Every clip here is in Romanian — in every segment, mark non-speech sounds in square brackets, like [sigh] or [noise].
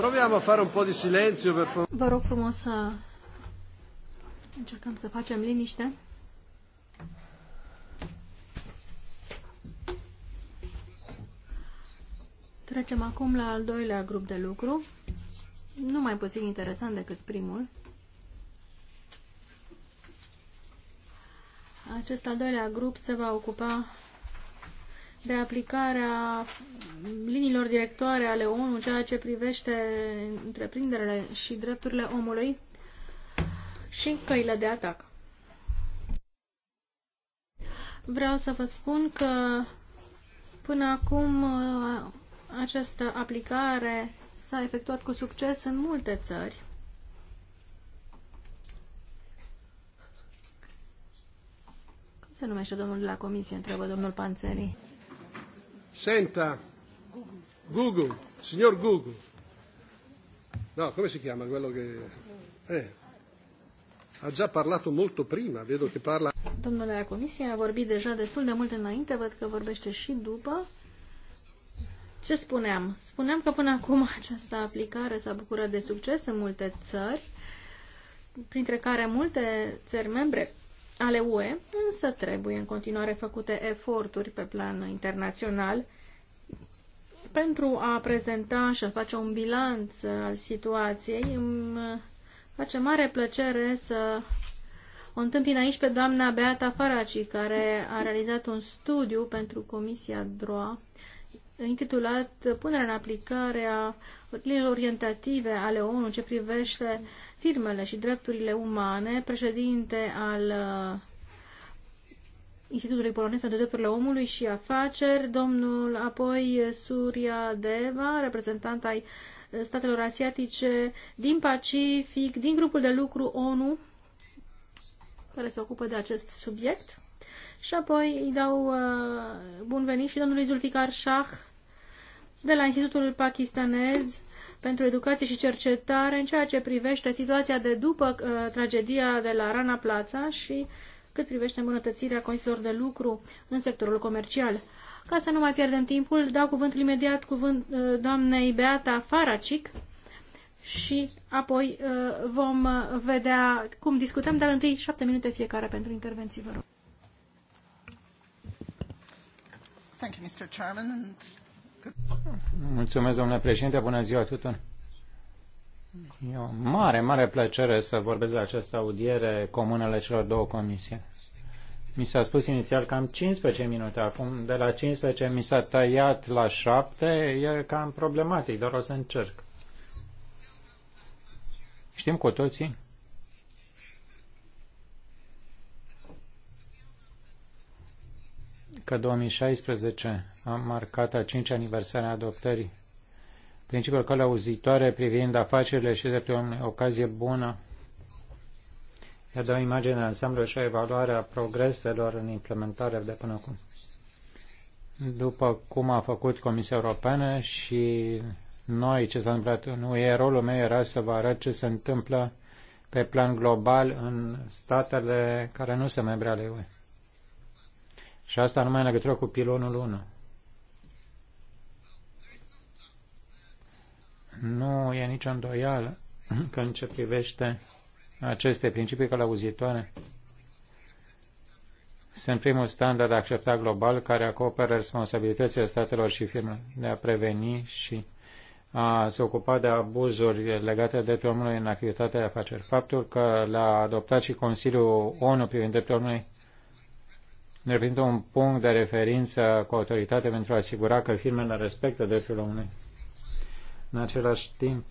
Proviamo a fare un po' di silenzio, per favore. Vă rog frumos să încercăm să facem liniște. Trecem acum la al doilea grup de lucru, nu mai puțin interesant decât primul. Acest al doilea grup se va ocupa de aplicare a liniilor directoare ale ONU în ceea ce privește întreprinderile și drepturile omului și căile de atac. Vreau să vă spun că până acum uh, această aplicare s-a efectuat cu succes în multe țări. Cum se numește domnul de la comisie, întreabă domnul Panțerii. Senta, Gugu, signor Gugu. No, come si chiama quello che... Eh, ha già parlato molto prima, vedo che parla... Domnule la Comisie a vorbit deja destul de mult înainte, văd că vorbește și după. Ce spuneam? Spuneam că până acum [laughs] această aplicare s-a bucurat de succes în multe țări, printre care multe țări membre ale UE, însă trebuie în continuare făcute eforturi pe plan internațional pentru a prezenta și a face un bilanț al situației. Îmi face mare plăcere să o întâmpin aici pe doamna Beata Faraci, care a realizat un studiu pentru Comisia DROA intitulat Punerea în aplicare a orientative ale ONU ce privește uh, firmele și drepturile umane, președinte al uh, Institutului Polonez pentru Drepturile Omului și Afaceri, domnul apoi Surya Deva, reprezentant ai uh, statelor asiatice din Pacific, din grupul de lucru ONU, care se ocupă de acest subiect. Și apoi îi dau uh, bun venit și domnului Zulficar Shah de la Institutul Pakistanez pentru educație și cercetare în ceea ce privește situația de după uh, tragedia de la Rana Plaza și cât privește îmbunătățirea condițiilor de lucru în sectorul comercial. Ca să nu mai pierdem timpul, dau cuvântul imediat cuvânt uh, doamnei Beata Faracic și apoi uh, vom uh, vedea cum discutăm, dar întâi șapte minute fiecare pentru intervenții, vă rog. Thank you, Mr. Chairman, and Mulțumesc, domnule președinte. Bună ziua tuturor. E o mare, mare plăcere să vorbesc la această audiere comună ale celor două comisii. Mi s-a spus inițial că am 15 minute, acum de la 15 mi s-a tăiat la 7, e cam problematic, dar o să încerc. Știm cu toții? Că 2016 am marcat a cincea aniversare a adoptării principiul auzitoare privind afacerile și dreptul o ocazie bună de a da o imagine ansamblu și o evaluare a progreselor în implementare de până acum. După cum a făcut Comisia Europeană și noi ce s-a întâmplat nu UE, rolul meu era să vă arăt ce se întâmplă pe plan global în statele care nu se membre ale UE. Și asta numai în legătură cu pilonul 1. Nu e nicio îndoială că în ce privește aceste principii călăuzitoare sunt primul standard acceptat global care acoperă responsabilitățile statelor și firmelor de a preveni și a se ocupa de abuzuri legate de dreptul omului în activitatea de afaceri. Faptul că l-a adoptat și Consiliul ONU privind dreptul omului reprezintă un punct de referință cu autoritate pentru a asigura că firmele respectă dreptul omului. În același timp,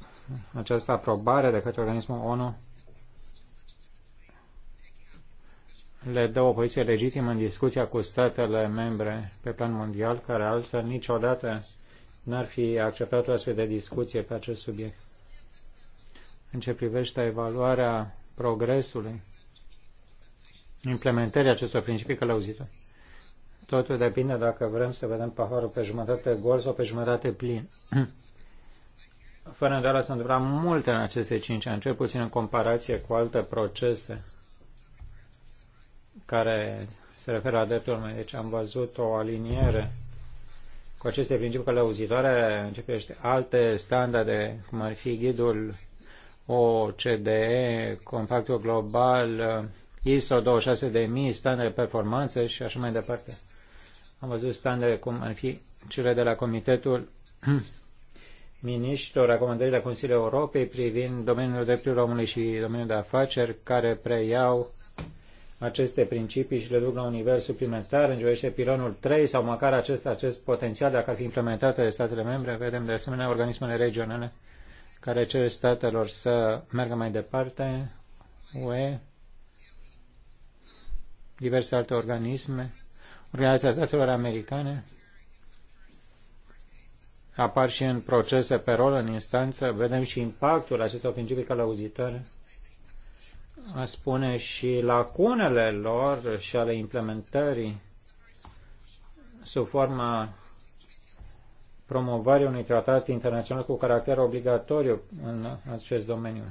această aprobare de către organismul ONU le dă o poziție legitimă în discuția cu statele membre pe plan mondial, care altfel niciodată n-ar fi acceptat o astfel de discuție pe acest subiect. În ce privește evaluarea progresului, implementării acestor principii călăuzite. Totul depinde dacă vrem să vedem paharul pe jumătate gol sau pe jumătate plin. [clears throat] fără îndoială s-au întâmplat multe în aceste cinci ani, cel puțin în comparație cu alte procese care se referă la dreptul meu. Deci am văzut o aliniere cu aceste principii că călăuzitoare, începește alte standarde, cum ar fi ghidul OCDE, compactul global, ISO 26000, standarde performanță și așa mai departe. Am văzut standarde cum ar fi cele de la Comitetul miniștrilor recomandările Consiliului Europei privind domeniul drepturilor omului și domeniul de afaceri care preiau aceste principii și le duc la un nivel suplimentar, îngevește pilonul 3 sau măcar acest, acest potențial, dacă ar fi implementate de statele membre, vedem de asemenea organismele regionale care cer statelor să meargă mai departe, UE, diverse alte organisme, Organizația Statelor Americane, apar și în procese pe rol, în instanță. Vedem și impactul acestor principii călăuzitoare. Spune și lacunele lor și ale implementării sub forma promovarea unui tratat internațional cu caracter obligatoriu în acest domeniu.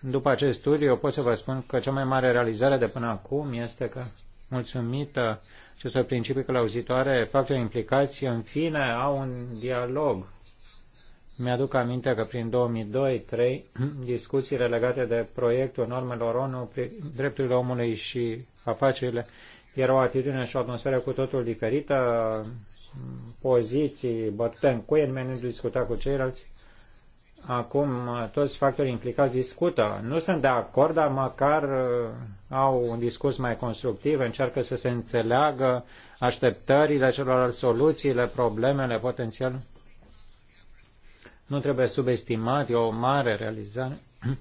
După acest studiu, eu pot să vă spun că cea mai mare realizare de până acum este că, mulțumită acestor principii călăuzitoare, factorii implicați, în fine, au un dialog. Mi-aduc aminte că prin 2002-2003 [clears throat] discuțiile legate de proiectul normelor ONU, drepturile omului și afacerile erau o atitudine și o atmosferă cu totul diferită, poziții bătute în cuie, nimeni nu discuta cu ceilalți acum toți factorii implicați discută. Nu sunt de acord, dar măcar uh, au un discurs mai constructiv, încearcă să se înțeleagă așteptările celorlalți, soluțiile, problemele potențial. Nu trebuie subestimat, e o mare realizare. [clears throat]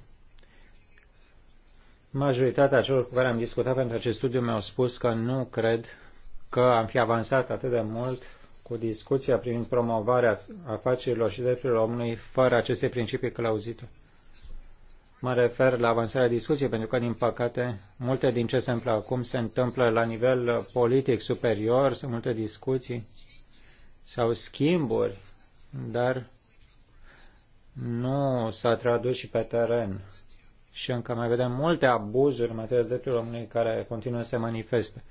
Majoritatea celor cu care am discutat pentru acest studiu mi-au spus că nu cred că am fi avansat atât de mult cu discuția privind promovarea afacerilor și drepturilor omului fără aceste principii clauzite. Mă refer la avansarea discuției, pentru că, din păcate, multe din ce se întâmplă acum se întâmplă la nivel politic superior, sunt multe discuții sau schimburi, dar nu s-a tradus și pe teren. Și încă mai vedem multe abuzuri în materie de drepturile omului care continuă să se manifeste.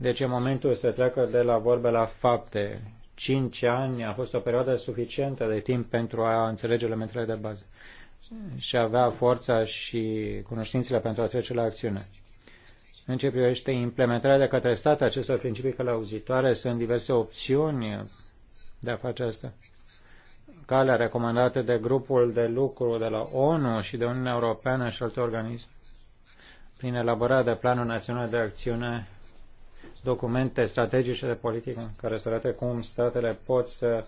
Deci e momentul să treacă de la vorbe la fapte. Cinci ani a fost o perioadă suficientă de timp pentru a înțelege elementele de bază și avea forța și cunoștințele pentru a trece la acțiune. În ce privește implementarea de către stat acestor principii călăuzitoare, sunt diverse opțiuni de a face asta. Calea recomandată de grupul de lucru de la ONU și de Uniunea Europeană și alte organisme, prin elaborarea de Planul Național de Acțiune documente strategice de politică care să arate cum statele pot să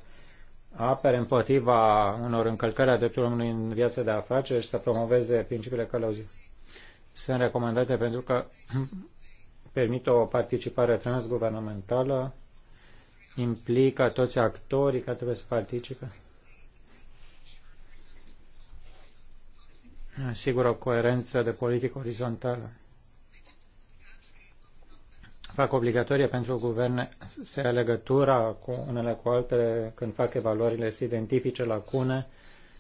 apere împotriva unor încălcări a drepturilor omului în viața de afaceri și să promoveze principiile călăuzite. Sunt recomandate pentru că [clears throat] permit o participare transguvernamentală, implică toți actorii care trebuie să participe, asigură o coerență de politică orizontală fac obligatorie pentru guverne să ia legătura cu unele cu altele când fac evaluările, să identifice lacune,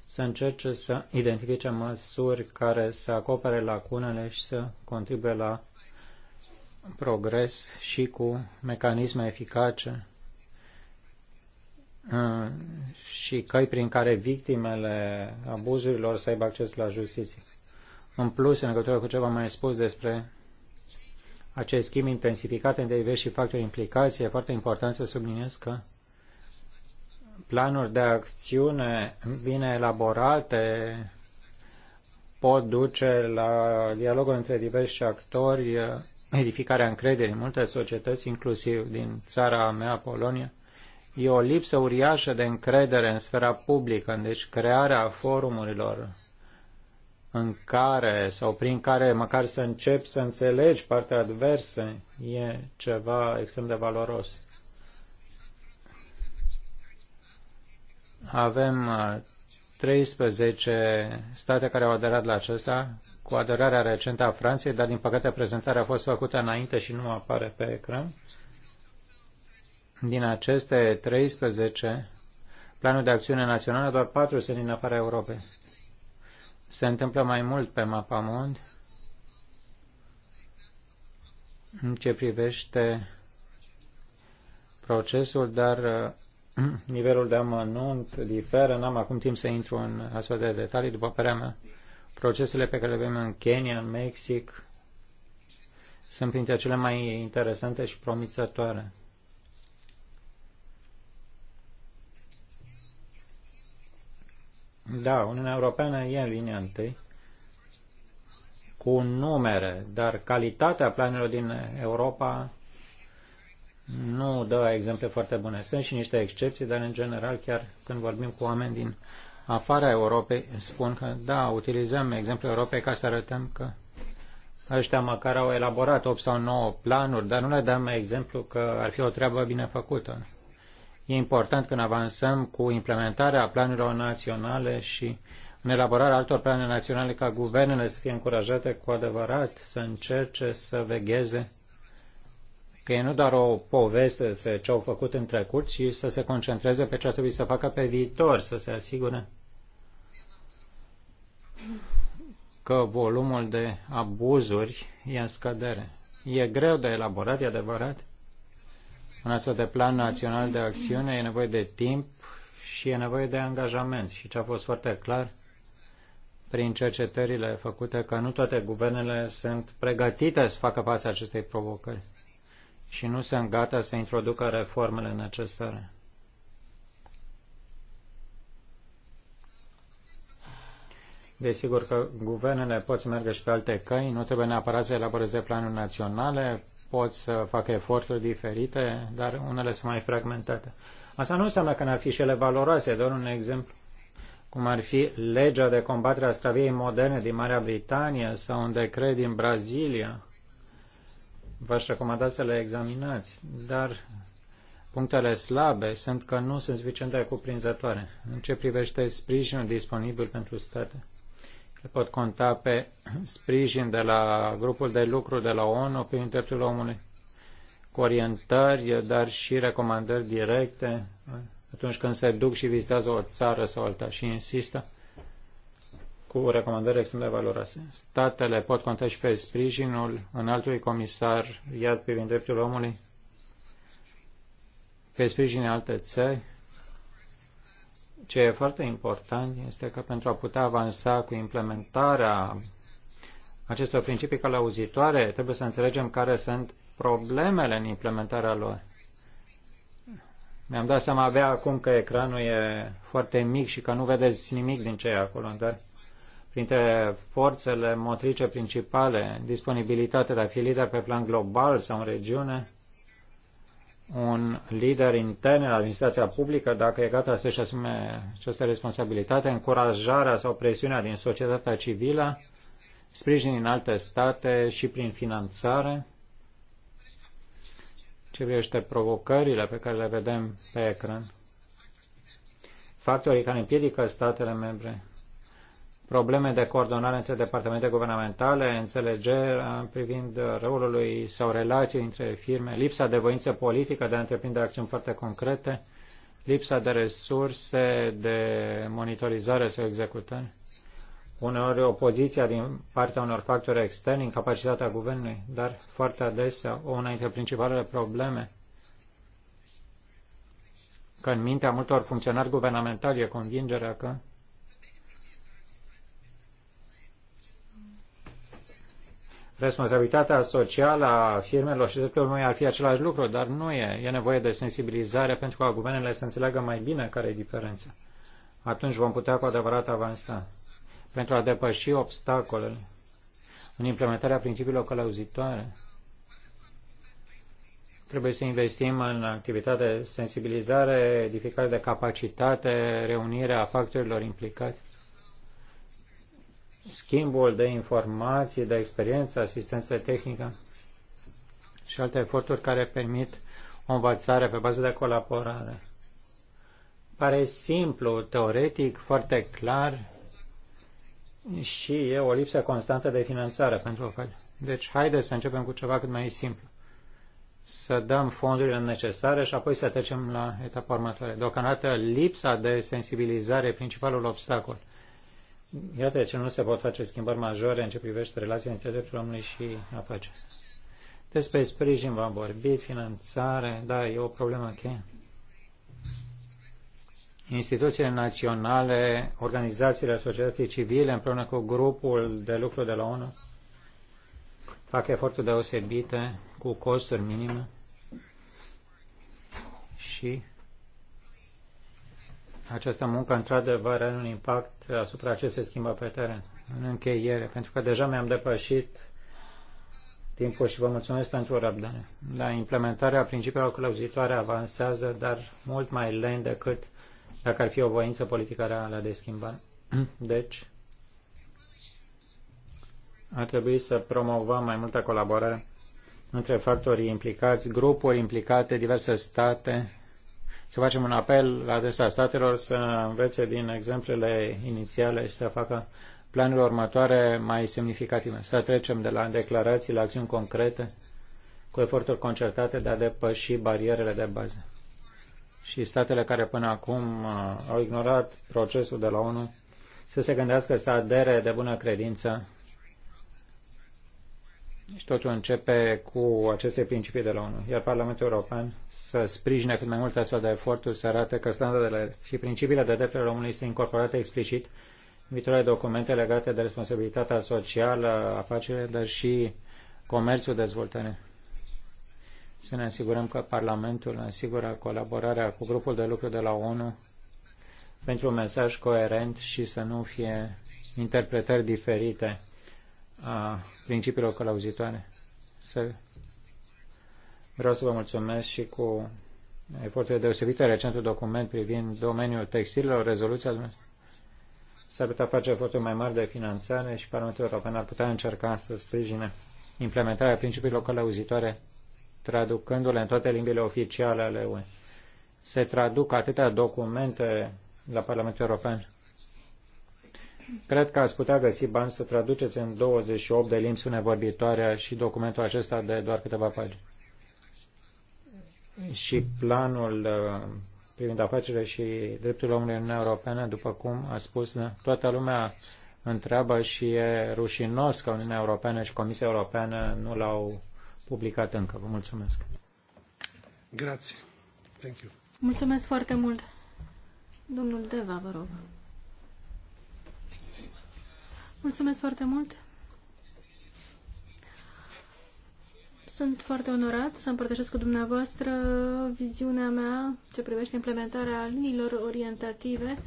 să încerce să identifice măsuri care să acopere lacunele și să contribuie la progres și cu mecanisme eficace uh, și căi prin care victimele abuzurilor să aibă acces la justiție. În plus, în legătură cu ce v-am mai spus despre acest schimb intensificat în diversi factori implicați. E foarte important să subliniez că planuri de acțiune bine elaborate pot duce la dialogul între diversi actori, edificarea încrederii în multe societăți, inclusiv din țara mea, Polonia. E o lipsă uriașă de încredere în sfera publică, deci crearea forumurilor în care sau prin care măcar să începi să înțelegi partea adversă e ceva extrem de valoros. Avem 13 uh, state care au aderat la acesta, cu aderarea recentă a Franței, dar din păcate prezentarea a fost făcută înainte și nu apare pe ecran. Din aceste 13 planuri de acțiune națională, doar 4 sunt din afara Europei se întâmplă mai mult pe mapa mond, în ce privește procesul, dar [clears throat] nivelul de amănunt diferă. N-am acum timp să intru în astfel de detalii. După părerea mea, procesele pe care le avem în Kenya, în Mexic, sunt printre cele mai interesante și promițătoare. Da, Uniunea Europeană e în linia întâi cu numere, dar calitatea planurilor din Europa nu dă exemple foarte bune. Sunt și niște excepții, dar în general chiar când vorbim cu oameni din afara Europei, spun că da, utilizăm exemplul Europei ca să arătăm că ăștia măcar au elaborat 8 sau 9 planuri, dar nu le dăm exemplu că ar fi o treabă bine făcută. E important când avansăm cu implementarea planurilor naționale și în elaborarea altor planuri naționale ca guvernele să fie încurajate cu adevărat să încerce să vegheze că e nu doar o poveste despre ce au făcut în trecut, ci să se concentreze pe ce ar trebui să facă pe viitor, să se asigure că volumul de abuzuri e în scădere. E greu de elaborat, e adevărat, un astfel de plan național de acțiune e nevoie de timp și e nevoie de angajament. Și ce a fost foarte clar prin cercetările făcute că nu toate guvernele sunt pregătite să facă față acestei provocări și nu sunt gata să introducă reformele necesare. Desigur că guvernele pot să meargă și pe alte căi, nu trebuie neapărat să elaboreze planuri naționale, pot să facă eforturi diferite, dar unele sunt mai fragmentate. Asta nu înseamnă că n-ar fi și ele valoroase, doar un exemplu cum ar fi legea de combatere a sclaviei moderne din Marea Britanie sau un decret din Brazilia. V-aș recomanda să le examinați, dar punctele slabe sunt că nu sunt suficient de cuprinzătoare în ce privește sprijinul disponibil pentru state pot conta pe sprijin de la grupul de lucru de la ONU privind drepturile omului, cu orientări, dar și recomandări directe atunci când se duc și vizitează o țară sau alta și insistă cu recomandări extrem de valoroase. Statele pot conta și pe sprijinul înaltului comisar, iar privind dreptul omului, pe sprijinul alte țări, ce e foarte important este că pentru a putea avansa cu implementarea acestor principii călăuzitoare, trebuie să înțelegem care sunt problemele în implementarea lor. Mi-am dat seama abia acum că ecranul e foarte mic și că nu vedeți nimic din ce e acolo, dar printre forțele motrice principale, disponibilitatea de a fi lider pe plan global sau în regiune, un lider intern în administrația publică, dacă e gata să-și asume această responsabilitate, încurajarea sau presiunea din societatea civilă, sprijin în alte state și prin finanțare, ce privește provocările pe care le vedem pe ecran, factorii care împiedică statele membre probleme de coordonare între departamente guvernamentale, înțelegerea uh, privind rolului sau relații între firme, lipsa de voință politică de a întreprinde acțiuni foarte concrete, lipsa de resurse de monitorizare sau executări, uneori opoziția din partea unor factori externi, incapacitatea guvernului, dar foarte adesea una dintre principalele probleme că în mintea multor funcționari guvernamentali e convingerea că responsabilitatea socială a firmelor și dreptul noi ar fi același lucru, dar nu e. E nevoie de sensibilizare pentru ca guvernele să înțeleagă mai bine care e diferența. Atunci vom putea cu adevărat avansa pentru a depăși obstacolele în implementarea principiilor călăuzitoare. Trebuie să investim în activitate de sensibilizare, edificare de capacitate, reunirea factorilor implicați schimbul de informații, de experiență, asistență tehnică și alte eforturi care permit o învățare pe bază de colaborare. Pare simplu, teoretic, foarte clar și e o lipsă constantă de finanțare pentru că. Deci, haideți să începem cu ceva cât mai simplu. Să dăm fondurile necesare și apoi să trecem la etapa următoare. Deocamdată, lipsa de sensibilizare e principalul obstacol Iată ce nu se pot face schimbări majore în ce privește relația între dreptul omului și afaceri. Despre sprijin v-am vorbit, finanțare, da, e o problemă cheie. Instituțiile naționale, organizațiile societății civile, împreună cu grupul de lucru de la ONU, fac eforturi deosebite, cu costuri minime și această muncă într-adevăr are un impact asupra ce se schimbă pe teren. În încheiere, pentru că deja mi-am depășit timpul și vă mulțumesc pentru răbdare. Da, implementarea principiilor clăuzitoare avansează, dar mult mai lent decât dacă ar fi o voință politică reală de schimbare. [clears throat] Deci, ar trebui să promovăm mai multă colaborare între factorii implicați, grupuri implicate, diverse state, să facem un apel la adresa statelor să învețe din exemplele inițiale și să facă planurile următoare mai semnificative. Să trecem de la declarații la acțiuni concrete cu eforturi concertate de a depăși barierele de bază. Și statele care până acum uh, au ignorat procesul de la ONU să se gândească să adere de bună credință și deci totul începe cu aceste principii de la ONU. Iar Parlamentul European să sprijine cât mai multe astfel de eforturi, să arate că standardele și principiile de drepturile omului sunt incorporate explicit în viitoare documente legate de responsabilitatea socială, afacere, dar și comerțul, dezvoltare. Să ne asigurăm că Parlamentul asigură colaborarea cu grupul de lucru de la ONU pentru un mesaj coerent și să nu fie interpretări diferite a principiilor călăuzitoare. Să... Vreau să vă mulțumesc și cu eforturile deosebite recentul document privind domeniul textilelor, rezoluția s-ar putea face eforturi mai mari de finanțare și Parlamentul European ar putea încerca să sprijine implementarea principiilor călăuzitoare, traducându-le în toate limbile oficiale ale UE. Se traduc atâtea documente la Parlamentul European Cred că ați putea găsi bani să traduceți în 28 de limbi sunevorbitoare și documentul acesta de doar câteva pagini. Și planul uh, privind afacerile și drepturile omului în Uniunea Europeană, după cum a spus, uh, toată lumea întreabă și e rușinos că Uniunea Europeană și Comisia Europeană nu l-au publicat încă. Vă mulțumesc. Grazie. Thank you. Mulțumesc foarte mult. Domnul Deva, vă rog. Mulțumesc foarte mult! Sunt foarte onorat să împărtășesc cu dumneavoastră viziunea mea ce privește implementarea liniilor orientative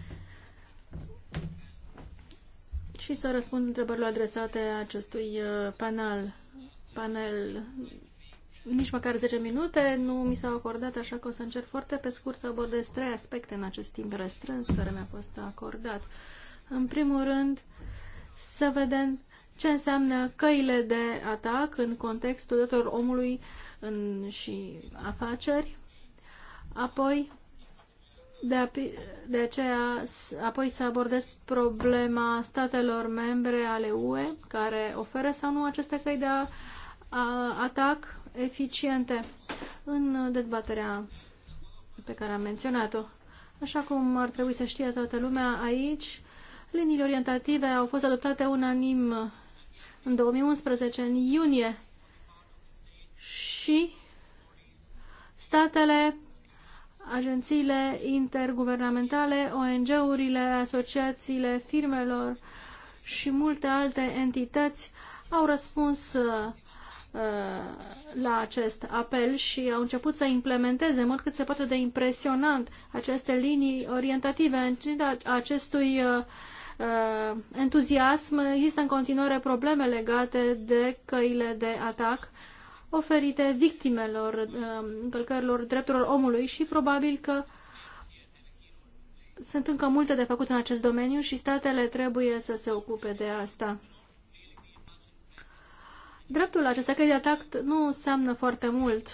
și să răspund întrebărilor adresate acestui uh, panel. panel. Nici măcar 10 minute nu mi s-au acordat, așa că o să încerc foarte pe scurt să abordez trei aspecte în acest timp restrâns care mi-a fost acordat. În primul rând, să vedem ce înseamnă căile de atac în contextul drepturilor omului în, și afaceri. Apoi, de, a, de aceea, apoi să abordez problema statelor membre ale UE care oferă sau nu aceste căi de a, a, atac eficiente în dezbaterea pe care am menționat-o. Așa cum ar trebui să știe toată lumea aici, Liniile orientative au fost adoptate unanim în 2011, în iunie, și statele, agențiile interguvernamentale, ONG-urile, asociațiile firmelor și multe alte entități au răspuns uh, la acest apel și au început să implementeze în mod cât se poate de impresionant aceste linii orientative în acestui uh, Uh, entuziasm, există în continuare probleme legate de căile de atac oferite victimelor uh, încălcărilor drepturilor omului și probabil că sunt încă multe de făcut în acest domeniu și statele trebuie să se ocupe de asta. Dreptul acesta căile de atac nu înseamnă foarte mult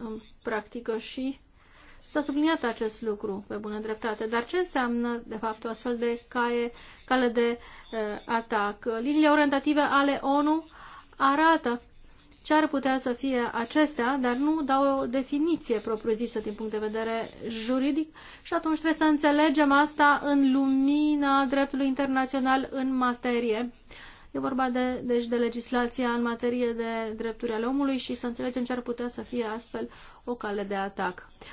în practică și S-a subliniat acest lucru pe bună dreptate, dar ce înseamnă, de fapt, o astfel de caie, cale de uh, atac? Liniile orientative ale ONU arată ce ar putea să fie acestea, dar nu dau o definiție propriu-zisă din punct de vedere juridic și atunci trebuie să înțelegem asta în lumina dreptului internațional în materie. E vorba de, deci de legislația în materie de drepturi ale omului și să înțelegem ce ar putea să fie astfel o cale de atac. Uh,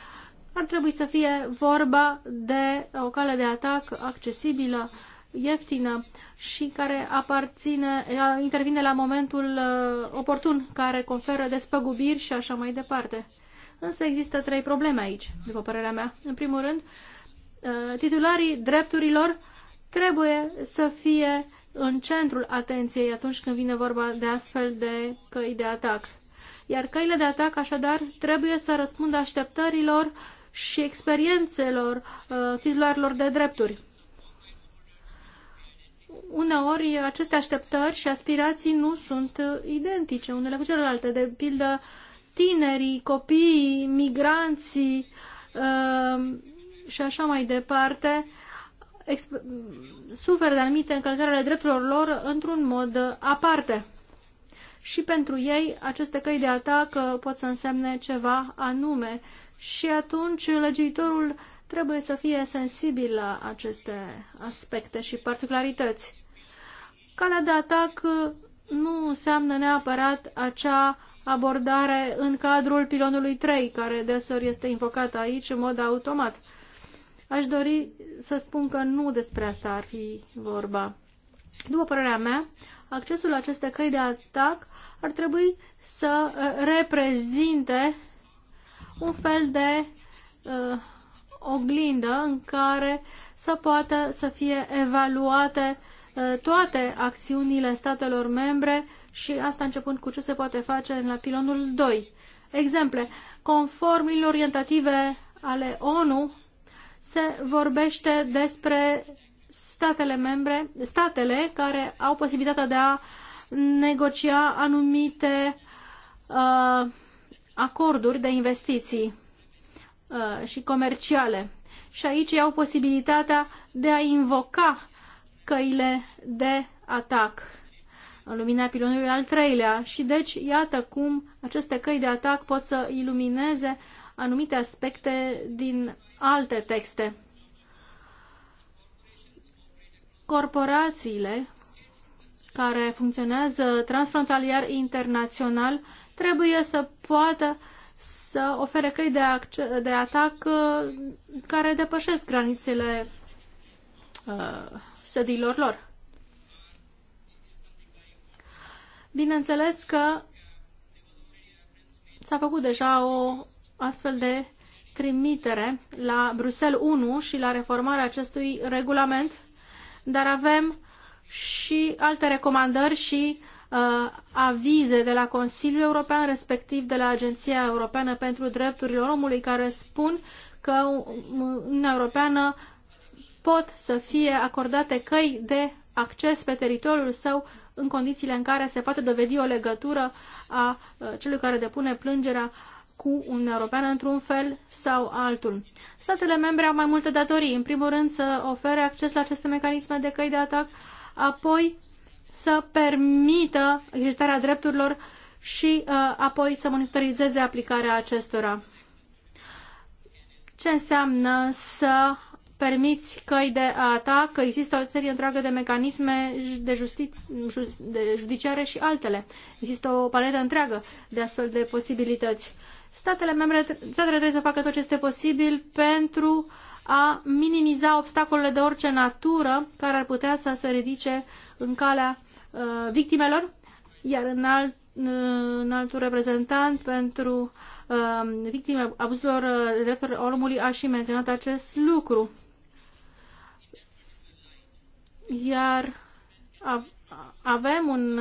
ar trebui să fie vorba de o cale de atac accesibilă, ieftină și care aparține, intervine la momentul uh, oportun, care conferă despăgubiri și așa mai departe. Însă există trei probleme aici, după părerea mea. În primul rând, uh, titularii drepturilor trebuie să fie în centrul atenției atunci când vine vorba de astfel de căi de atac. Iar căile de atac, așadar, trebuie să răspundă așteptărilor uh, și experiențelor uh, titularilor de drepturi. Uneori, aceste așteptări și aspirații nu sunt uh, identice unele cu celelalte. De pildă, tinerii, copiii, migranții uh, și așa mai departe suferă de anumite încălcări ale drepturilor lor într-un mod aparte. Și pentru ei, aceste căi de atac pot să însemne ceva anume și atunci legiuitorul trebuie să fie sensibil la aceste aspecte și particularități. Calea de atac nu înseamnă neapărat acea abordare în cadrul pilonului 3, care desori este invocat aici în mod automat. Aș dori să spun că nu despre asta ar fi vorba. După părerea mea, accesul la aceste căi de atac ar trebui să eh, reprezinte un fel de uh, oglindă în care să poată să fie evaluate uh, toate acțiunile statelor membre și asta începând cu ce se poate face la pilonul 2. Exemple, conform orientative ale ONU, se vorbește despre statele membre, statele care au posibilitatea de a negocia anumite uh, acorduri de investiții uh, și comerciale. Și aici au posibilitatea de a invoca căile de atac în lumina pilonului al treilea și deci iată cum aceste căi de atac pot să ilumineze anumite aspecte din alte texte. Corporațiile care funcționează transfrontalier internațional trebuie să poată să ofere căi de, de atac uh, care depășesc granițele uh, sediilor lor. Bineînțeles că s-a făcut deja o astfel de trimitere la Bruxelles 1 și la reformarea acestui regulament, dar avem și alte recomandări și uh, Uh, avize de la Consiliul European, respectiv de la Agenția Europeană pentru Drepturile Omului, care spun că Uniunea Europeană pot să fie acordate căi de acces pe teritoriul său în condițiile în care se poate dovedi o legătură a uh, celui care depune plângerea cu Uniunea Europeană într-un fel sau altul. Statele membre au mai multe datorii. În primul rând să ofere acces la aceste mecanisme de căi de atac, apoi să permită exercitarea drepturilor și uh, apoi să monitorizeze aplicarea acestora. Ce înseamnă să permiți căi de atac, că există o serie întreagă de mecanisme de, justi- de judiciare și altele. Există o paletă întreagă de astfel de posibilități. Statele membre statele trebuie să facă tot ce este posibil pentru a minimiza obstacolele de orice natură care ar putea să se ridice în calea Uh, victimelor, iar în, alt, uh, în altul reprezentant pentru uh, victime abuzurilor drepturilor omului a și menționat acest lucru. Iar avem un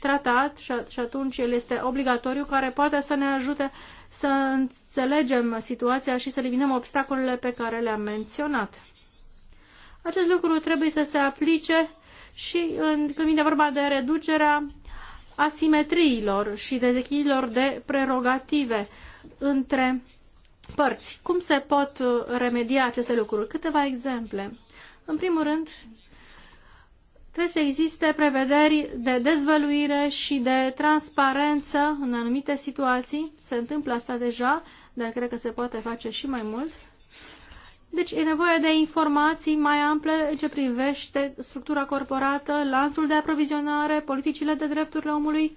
tratat și atunci el este obligatoriu care poate să ne ajute să înțelegem situația și să eliminăm obstacolele pe care le-am menționat. Acest lucru trebuie să se aplice și în, când vine vorba de reducerea asimetriilor și dezechilibrilor de prerogative între părți. Cum se pot uh, remedia aceste lucruri? Câteva exemple. În primul rând, trebuie să existe prevederi de dezvăluire și de transparență în anumite situații. Se întâmplă asta deja, dar cred că se poate face și mai mult. Deci e nevoie de informații mai ample în ce privește structura corporată, lanțul de aprovizionare, politicile de drepturile omului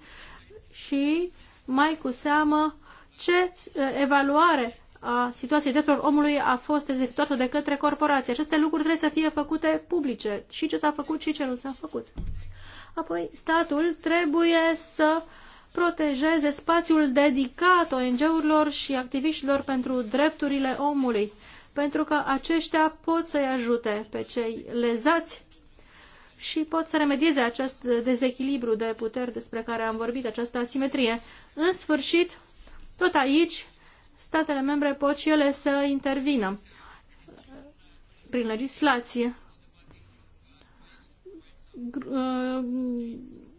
și, mai cu seamă, ce evaluare a situației drepturilor omului a fost executată de către corporații. Aceste lucruri trebuie să fie făcute publice, și ce s-a făcut și ce nu s-a făcut. Apoi, statul trebuie să protejeze spațiul dedicat ONG-urilor și activiștilor pentru drepturile omului pentru că aceștia pot să-i ajute pe cei lezați și pot să remedieze acest dezechilibru de puteri despre care am vorbit, această asimetrie. În sfârșit, tot aici, statele membre pot și ele să intervină prin legislație. Ă,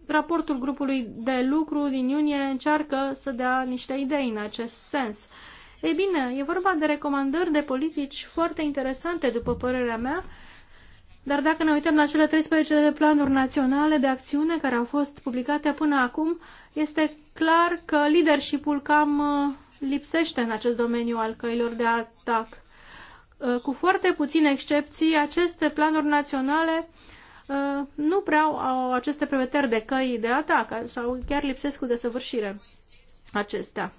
raportul grupului de lucru din iunie încearcă să dea niște idei în acest sens. Ei bine, e vorba de recomandări de politici foarte interesante, după părerea mea, dar dacă ne uităm la cele 13 de planuri naționale de acțiune care au fost publicate până acum, este clar că leadership-ul cam uh, lipsește în acest domeniu al căilor de atac. Uh, cu foarte puține excepții, aceste planuri naționale uh, nu prea au aceste prevederi de căi de atac sau chiar lipsesc cu desăvârșire acestea.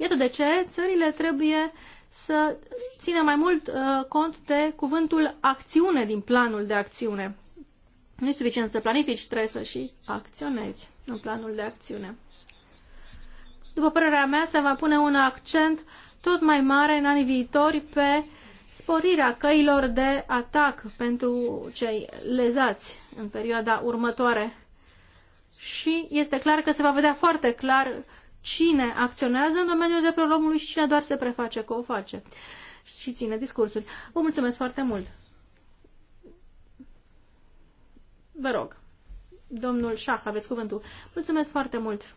Iată de ce țările trebuie să țină mai mult uh, cont de cuvântul acțiune din planul de acțiune. Nu e suficient să planifici, trebuie să și acționezi în planul de acțiune. După părerea mea, se va pune un accent tot mai mare în anii viitori pe sporirea căilor de atac pentru cei lezați în perioada următoare. Și este clar că se va vedea foarte clar cine acționează în domeniul de omului și cine doar se preface că o face și ține discursuri. Vă mulțumesc foarte mult! Vă rog, domnul Șah, aveți cuvântul. Mulțumesc foarte mult!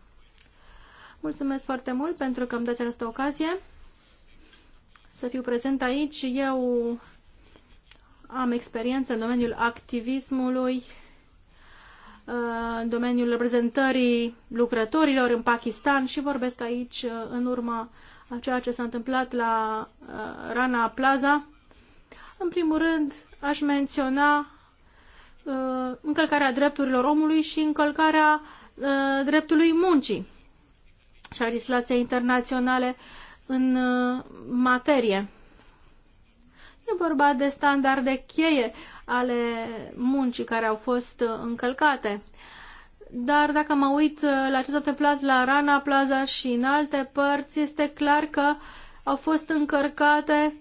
Mulțumesc foarte mult pentru că îmi dați această ocazie să fiu prezent aici. Eu am experiență în domeniul activismului Uh, în domeniul reprezentării lucrătorilor în Pakistan și vorbesc aici uh, în urma a ceea ce s-a întâmplat la uh, Rana Plaza. În primul rând, aș menționa încălcarea drepturilor omului și încălcarea dreptului muncii și a legislației internaționale în materie. E vorba de standarde cheie ale muncii care au fost uh, încălcate. Dar dacă mă uit uh, la ce s-a întâmplat la Rana Plaza și în alte părți, este clar că au fost încărcate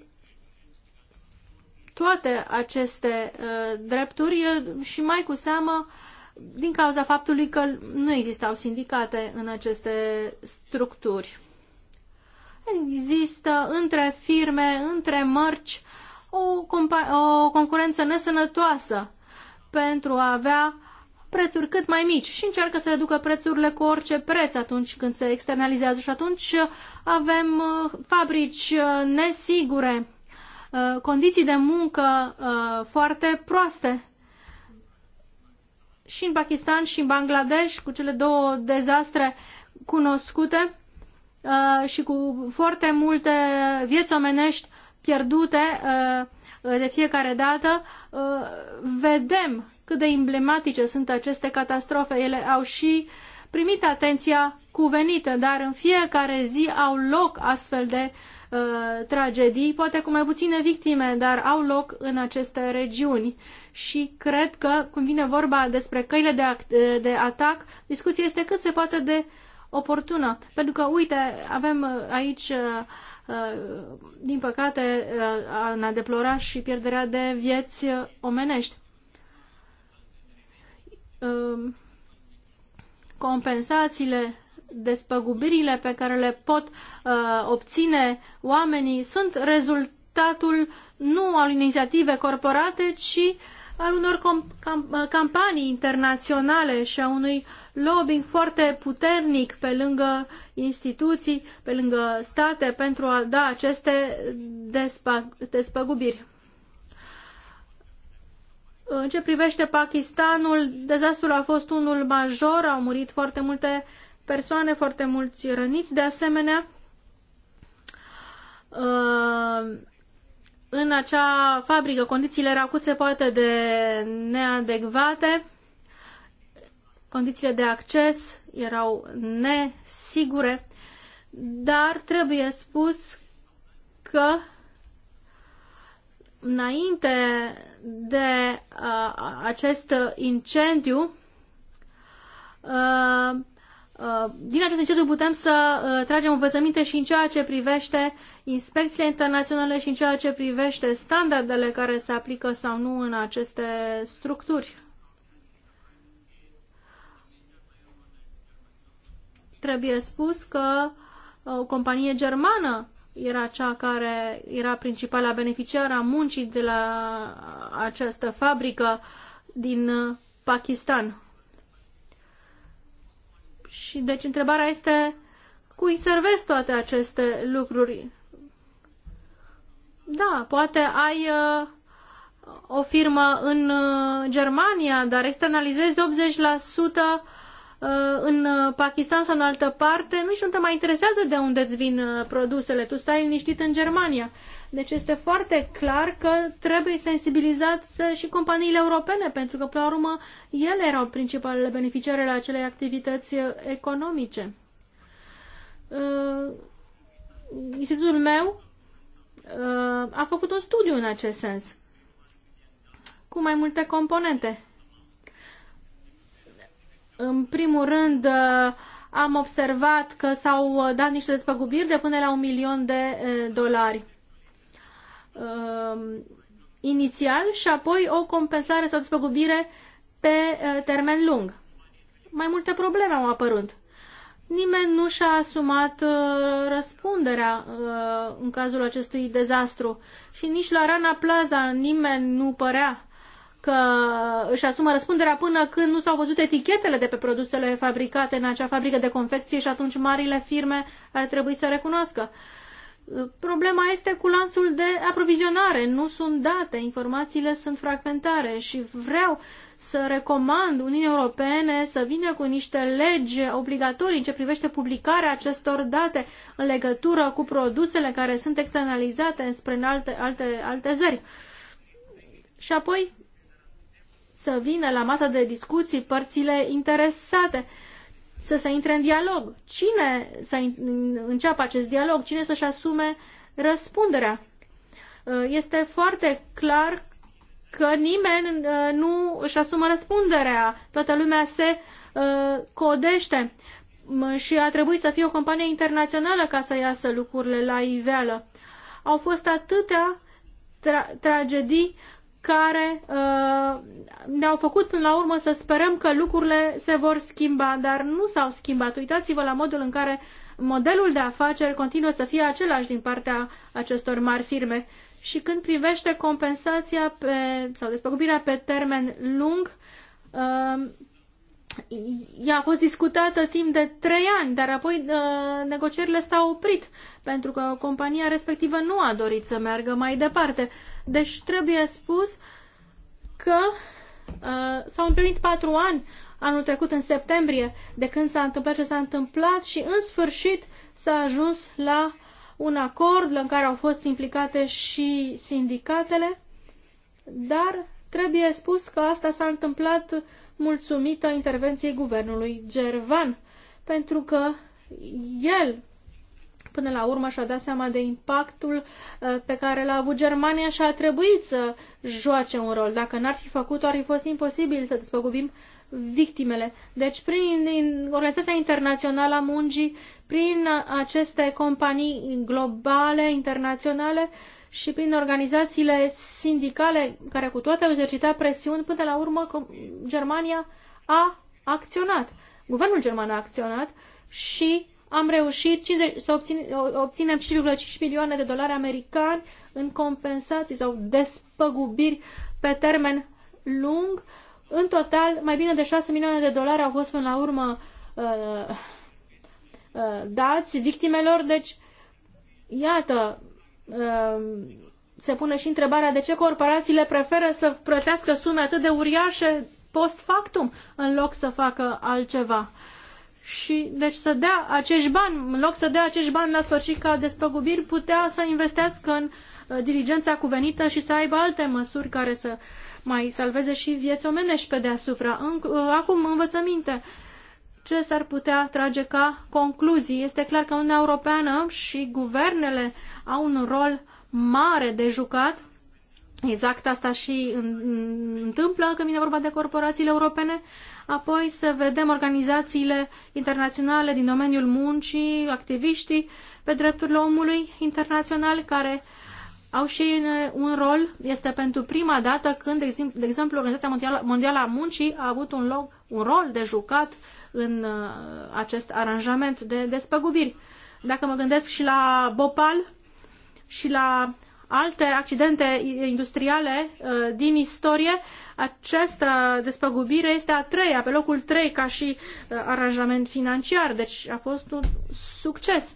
toate aceste uh, drepturi și mai cu seamă din cauza faptului că nu existau sindicate în aceste structuri. Există între firme, între mărci, o, o concurență nesănătoasă pentru a avea prețuri cât mai mici și încearcă să reducă prețurile cu orice preț atunci când se externalizează și atunci avem uh, fabrici uh, nesigure, uh, condiții de muncă foarte proaste. Și în Pakistan și în Bangladesh, cu cele două dezastre cunoscute și cu foarte multe vieți omenești pierdute uh, de fiecare dată, uh, vedem cât de emblematice sunt aceste catastrofe. Ele au și primit atenția cuvenită, dar în fiecare zi au loc astfel de uh, tragedii, poate cu mai puține victime, dar au loc în aceste regiuni. Și cred că, când vine vorba despre căile de, act, de atac, discuția este cât se poate de oportună. Pentru că, uite, avem aici uh, din păcate, ne-a deplorat și pierderea de vieți omenești. Compensațiile, despăgubirile pe care le pot uh, obține oamenii sunt rezultatul nu al inițiative corporate, ci al unor campanii internaționale și a unui uh, lobbying foarte puternic pe lângă instituții, pe lângă state, pentru a da aceste despăgubiri. În ce privește Pakistanul, dezastrul a fost unul major, au murit foarte multe persoane, foarte mulți răniți de asemenea. Uh, în acea fabrică condițiile erau cât se poate de neadecvate condițiile de acces erau nesigure, dar trebuie spus că înainte de uh, acest incendiu, uh, uh din acest incendiu putem să uh, tragem învățăminte și în ceea ce privește inspecțiile internaționale și în ceea ce privește standardele care se aplică sau nu în aceste structuri. Trebuie spus că uh, o companie germană era cea care era principala beneficiară a muncii de la această fabrică din uh, Pakistan. Și deci întrebarea este cui servesc toate aceste lucruri? Da, poate ai uh, o firmă în uh, Germania, dar externalizezi 80% Uh, în uh, Pakistan sau în altă parte, nici nu te mai interesează de unde îți vin uh, produsele, tu stai liniștit în Germania. Deci este foarte clar că trebuie sensibilizat și companiile europene, pentru că, până la urmă, ele erau principalele beneficiare la acelei activități economice. Institutul meu a făcut un studiu în acest sens, cu mai multe componente în primul rând, uh, am observat că s-au uh, dat niște despăgubiri de până la un milion de uh, dolari inițial și apoi o compensare sau despăgubire pe termen lung. Mai multe probleme au apărut. Nimeni nu și-a asumat răspunderea în cazul acestui dezastru și nici la Rana Plaza nimeni nu părea că își asumă răspunderea până când nu s-au văzut etichetele de pe produsele fabricate în acea fabrică de confecție și atunci marile firme ar trebui să recunoască. Problema este cu lanțul de aprovizionare. Nu sunt date, informațiile sunt fragmentare și vreau să recomand Uniunii Europene să vină cu niște legi obligatorii în ce privește publicarea acestor date în legătură cu produsele care sunt externalizate spre alte, alte, alte zări. Și apoi, să vină la masa de discuții părțile interesate, să se intre în dialog. Cine să înceapă acest dialog? Cine să-și asume răspunderea? Uh, este foarte clar că nimeni uh, nu își asumă răspunderea. Toată lumea se uh, codește și a trebuit să fie o companie internațională ca să iasă lucrurile la iveală. Au fost atâtea tra- tragedii care uh, ne-au făcut până la urmă să sperăm că lucrurile se vor schimba, dar nu s-au schimbat. Uitați-vă la modul în care modelul de afaceri continuă să fie același din partea acestor mari firme. Și când privește compensația pe, sau despăgubirea pe termen lung, uh, ea a fost discutată timp de trei ani, dar apoi uh, negocierile s-au oprit pentru că compania respectivă nu a dorit să meargă mai departe. Uh, deci trebuie spus că uh, s-au împlinit patru ani anul trecut, în septembrie, de când s-a întâmplat ce s-a întâmplat și în sfârșit s-a ajuns la un acord în care au fost implicate și sindicatele, dar trebuie spus că asta s-a întâmplat mulțumită intervenției guvernului gervan, pentru că el Până la urmă și-a dat seama de impactul uh, pe care l-a avut Germania și a trebuit să joace un rol. Dacă n-ar fi făcut-o, ar fi fost imposibil să despăgubim victimele. Deci, prin Organizația Internațională a Muncii, prin aceste companii globale, internaționale și prin organizațiile sindicale care cu toate au exercitat presiuni, până la urmă Germania a acționat. Guvernul german a acționat și am reușit 50, să obținem 5,5 milioane de dolari americani în compensații sau despăgubiri pe termen lung. În total, mai bine de 6 milioane de dolari au fost până la urmă uh, uh, uh, dați victimelor. Deci, iată, uh, se pune și întrebarea de ce corporațiile preferă să plătească sume atât de uriașe post factum în loc să facă altceva și deci să dea acești bani, în loc să dea acești bani la sfârșit ca despăgubiri, putea să investească în uh, diligența cuvenită și să aibă alte măsuri care să mai salveze și vieți omenești pe deasupra. În, uh, acum, învățăminte, ce s-ar putea trage ca concluzii? Este clar că Uniunea Europeană și guvernele au un rol mare de jucat. Exact asta și întâmplă când vine vorba de corporațiile europene apoi să vedem organizațiile internaționale din domeniul muncii, activiștii pe drepturile omului internațional care au și uh, un rol. Este pentru prima dată când, de exemplu, Organizația Mondială a Muncii a avut un, loc, un rol de jucat în uh, acest aranjament de despăgubiri. Dacă mă gândesc și la Bopal și la alte accidente industriale uh, din istorie, această despăgubire este a treia, pe locul trei ca și uh, aranjament financiar, deci a fost un succes.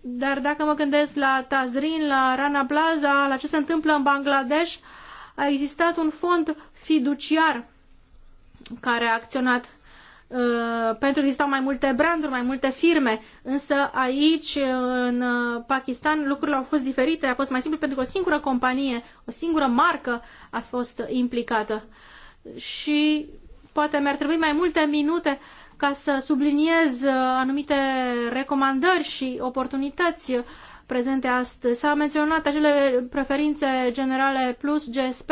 Dar dacă mă gândesc la Tazrin, la Rana Plaza, la ce se întâmplă în Bangladesh, a existat un fond fiduciar care a acționat Uh, pentru că existau mai multe branduri, mai multe firme, însă aici, în uh, Pakistan, lucrurile au fost diferite, a fost mai simplu pentru că o singură companie, o singură marcă a fost implicată. Și poate mi-ar trebui mai multe minute ca să subliniez uh, anumite recomandări și oportunități prezente astăzi. S-a menționat acele preferințe generale plus GSP,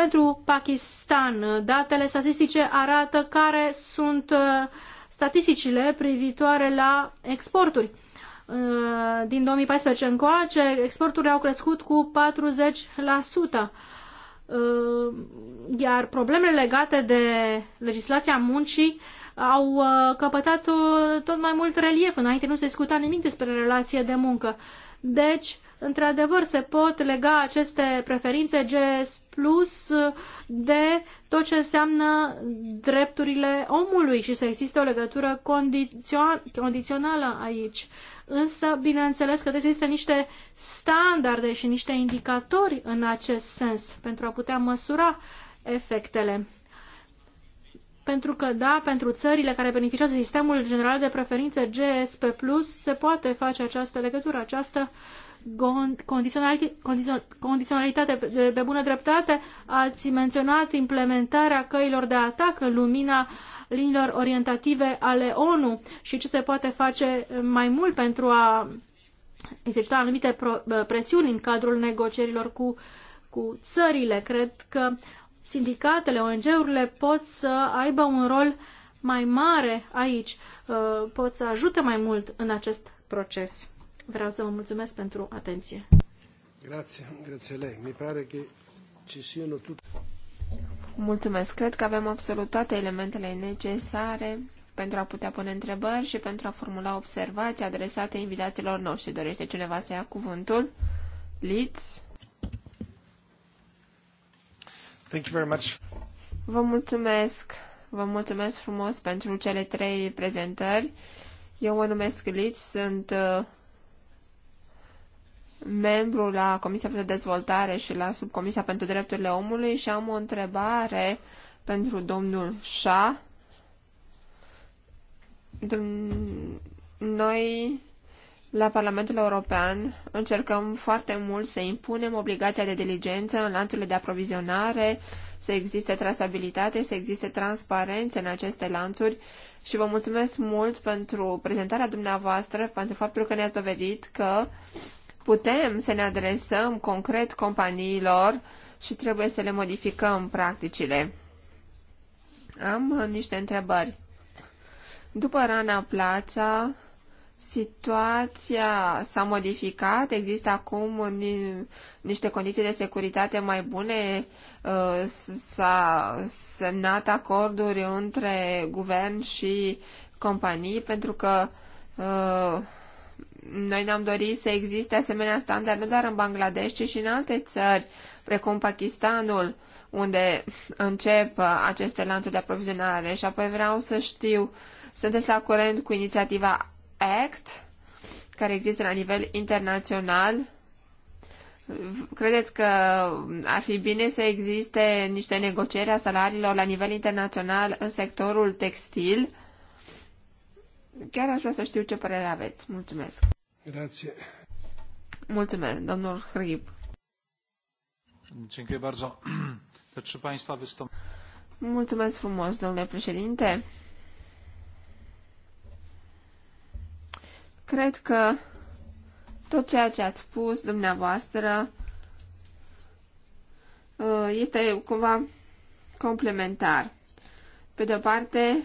pentru Pakistan, datele statistice arată care sunt uh, statisticile privitoare la exporturi. Uh, din 2014 încoace, exporturile au crescut cu 40% uh, iar problemele legate de legislația muncii au căpătat tot mai mult relief. Înainte nu se discuta nimic despre relație de muncă. Deci, într-adevăr, se pot lega aceste preferințe plus de tot ce înseamnă drepturile omului și să existe o legătură condițională aici. Însă, bineînțeles că există niște standarde și niște indicatori în acest sens pentru a putea măsura efectele. Pentru că, da, pentru țările care beneficiază sistemul general de preferințe GSP+, se poate face această legătură, această uh, condiționalitate pe bună dreptate, ați menționat implementarea căilor de atac în lumina liniilor orientative ale ONU și ce se poate face mai mult pentru a exercita anumite presiuni în cadrul negocierilor cu, cu țările. Cred că sindicatele, ONG-urile pot să aibă un rol mai mare aici, ă, pot să ajute mai mult în acest proces. Vreau să vă mulțumesc pentru atenție. Grazie, grazie lei. Mi pare că ci siano tutte... Mulțumesc. Cred că avem absolut toate elementele necesare pentru a putea pune întrebări și pentru a formula observații adresate invitațiilor noștri. Dorește cineva să ia cuvântul? Liz? Thank you very much. Vă mulțumesc. Vă mulțumesc frumos pentru cele trei prezentări. Eu mă numesc Liz, sunt uh, membru la Comisia pentru Dezvoltare și la Subcomisia pentru Drepturile Omului și am o întrebare pentru domnul Șa. Noi, la Parlamentul European, încercăm foarte mult să impunem obligația de diligență în lanțurile de aprovizionare, să existe trasabilitate, să existe transparență în aceste lanțuri și vă mulțumesc mult pentru prezentarea dumneavoastră, pentru faptul că ne-ați dovedit că uh, putem să ne adresăm concret companiilor și trebuie să le modificăm practicile. Am uh, niște întrebări. După Rana Plața, situația s-a modificat? Există acum ni niște condiții de securitate mai bune? Uh, s-a semnat acorduri între guvern și companii? Pentru că uh, noi ne-am dorit să existe asemenea standarde nu doar în Bangladesh, ci și în alte țări, precum Pakistanul, unde încep uh, aceste lanțuri de aprovizionare. Și apoi vreau să știu, sunteți la curent cu inițiativa ACT, care există la nivel internațional? Credeți că ar fi bine să existe niște negocieri a salariilor la nivel internațional în sectorul textil? Chiar aș vrea să știu ce părere aveți. Mulțumesc! Grazie. Mulțumesc, domnul Hrib. Dziękuję bardzo. [clears throat] Te trzy państwa wystąp... Mulțumesc frumos, domnule președinte. Cred că tot ceea ce ați spus dumneavoastră uh, este cumva complementar. Pe de o parte,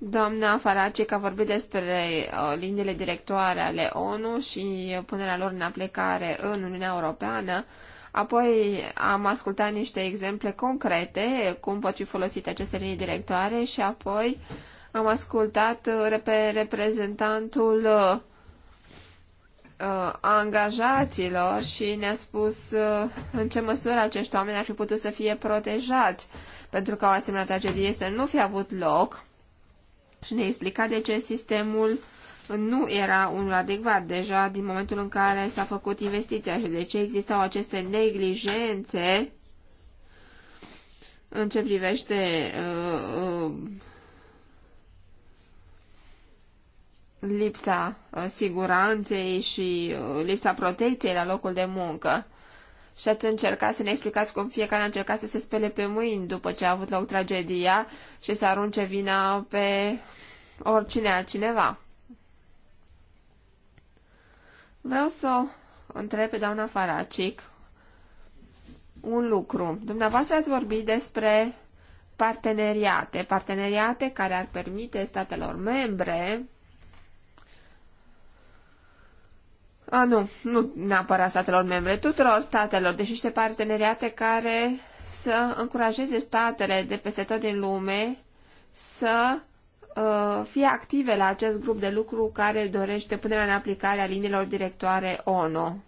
Doamna Farace a vorbit despre uh, liniile directoare ale ONU și punerea lor în aplicare în Uniunea Europeană. Apoi am ascultat niște exemple concrete cum pot fi folosite aceste linii directoare și apoi am ascultat uh, pe reprezentantul uh, angajaților și ne-a spus în ce măsură acești oameni ar fi putut să fie protejați pentru că o asemenea tragedie să nu fi avut loc și ne explica de ce sistemul nu era unul adecvat deja din momentul în care s-a făcut investiția și de ce existau aceste neglijențe în ce privește uh, uh, lipsa uh, siguranței și uh, lipsa protecției la locul de muncă și ați încercat să ne explicați cum fiecare a încercat să se spele pe mâini după ce a avut loc tragedia și să arunce vina pe oricine altcineva. Vreau să întreb pe doamna Faracic un lucru. Dumneavoastră ați vorbit despre parteneriate, parteneriate care ar permite statelor membre A, nu, nu neapărat statelor membre, tuturor statelor, deci niște parteneriate care să încurajeze statele de peste tot din lume să uh, fie active la acest grup de lucru care dorește punerea în aplicare a liniilor directoare ONU.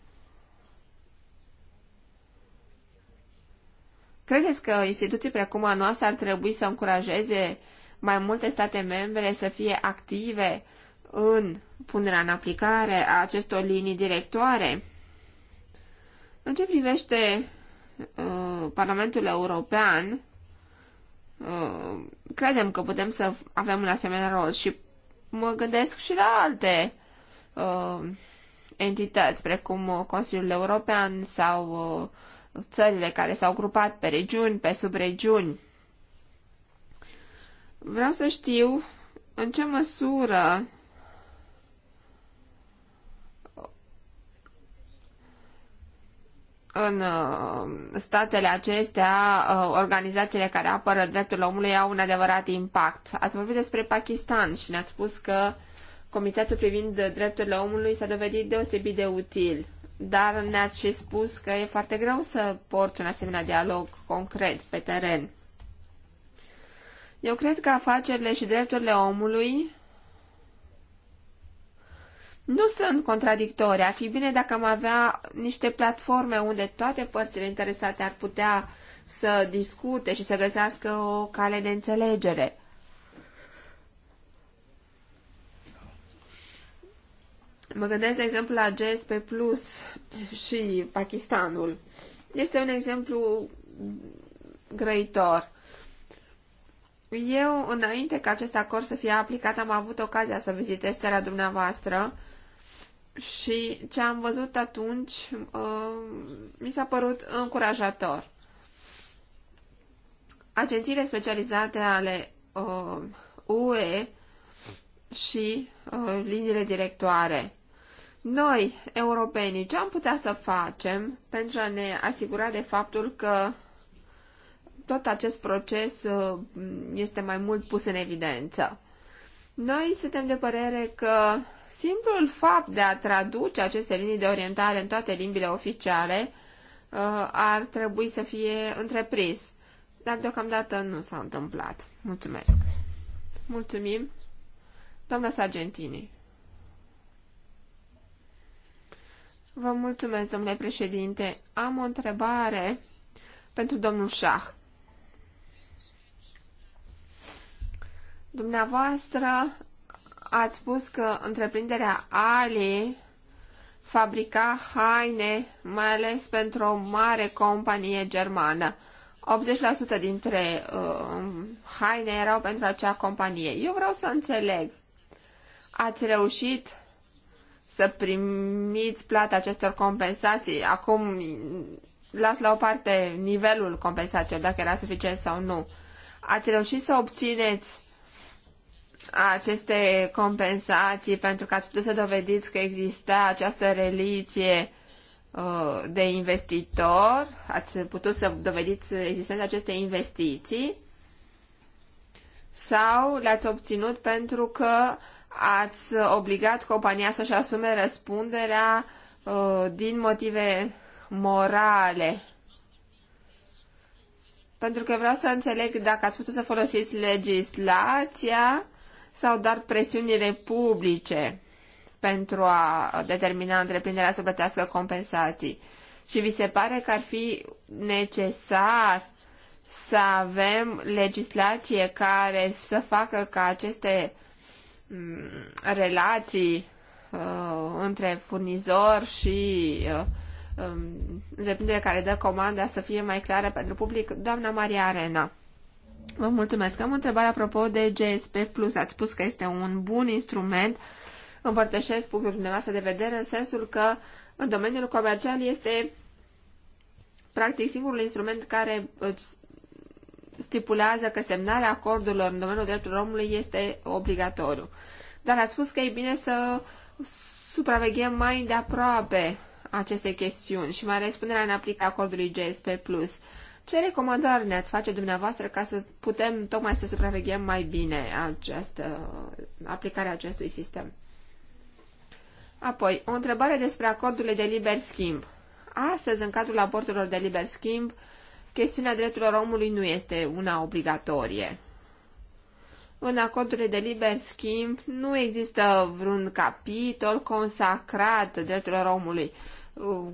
Credeți că instituții precum a noastră ar trebui să încurajeze mai multe state membre să fie active în punerea în aplicare a acestor linii directoare. În ce privește uh, Parlamentul European, uh, credem că putem să avem un asemenea rol și mă gândesc și la alte uh, entități, precum uh, Consiliul European sau uh, țările care s-au grupat pe regiuni, pe subregiuni. Vreau să știu în ce măsură în uh, statele acestea, uh, organizațiile care apără drepturile omului au un adevărat impact. Ați vorbit despre Pakistan și ne-ați spus că Comitetul privind drepturile omului s-a dovedit deosebit de util, dar ne-ați și spus că e foarte greu să porți un asemenea dialog concret pe teren. Eu cred că afacerile și drepturile omului nu sunt contradictorii. Ar fi bine dacă am avea niște platforme unde toate părțile interesate ar putea să discute și să găsească o cale de înțelegere. Mă gândesc, de exemplu, la GSP Plus și Pakistanul. Este un exemplu grăitor. Eu, înainte ca acest acord să fie aplicat, am avut ocazia să vizitez țara dumneavoastră și ce am văzut atunci uh, mi s-a părut încurajator. Agențiile specializate ale UE uh, și uh, liniile directoare. Noi, europenii, ce am putea să facem pentru a ne asigura de faptul că tot acest proces este mai mult pus în evidență? Noi suntem de părere că simplul fapt de a traduce aceste linii de orientare în toate limbile oficiale uh, ar trebui să fie întreprins. Dar deocamdată nu s-a întâmplat. Mulțumesc. Mulțumim. Doamna Sargentini. Vă mulțumesc, domnule președinte. Am o întrebare pentru domnul Șah. Dumneavoastră ați spus că întreprinderea Ali fabrica haine, mai ales pentru o mare companie germană. 80% dintre uh, haine erau pentru acea companie. Eu vreau să înțeleg. Ați reușit să primiți plata acestor compensații? Acum las la o parte nivelul compensațiilor, dacă era suficient sau nu. Ați reușit să obțineți aceste compensații pentru că ați putut să dovediți că exista această reliție uh, de investitor, ați putut să dovediți existența acestei investiții sau le-ați obținut pentru că ați obligat compania să-și asume răspunderea uh, din motive morale. Pentru că vreau să înțeleg dacă ați putut să folosiți legislația sau doar presiunile publice pentru a determina întreprinderea să plătească compensații. Și vi se pare că ar fi necesar să avem legislație care să facă ca aceste mm, relații uh, între furnizor și uh, um, întreprindere care dă comanda să fie mai clară pentru public? Doamna Maria Arena. Vă mulțumesc. Am o întrebare apropo de GSP+. Ați spus că este un bun instrument. Împărtășesc punctul dumneavoastră de vedere în sensul că în domeniul comercial este practic singurul instrument care stipulează că semnarea acordurilor în domeniul drepturilor omului este obligatoriu. Dar ați spus că e bine să supraveghem mai de aproape aceste chestiuni și mai răspunderea în aplicarea acordului GSP+. Ce recomandări ne-ați face dumneavoastră ca să putem tocmai să supraveghem mai bine această, aplicarea acestui sistem? Apoi, o întrebare despre acordurile de liber schimb. Astăzi, în cadrul aborturilor de liber schimb, chestiunea drepturilor omului nu este una obligatorie. În acordurile de liber schimb nu există vreun capitol consacrat drepturilor omului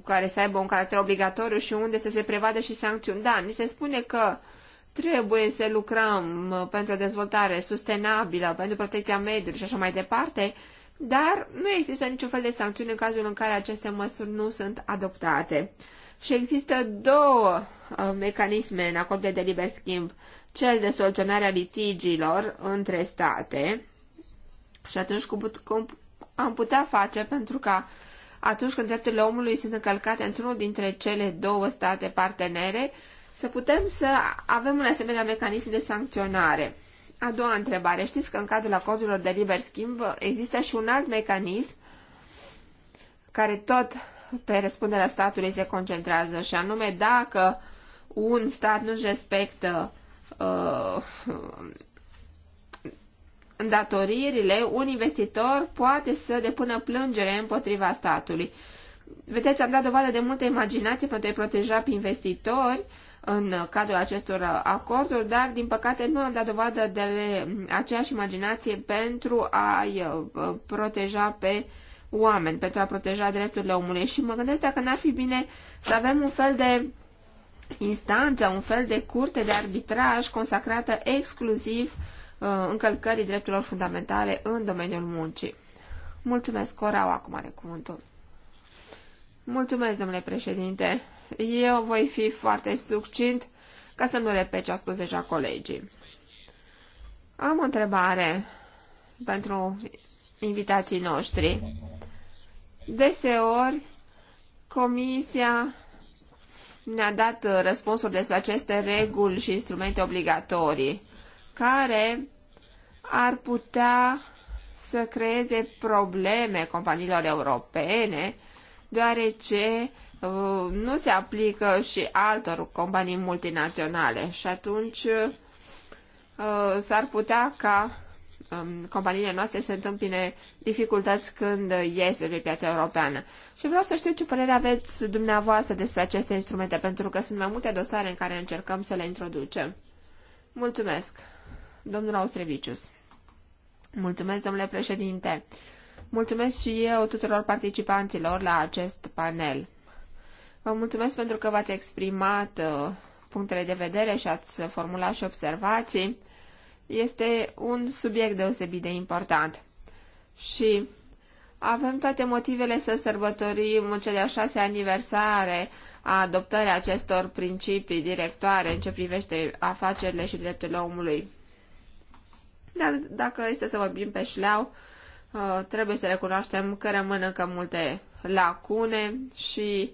care să aibă un caracter obligatoriu și unde să se prevadă și sancțiuni. Da, ni se spune că trebuie să lucrăm uh, pentru o dezvoltare sustenabilă, pentru protecția mediului și așa mai departe, dar nu există niciun fel de sancțiuni în cazul în care aceste măsuri nu sunt adoptate. Și există două uh, mecanisme în acord de liber schimb, cel de soluționare a litigiilor între state și atunci cum am putea face pentru ca atunci când drepturile omului sunt încălcate într-unul dintre cele două state partenere, să putem să avem un asemenea mecanism de sancționare. A doua întrebare. Știți că în cadrul acordurilor de liber schimb există și un alt mecanism care tot pe răspunderea statului se concentrează și anume dacă un stat nu respectă uh, îndatoririle, un investitor poate să depună plângere împotriva statului. Vedeți, am dat dovadă de multă imaginație pentru a-i proteja pe investitori în cadrul acestor acorduri, dar din păcate nu am dat dovadă de aceeași imaginație pentru a-i uh, proteja pe oameni, pentru a proteja drepturile omului. Și mă gândesc dacă n-ar fi bine să avem un fel de instanță, un fel de curte de arbitraj consacrată exclusiv uh, Uh, încălcării drepturilor fundamentale în domeniul muncii. Mulțumesc, Corau, acum are cuvântul. Mulțumesc, domnule președinte. Eu voi fi foarte succint ca să nu repet ce au spus deja colegii. Am o întrebare pentru invitații noștri. Deseori, Comisia ne-a dat răspunsuri despre aceste reguli și instrumente obligatorii care ar putea să creeze probleme companiilor europene, deoarece uh, nu se aplică și altor companii multinaționale și atunci uh, s-ar putea ca um, companiile noastre să întâmpine dificultăți când iese pe piața europeană. Și vreau să știu ce părere aveți dumneavoastră despre aceste instrumente, pentru că sunt mai multe dosare în care încercăm să le introducem. Mulțumesc! Domnul Austrevicius. Mulțumesc, domnule președinte. Mulțumesc și eu tuturor participanților la acest panel. Vă mulțumesc pentru că v-ați exprimat uh, punctele de vedere și ați formulat și observații. Este un subiect deosebit de important. Și avem toate motivele să sărbătorim cea de-a șasea aniversare a adoptării acestor principii directoare în ce privește afacerile și drepturile omului. Dar dacă este să vorbim pe șleau, uh, trebuie să recunoaștem că rămân încă multe lacune și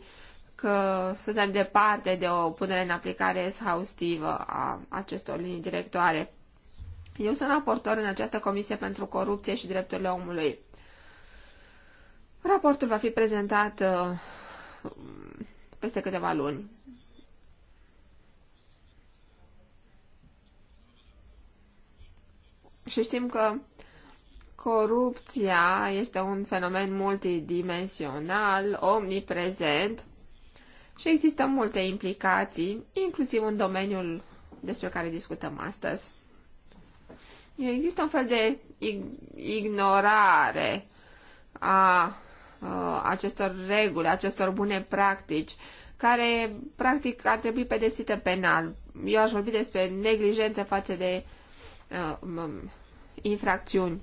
că suntem departe de o punere în aplicare exhaustivă a acestor linii directoare. Eu sunt raportor în această comisie pentru corupție și drepturile omului. Raportul va fi prezentat uh, peste câteva luni. Și știm că corupția este un fenomen multidimensional, omniprezent și există multe implicații, inclusiv în domeniul despre care discutăm astăzi. Există un fel de ignorare a, a acestor reguli, acestor bune practici, care practic ar trebui pedepsită penal. Eu aș vorbi despre neglijență față de a, uh, infracțiuni.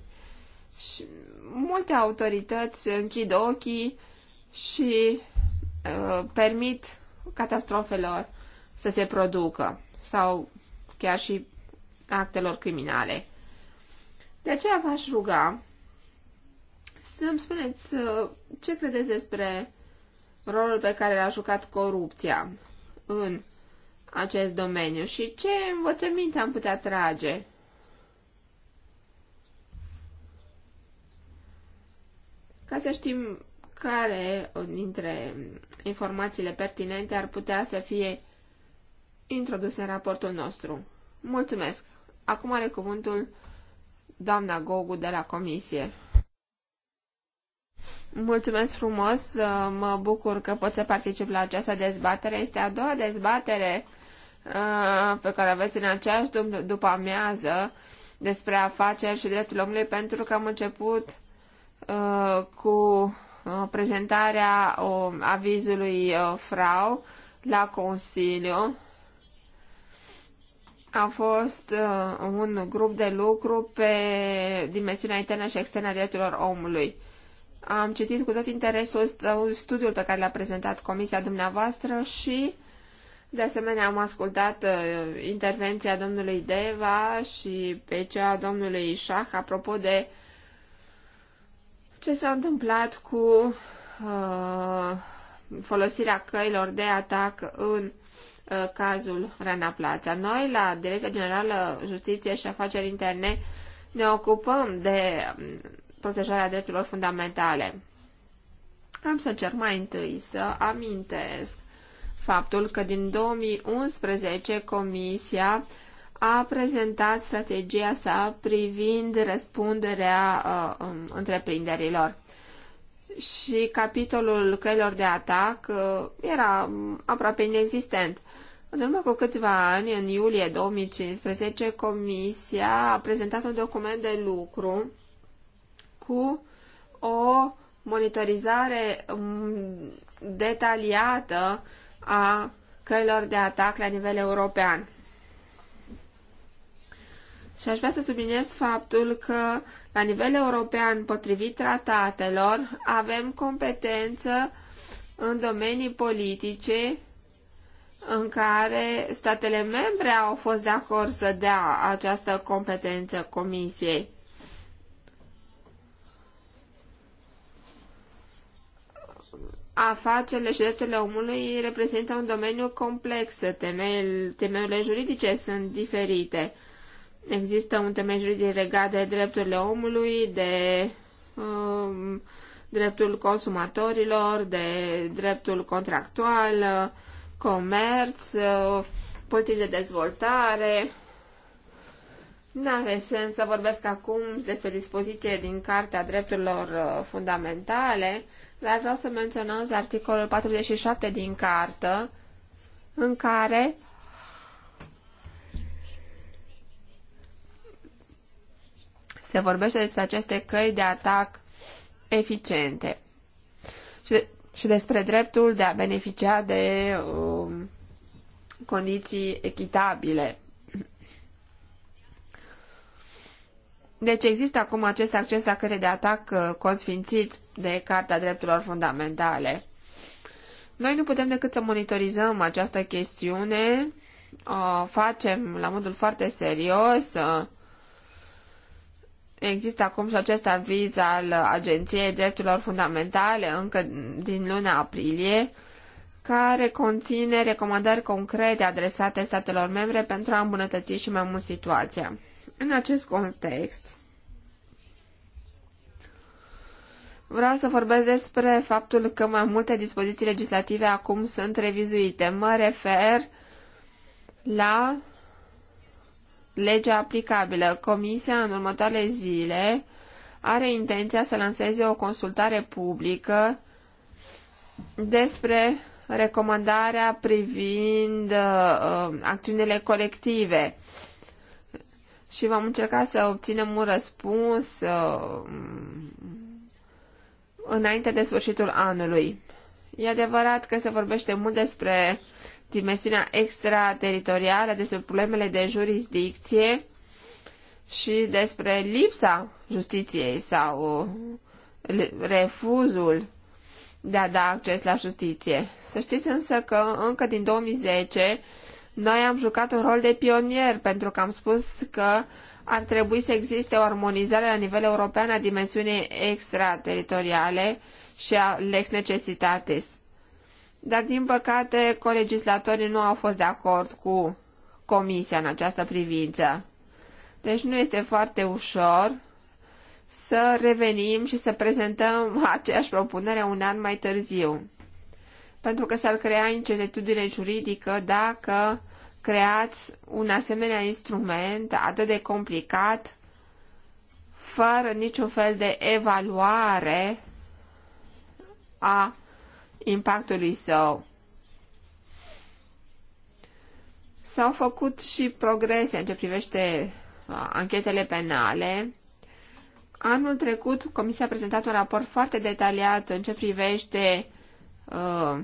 Și multe autorități închid ochii și uh, permit catastrofelor să se producă sau chiar și actelor criminale. De aceea v-aș ruga să-mi spuneți uh, ce credeți despre rolul pe care l-a jucat corupția în acest domeniu și ce învățăminte am putea trage ca să știm care dintre informațiile pertinente ar putea să fie introduse în raportul nostru. Mulțumesc! Acum are cuvântul doamna Gogu de la Comisie. Mulțumesc frumos, mă bucur că pot să particip la această dezbatere. Este a doua dezbatere uh, pe care aveți în aceeași după amiază despre afaceri și dreptul omului pentru că am început Uh, cu uh, prezentarea avizului uh, FRAU la Consiliu. A fost un grup de lucru pe dimensiunea internă și externă a drepturilor omului. Am citit cu tot interesul studiul pe care l-a prezentat comisia dumneavoastră și, de asemenea, am ascultat intervenția domnului Deva și pe cea a domnului Șah apropo de uh, ce s-a întâmplat cu uh, folosirea căilor de atac în uh, cazul Rana Plața. Noi, la Direcția Generală Justiție și Afaceri Interne, ne ocupăm de um, protejarea drepturilor fundamentale. Am să cer mai întâi să amintesc faptul că din 2011 Comisia a prezentat strategia sa privind răspunderea uh, întreprinderilor. Și capitolul căilor de atac uh, era aproape inexistent. În urmă cu câțiva ani, în iulie 2015, Comisia a prezentat un document de lucru cu o monitorizare um, detaliată a căilor de atac la nivel european. Și aș vrea să subliniez faptul că, la nivel european, potrivit tratatelor, avem competență în domenii politice în care statele membre au fost de acord să dea această competență Comisiei. Afacerile și drepturile omului reprezintă un domeniu complex, temeiurile juridice sunt diferite. Există un temei juridic legat de drepturile omului, de um, dreptul consumatorilor, de dreptul contractual, comerț, politici de dezvoltare. Nu are sens să vorbesc acum despre dispoziție din Cartea Drepturilor uh, Fundamentale, dar vreau să menționez articolul 47 din cartă, în care Se vorbește despre aceste căi de atac eficiente și, de, și despre dreptul de a beneficia de um, condiții echitabile. Deci există acum acest acces la căile de atac uh, consfințit de Carta Drepturilor Fundamentale. Noi nu putem decât să monitorizăm această chestiune, o facem la modul foarte serios, uh, Există acum și acest aviz al Agenției Drepturilor Fundamentale încă din luna aprilie, care conține recomandări concrete adresate statelor membre pentru a îmbunătăți și mai mult situația. În acest context, Vreau să vorbesc despre faptul că mai multe dispoziții legislative acum sunt revizuite. Mă refer la legea aplicabilă. Comisia în următoarele zile are intenția să lanseze o consultare publică despre recomandarea privind uh, acțiunile colective și vom încerca să obținem un răspuns uh, înainte de sfârșitul anului. E adevărat că se vorbește mult despre dimensiunea extrateritorială, despre problemele de jurisdicție și despre lipsa justiției sau uh, refuzul de a da acces la justiție. Să știți însă că încă din 2010 noi am jucat un rol de pionier pentru că am spus că ar trebui să existe o armonizare la nivel european a dimensiunii extrateritoriale și a lex necesitatis dar din păcate colegislatorii nu au fost de acord cu comisia în această privință. Deci nu este foarte ușor să revenim și să prezentăm [laughs] aceeași propunere un an mai târziu. Pentru că s-ar crea incertitudine juridică dacă creați un asemenea instrument atât de complicat, fără niciun fel de evaluare a impactului său. S-au făcut și progrese în ce privește uh, anchetele penale. Anul trecut, Comisia a prezentat un raport foarte detaliat în ce privește uh,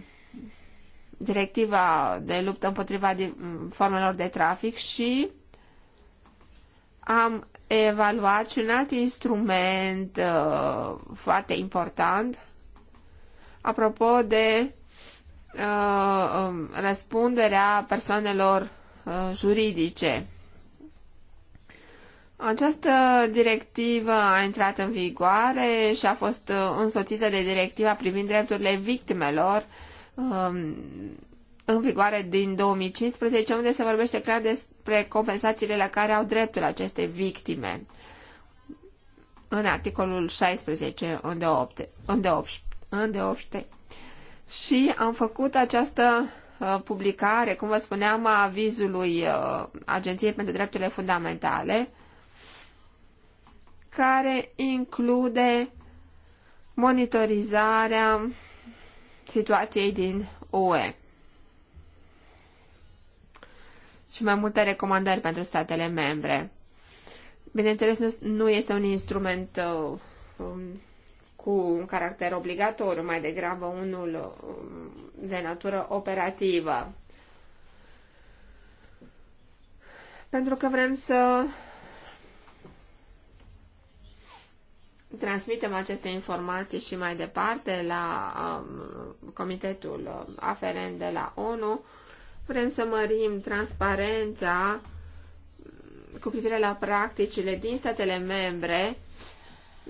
directiva de luptă împotriva mm, formelor de trafic și am evaluat și un alt instrument uh, foarte important apropo de uh, um, răspunderea persoanelor uh, juridice. Această directivă a intrat în vigoare și a fost uh, însoțită de directiva privind drepturile victimelor um, în vigoare din 2015, unde se vorbește clar despre compensațiile la care au dreptul aceste victime în articolul 16, unde, unde 8, îndeopște. Și am făcut această uh, publicare, cum vă spuneam, a avizului uh, Agenției pentru Drepturile Fundamentale, care include monitorizarea situației din UE și mai multe recomandări pentru statele membre. Bineînțeles, nu, este un instrument uh, um, cu un caracter obligatoriu, mai degrabă unul um, de natură operativă. Pentru că vrem să transmitem aceste informații și mai departe la um, comitetul aferent de la ONU. Vrem să mărim transparența cu privire la practicile din statele membre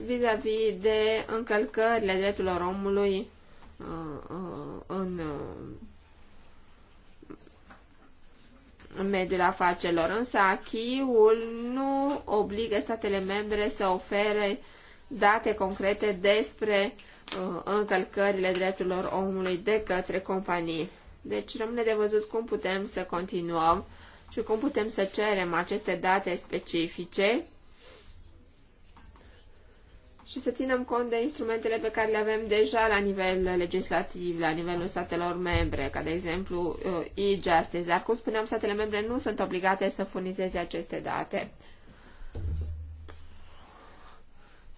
vis-a-vis -vis de încălcările drepturilor omului uh, uh, uh, în mediul afacerilor. Însă achiul nu obligă statele membre să ofere date concrete despre încălcările drepturilor omului de către companii. Deci rămâne de văzut cum putem să continuăm și cum putem să cerem aceste date specifice și să ținem cont de instrumentele pe care le avem deja la nivel legislativ, la nivelul statelor membre, ca de exemplu uh, e-justice, dar cum spuneam, statele membre nu sunt obligate să furnizeze aceste date.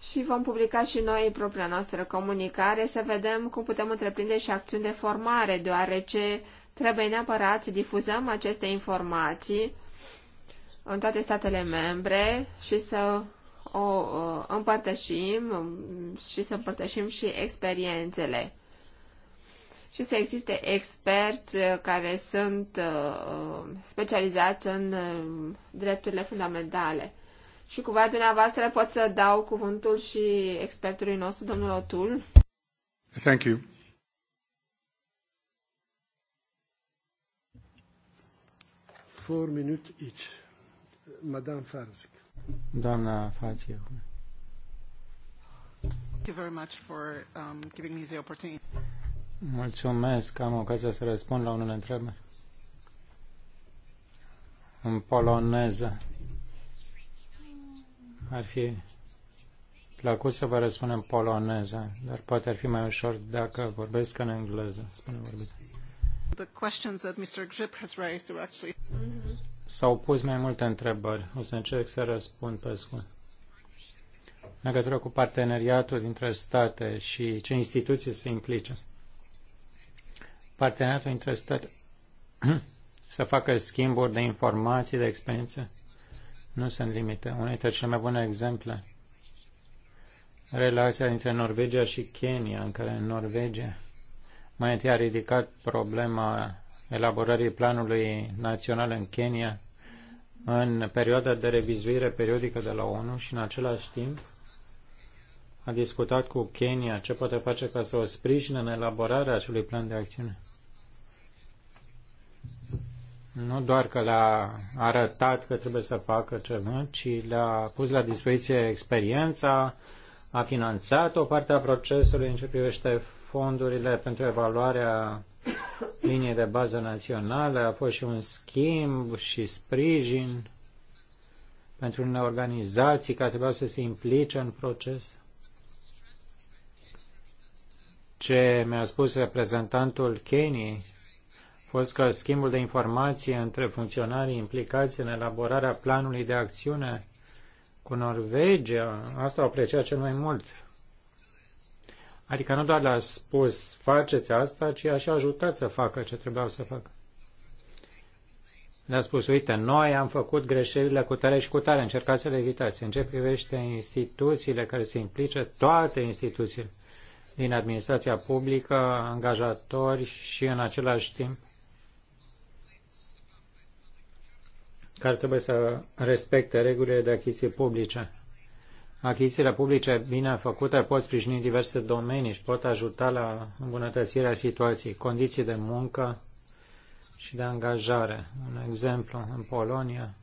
Și vom publica și noi propria noastră comunicare să vedem cum putem întreprinde și acțiuni de formare, deoarece trebuie neapărat să difuzăm aceste informații în toate statele membre și să o împărtășim um, și să împărtășim și experiențele. Și să existe experți uh, care sunt uh, um, specializați în um, drepturile fundamentale. Și cu voia dumneavoastră pot să dau cuvântul și expertului nostru, domnul Otul. Thank you. Four minutes each. Madame Farzik. Doamna Fație. Mulțumesc că am ocazia să răspund la unele întrebări. În poloneză. Ar fi plăcut să vă răspund în poloneză, dar poate ar fi mai ușor dacă vorbesc în engleză. Spune vorbit. The questions that Mr. Grip has raised are actually... Mm -hmm S-au pus mai multe întrebări. O să încerc să răspund pe scurt. În legătură cu parteneriatul dintre state și ce instituții se implice. Parteneriatul dintre state [clears throat] să facă schimburi de informații, de experiențe, nu sunt limite. Unul dintre cele mai bune exemple relația dintre Norvegia și Kenya, în care Norvegia mai întâi a ridicat problema elaborării planului național în Kenya în perioada de revizuire periodică de la ONU și în același timp a discutat cu Kenya ce poate face ca să o sprijine în elaborarea acelui plan de acțiune. Nu doar că le-a arătat că trebuie să facă ceva, ci le-a pus la dispoziție experiența, a finanțat o parte a procesului în ce privește fondurile pentru evaluarea linie de bază națională a fost și un schimb și sprijin pentru unele organizații care trebuiau să se implice în proces. Ce mi-a spus reprezentantul Kenny? a fost că schimbul de informații între funcționarii implicați în elaborarea planului de acțiune cu Norvegia, asta o aprecia cel mai mult, Adică nu doar le-a spus faceți asta, ci a și ajutat să facă ce trebuiau să facă. Le-a spus, uite, noi am făcut greșelile cu tare și cu tare, încercați să le evitați. În ce privește instituțiile care se implice, toate instituțiile din administrația publică, angajatori și în același timp care trebuie să respecte regulile de achiziții publice. Achizițiile publice bine făcute pot sprijini diverse domenii și pot ajuta la îmbunătățirea situației, condiții de muncă și de angajare. Un exemplu, în Polonia,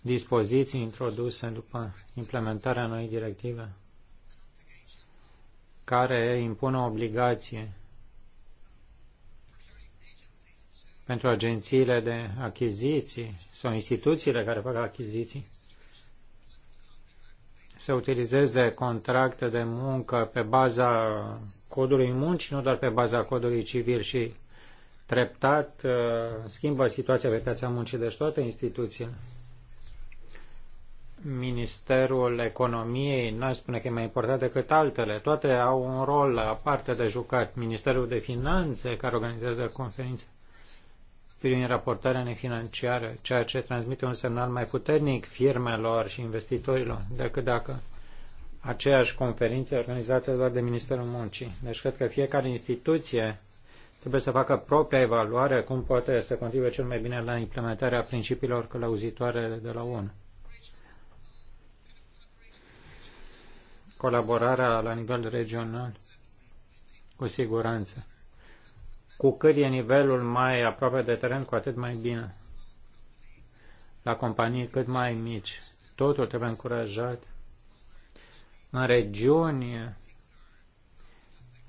dispoziții introduse după implementarea noii directive care impun o obligație pentru agențiile de achiziții sau instituțiile care fac achiziții să utilizeze contracte de muncă pe baza codului muncii, nu doar pe baza codului civil și treptat uh, schimbă situația pe piața muncii, deci toate instituțiile. Ministerul Economiei, n-aș spune că e mai important decât altele, toate au un rol aparte de jucat. Ministerul de Finanțe, care organizează conferințe, prin raportarea nefinanciară, ceea ce transmite un semnal mai puternic firmelor și investitorilor decât dacă aceeași conferință organizată doar de Ministerul Muncii. Deci cred că fiecare instituție trebuie să facă propria evaluare cum poate să contribuie cel mai bine la implementarea principiilor călăuzitoare de la ONU. Colaborarea la nivel regional, cu siguranță. Cu cât e nivelul mai aproape de teren, cu atât mai bine. La companii cât mai mici. Totul trebuie încurajat. În regiuni,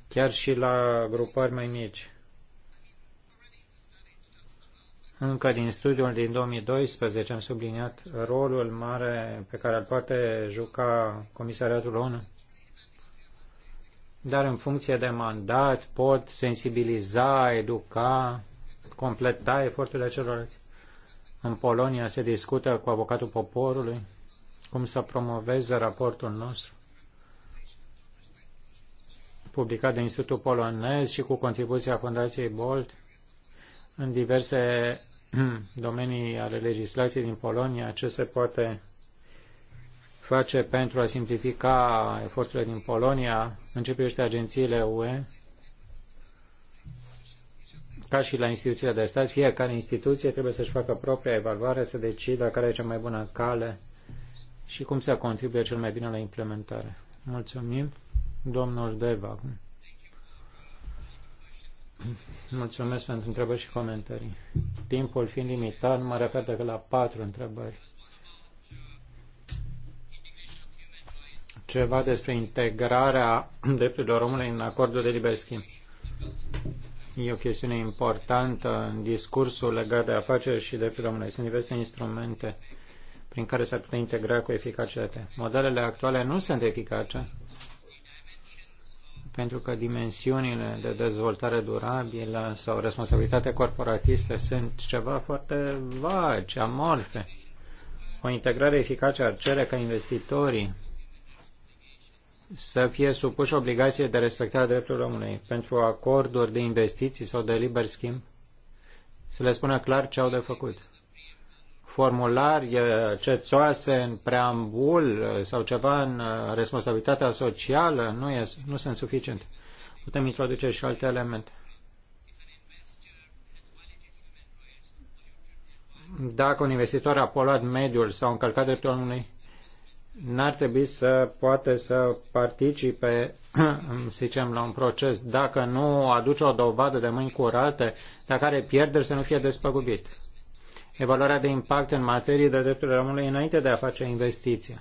chiar și la grupări mai mici. Încă din studiul din 2012 am subliniat rolul mare pe care îl poate juca Comisariatul ONU dar în funcție de mandat pot sensibiliza, educa, completa eforturile celorlalți. În Polonia se discută cu avocatul poporului cum să promoveze raportul nostru publicat de Institutul Polonez și cu contribuția Fundației Bolt în diverse [clears throat] domenii ale legislației din Polonia, ce se poate face pentru a simplifica eforturile din Polonia în ce privește agențiile UE, ca și la instituțiile de stat, fiecare instituție trebuie să-și facă propria evaluare, să decidă care e cea mai bună cale și cum se contribuie cel mai bine la implementare. Mulțumim, domnul Deva. Mulțumesc pentru întrebări și comentarii. Timpul fiind limitat, mă refer decât la patru întrebări. ceva despre integrarea [clears throat] drepturilor omului în acordul de liber schimb. E o chestiune importantă în discursul legat de afaceri și drepturile omului. Sunt diverse instrumente prin care s-ar putea integra cu eficacitate. Modelele actuale nu sunt eficace pentru că dimensiunile de dezvoltare durabilă sau responsabilitatea corporatiste sunt ceva foarte vagi, amorfe. O integrare eficace ar cere ca investitorii să fie supuși obligației de respectare a drepturilor omului pentru acorduri de investiții sau de liber schimb, să le spună clar ce au de făcut. Formulari cețoase în preambul sau ceva în responsabilitatea socială nu, e, nu sunt suficient Putem introduce și alte elemente. Dacă un investitor a poluat mediul sau încălcat dreptul omului, n-ar trebui să poate să participe, [clears throat] să zicem, la un proces dacă nu aduce o dovadă de mâini curate, dacă are pierderi să nu fie despăgubit. Evaluarea de impact în materie de drepturile omului înainte de a face investiția.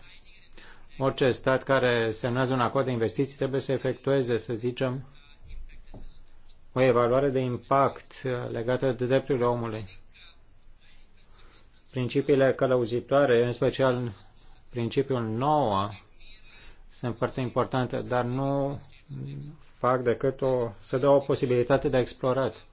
Orice stat care semnează un acord de investiții trebuie să efectueze, să zicem, o evaluare de impact legată de drepturile omului. Principiile călăuzitoare, în special principiul nouă sunt foarte importante, dar nu fac decât o, să dau o posibilitate de a explorat.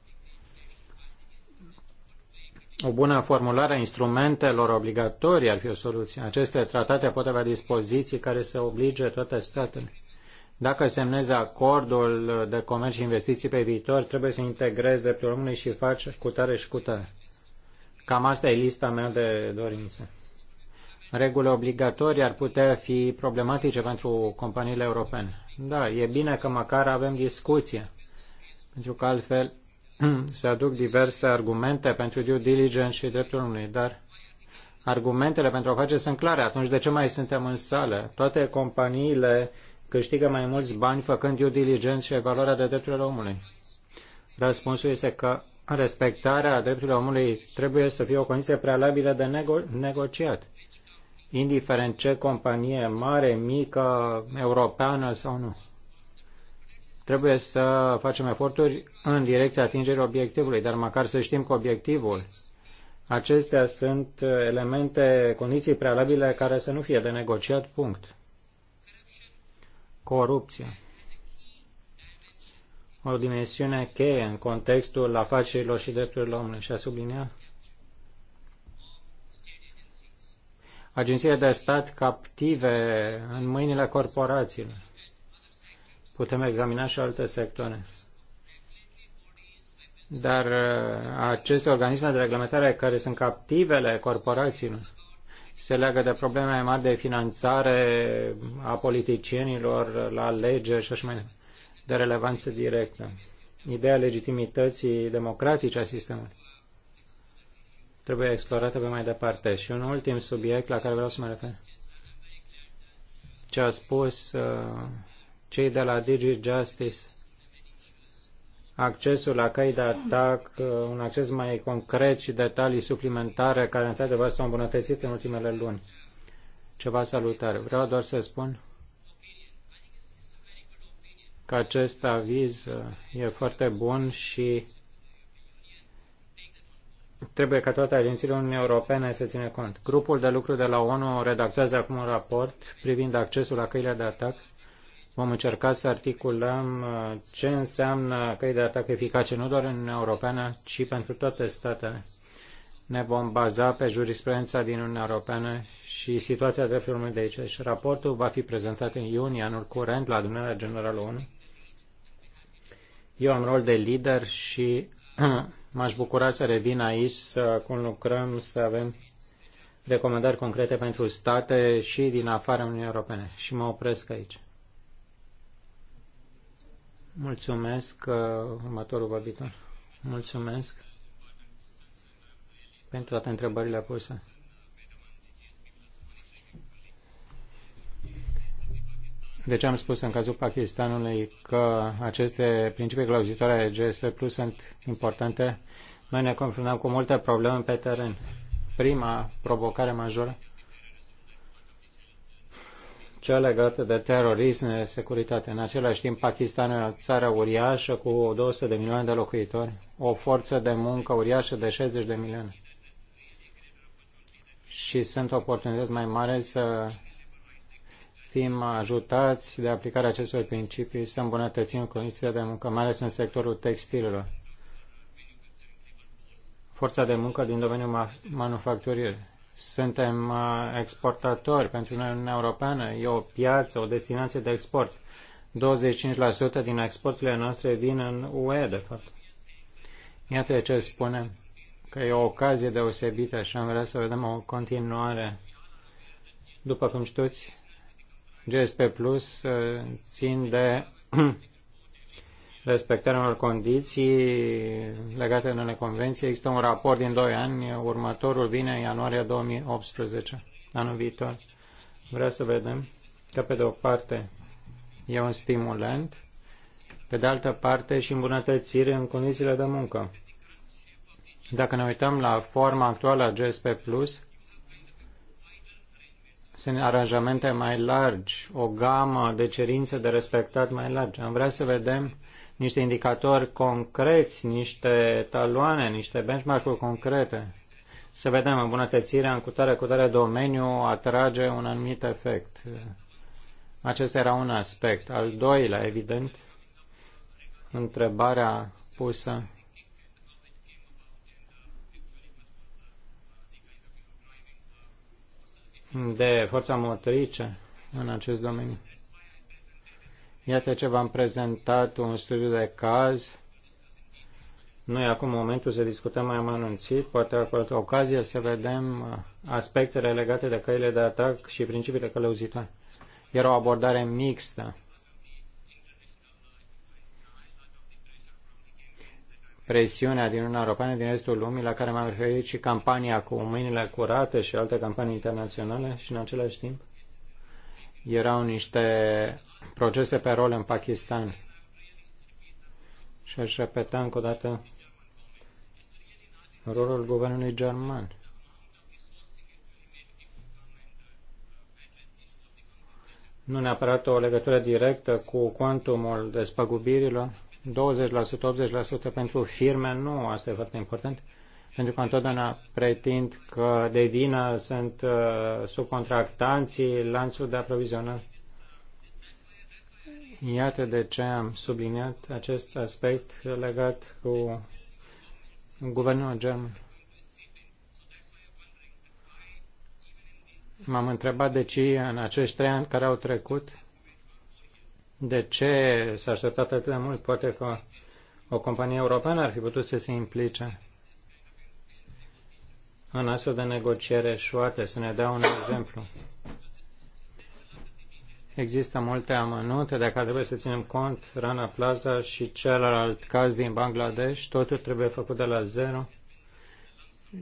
O bună formulare a instrumentelor obligatorii ar fi o soluție. Aceste tratate pot avea dispoziții care să oblige toate statele. Dacă semnezi acordul de comerț și investiții pe viitor, trebuie să integrezi dreptul omului și faci cu tare și cu tare. Cam asta e lista mea de dorințe reguli obligatorii ar putea fi problematice pentru companiile europene. Da, e bine că măcar avem discuție, pentru că altfel [clears throat] se aduc diverse argumente pentru due diligence și dreptul unui, dar argumentele pentru a face sunt clare. Atunci de ce mai suntem în sală? Toate companiile câștigă mai mulți bani făcând due diligence și evaluarea de drepturile omului. Răspunsul este că respectarea drepturilor omului trebuie să fie o condiție prealabilă de nego- negociat indiferent ce companie mare, mică, europeană sau nu. Trebuie să facem eforturi în direcția atingerii obiectivului, dar măcar să știm că obiectivul Acestea sunt elemente, condiții prealabile care să nu fie de negociat, punct. Corupția. O dimensiune cheie în contextul afacerilor și drepturilor omului și a subliniat agențiile de stat captive în mâinile corporațiilor. Putem examina și alte sectoare. Dar uh, aceste organisme de reglementare care sunt captivele corporațiilor se leagă de probleme mai mari de finanțare a politicienilor la lege și așa mai de relevanță directă. Ideea legitimității democratice a sistemului trebuie explorată pe mai departe. Și un ultim subiect la care vreau să mă refer. Ce a spus uh, cei de la Digi Justice accesul la căi de atac, uh, un acces mai concret și detalii suplimentare care într-adevăr s-au îmbunătățit în ultimele luni. Ceva salutare. Vreau doar să spun că acest aviz uh, e foarte bun și trebuie ca toate agențiile Uniunii Europene să țină cont. Grupul de lucru de la ONU redactează acum un raport privind accesul la căile de atac. Vom încerca să articulăm uh, ce înseamnă căi de atac eficace nu doar în Uniunea Europeană, ci pentru toate statele. Ne vom baza pe jurisprudența din Uniunea Europeană și situația drepturilor de aici. Și deci raportul va fi prezentat în iunie anul curent la adunarea generală ONU. Eu am rol de lider și [clears throat] M-aș bucura să revin aici, să conlucrăm, să avem recomandări concrete pentru state și din afara Uniunii Europene. Și mă opresc aici. Mulțumesc, uh, următorul vorbitor. Mulțumesc pentru toate întrebările puse. De ce am spus în cazul Pakistanului că aceste principii clauzitoare ale GSP Plus sunt importante? Noi ne confruntăm cu multe probleme pe teren. Prima provocare majoră, cea legată de terorism, de securitate. În același timp, Pakistanul e o țară uriașă cu 200 de milioane de locuitori, o forță de muncă uriașă de 60 de milioane. Și sunt oportunități mai mari să fim ajutați de aplicarea acestor principii să îmbunătățim condițiile de muncă, mai ales în sectorul textilelor. Forța de muncă din domeniul manufacturier. Suntem uh, exportatori pentru Uniunea Europeană. E o piață, o destinație de export. 25% din exporturile noastre vin în UE, de fapt. Iată ce spune că e o ocazie deosebită și am vrea să vedem o continuare. După cum știți, GSP Plus uh, țin de [clears throat] respectarea unor condiții legate de convenții. Există un raport din 2 ani, următorul vine în ianuarie 2018, anul viitor. Vreau să vedem că, pe de o parte, e un stimulant, pe de altă parte și îmbunătățire în condițiile de muncă. Dacă ne uităm la forma actuală a GSP Plus, sunt aranjamente mai largi, o gamă de cerințe de respectat mai largi. Am vrea să vedem niște indicatori concreți, niște taloane, niște benchmark-uri concrete. Să vedem îmbunătățirea în cutare cutare domeniu atrage un anumit efect. Acesta era un aspect. Al doilea, evident, întrebarea pusă de forța motrice în acest domeniu. Iată ce v-am prezentat un studiu de caz. Nu e acum momentul să discutăm mai amănunțit, poate cu altă ocazie să vedem aspectele legate de căile de atac și principiile călăuzitoare. Era o abordare mixtă presiunea din Uniunea Europeană, din restul lumii, la care m-am referit și campania cu mâinile curate și alte campanii internaționale și în același timp erau niște procese pe rol în Pakistan. Și aș repeta încă o dată rolul guvernului german. Nu neapărat o legătură directă cu cuantumul despăgubirilor, 20%, 80% pentru firme, nu, asta e foarte important, pentru că întotdeauna pretind că de vină sunt uh, subcontractanții, lanțul de aprovizionare. Iată de ce am subliniat acest aspect legat cu guvernul german. M-am întrebat de ce în acești trei ani care au trecut de ce s-a așteptat atât de mult. Poate că o companie europeană ar fi putut să se implice în astfel de negociere șoate. Să ne dea un exemplu. Există multe amănunte, dacă trebuie să ținem cont Rana Plaza și celălalt caz din Bangladesh, totul trebuie făcut de la zero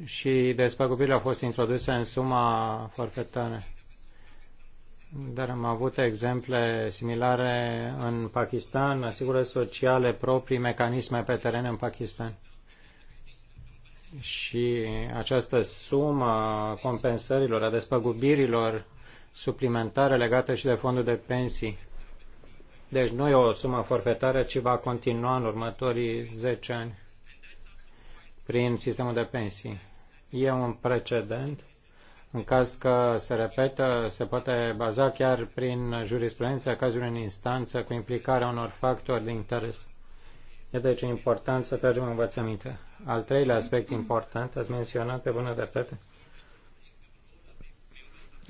și despăgubirile au fost introduse în suma forfetare. Dar am avut exemple similare în Pakistan, asigură sociale proprii, mecanisme pe teren în Pakistan. Și această sumă compensărilor, a despăgubirilor suplimentare legate și de fondul de pensii. Deci nu e o sumă forfetară, ci va continua în următorii 10 ani prin sistemul de pensii. E un precedent în caz că se repetă, se poate baza chiar prin jurisprudența cazului în instanță cu implicarea unor factori de interes. Iată ce deci important să tragem învățăminte. Al treilea aspect important, ați menționat pe bună dreptate,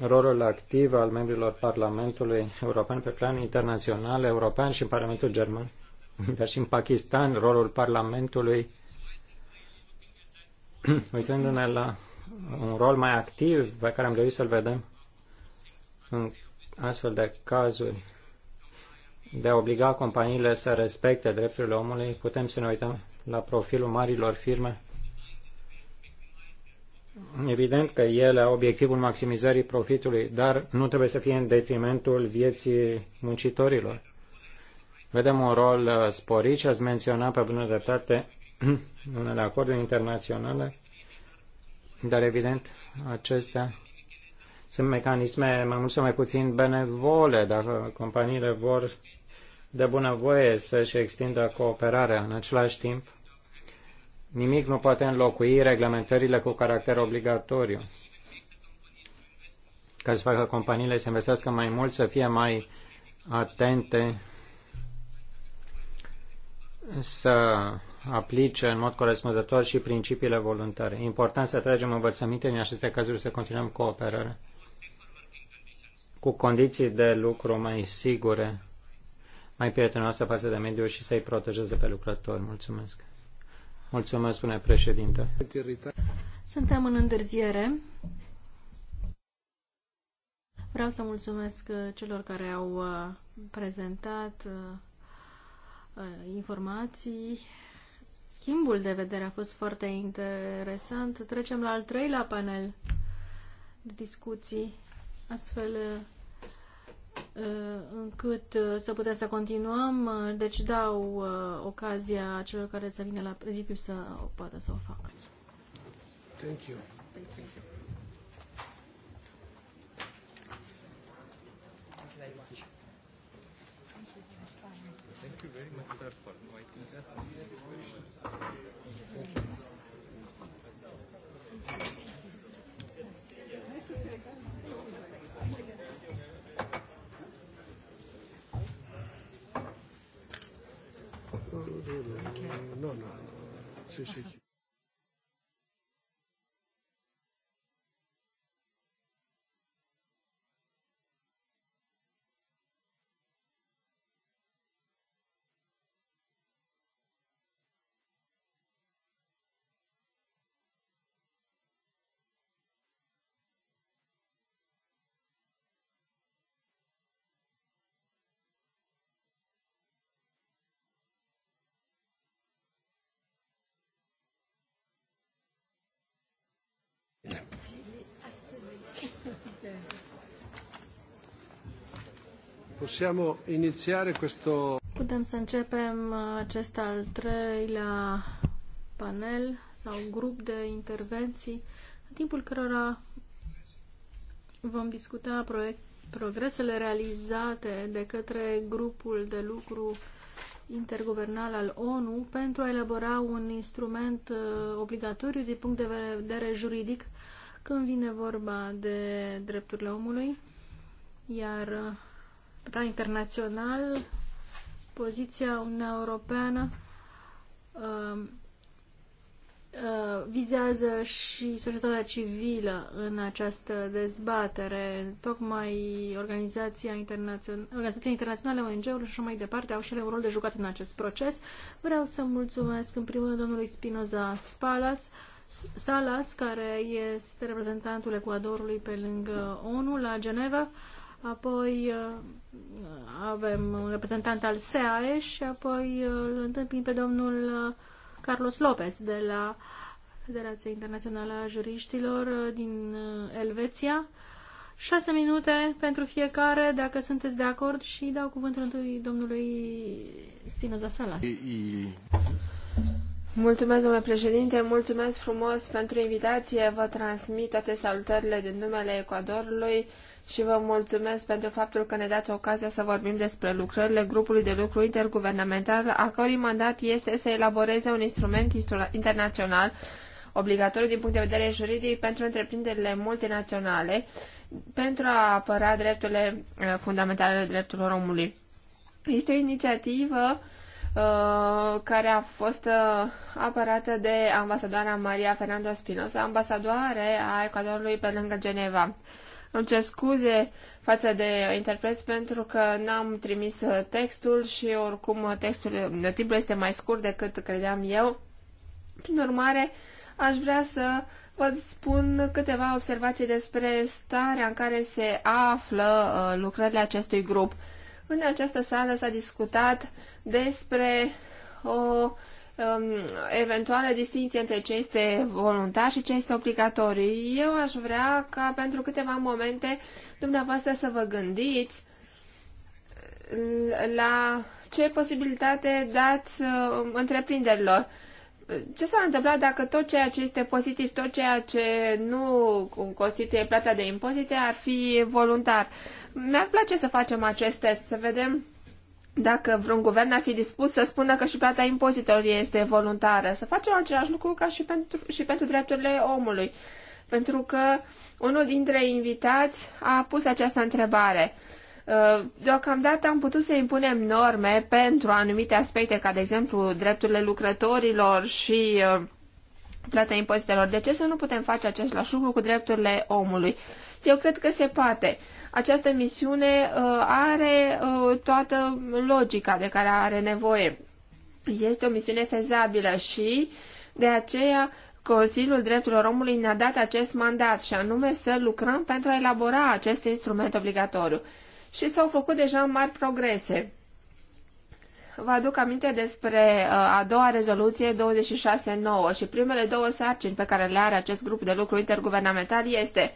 rolul activ al membrilor Parlamentului European pe plan internațional, european și în Parlamentul German, [laughs] dar și în Pakistan, rolul Parlamentului, [clears throat] uitându-ne la un rol mai activ pe care am dorit să-l vedem în astfel de cazuri de a obliga companiile să respecte drepturile omului, putem să ne uităm la profilul marilor firme. Evident că ele au obiectivul maximizării profitului, dar nu trebuie să fie în detrimentul vieții muncitorilor. Vedem un rol uh, sporit și ați menționat pe bună dreptate [clears throat] unele acorduri internaționale dar, evident, acestea sunt mecanisme mai mult sau mai puțin benevole dacă companiile vor de bunăvoie să-și extindă cooperarea. În același timp, nimic nu poate înlocui reglementările cu caracter obligatoriu. Ca să facă companiile să investească mai mult, să fie mai atente, să aplice în mod corespunzător și principiile voluntare. E important să tragem învățăminte în aceste cazuri să continuăm cooperarea cu condiții de lucru mai sigure, mai prietenoase față de mediu și să-i protejeze pe lucrători. Mulțumesc. Mulțumesc, spune președinte. Suntem în întârziere. Vreau să mulțumesc uh, celor care au uh, prezentat uh, informații Schimbul de vedere a fost foarte interesant. Trecem la al treilea panel de discuții, astfel uh, încât uh, să putem să continuăm. Uh, deci dau ocazia celor care să vină la prezidiu să o poată să o facă. Thank you. No, no. Sì, sì. Possiamo iniziare questo... Putem să începem uh, acest al treilea panel sau grup de intervenții, în timpul cărora vom discuta proiect, progresele realizate de către grupul de lucru interguvernal al ONU pentru a elabora un instrument uh, obligatoriu din punct de vedere juridic când vine vorba de drepturile omului, iar uh, pe da, plan internațional, poziția Uniunea Europeană uh, uh, vizează și societatea civilă în această dezbatere. Tocmai Organizația, Internațion Organizația Internațională, ong uri și așa mai departe au și ele un rol de jucat în acest proces. Vreau să mulțumesc în primul rând domnului Spinoza Spalas, Salas, care este reprezentantul Ecuadorului pe lângă ONU la Geneva, apoi uh, avem un reprezentant al SEAE și apoi uh, îl întâmpin pe domnul uh, Carlos Lopez de la Federația Internațională a Juriștilor din Elveția. Șase minute pentru fiecare, dacă sunteți de acord și dau cuvântul întâi domnului Spinoza Sala. Mulțumesc, domnule președinte, mulțumesc frumos pentru invitație, vă transmit toate salutările din numele Ecuadorului și vă mulțumesc pentru faptul că ne dați ocazia să vorbim despre lucrările grupului de lucru interguvernamental, a cărui mandat este să elaboreze un instrument internațional obligatoriu din punct de vedere juridic pentru întreprinderile multinaționale pentru a apăra drepturile uh, fundamentale ale drepturilor omului. Este o inițiativă uh, care a fost uh, apărată de ambasadoara Maria Fernando Spinoza, ambasadoare a Ecuadorului pe lângă Geneva. Îmi cer scuze față de interpreți pentru că n-am trimis uh, textul și oricum uh, textul, uh, timpul este mai scurt decât credeam eu. Prin urmare, aș vrea să vă spun câteva observații despre starea în care se află lucrările acestui grup. În această sală s-a discutat despre o Um, eventuală distinție între ce este voluntar și ce este obligatoriu. Eu aș vrea ca pentru câteva momente dumneavoastră să vă gândiți la ce posibilitate dați uh, întreprinderilor. Ce s-ar întâmpla dacă tot ceea ce este pozitiv, tot ceea ce nu constituie plata de impozite ar fi voluntar? Mi-ar place să facem acest test, să vedem dacă vreun guvern ar fi dispus să spună că și plata impozitorului este voluntară, să facem același lucru ca și pentru, și pentru drepturile omului. Pentru că unul dintre invitați a pus această întrebare. Uh, deocamdată am putut să impunem norme pentru anumite aspecte, ca de exemplu drepturile lucrătorilor și uh, plata impozitelor. De ce să nu putem face acest lucru cu drepturile omului? Eu cred că se poate. Uh, această misiune uh, are uh, toată logica de care are nevoie. Este o misiune fezabilă și de aceea Consiliul Drepturilor Omului ne-a dat acest mandat și anume să lucrăm pentru a elabora acest instrument obligatoriu. Și s-au făcut deja mari progrese. Vă aduc aminte despre uh, a doua rezoluție 26.9 și primele două sarcini pe care le are acest grup de lucru interguvernamental este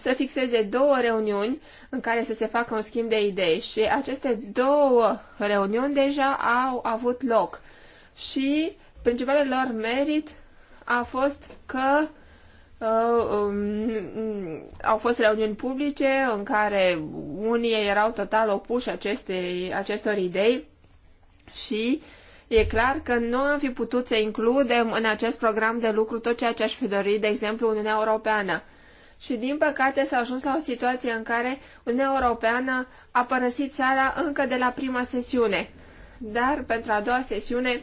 să fixeze două reuniuni în care să se facă un schimb de idei și aceste două reuniuni deja au avut loc și principalul lor merit a fost că uh, um, au fost reuniuni publice în care unii erau total opuși acestei, acestor idei și e clar că nu am fi putut să includem în acest program de lucru tot ceea ce aș fi dorit, de exemplu, Uniunea Europeană și din păcate s-a ajuns la o situație în care Uniunea Europeană a părăsit țara încă de la prima sesiune. Dar pentru a doua sesiune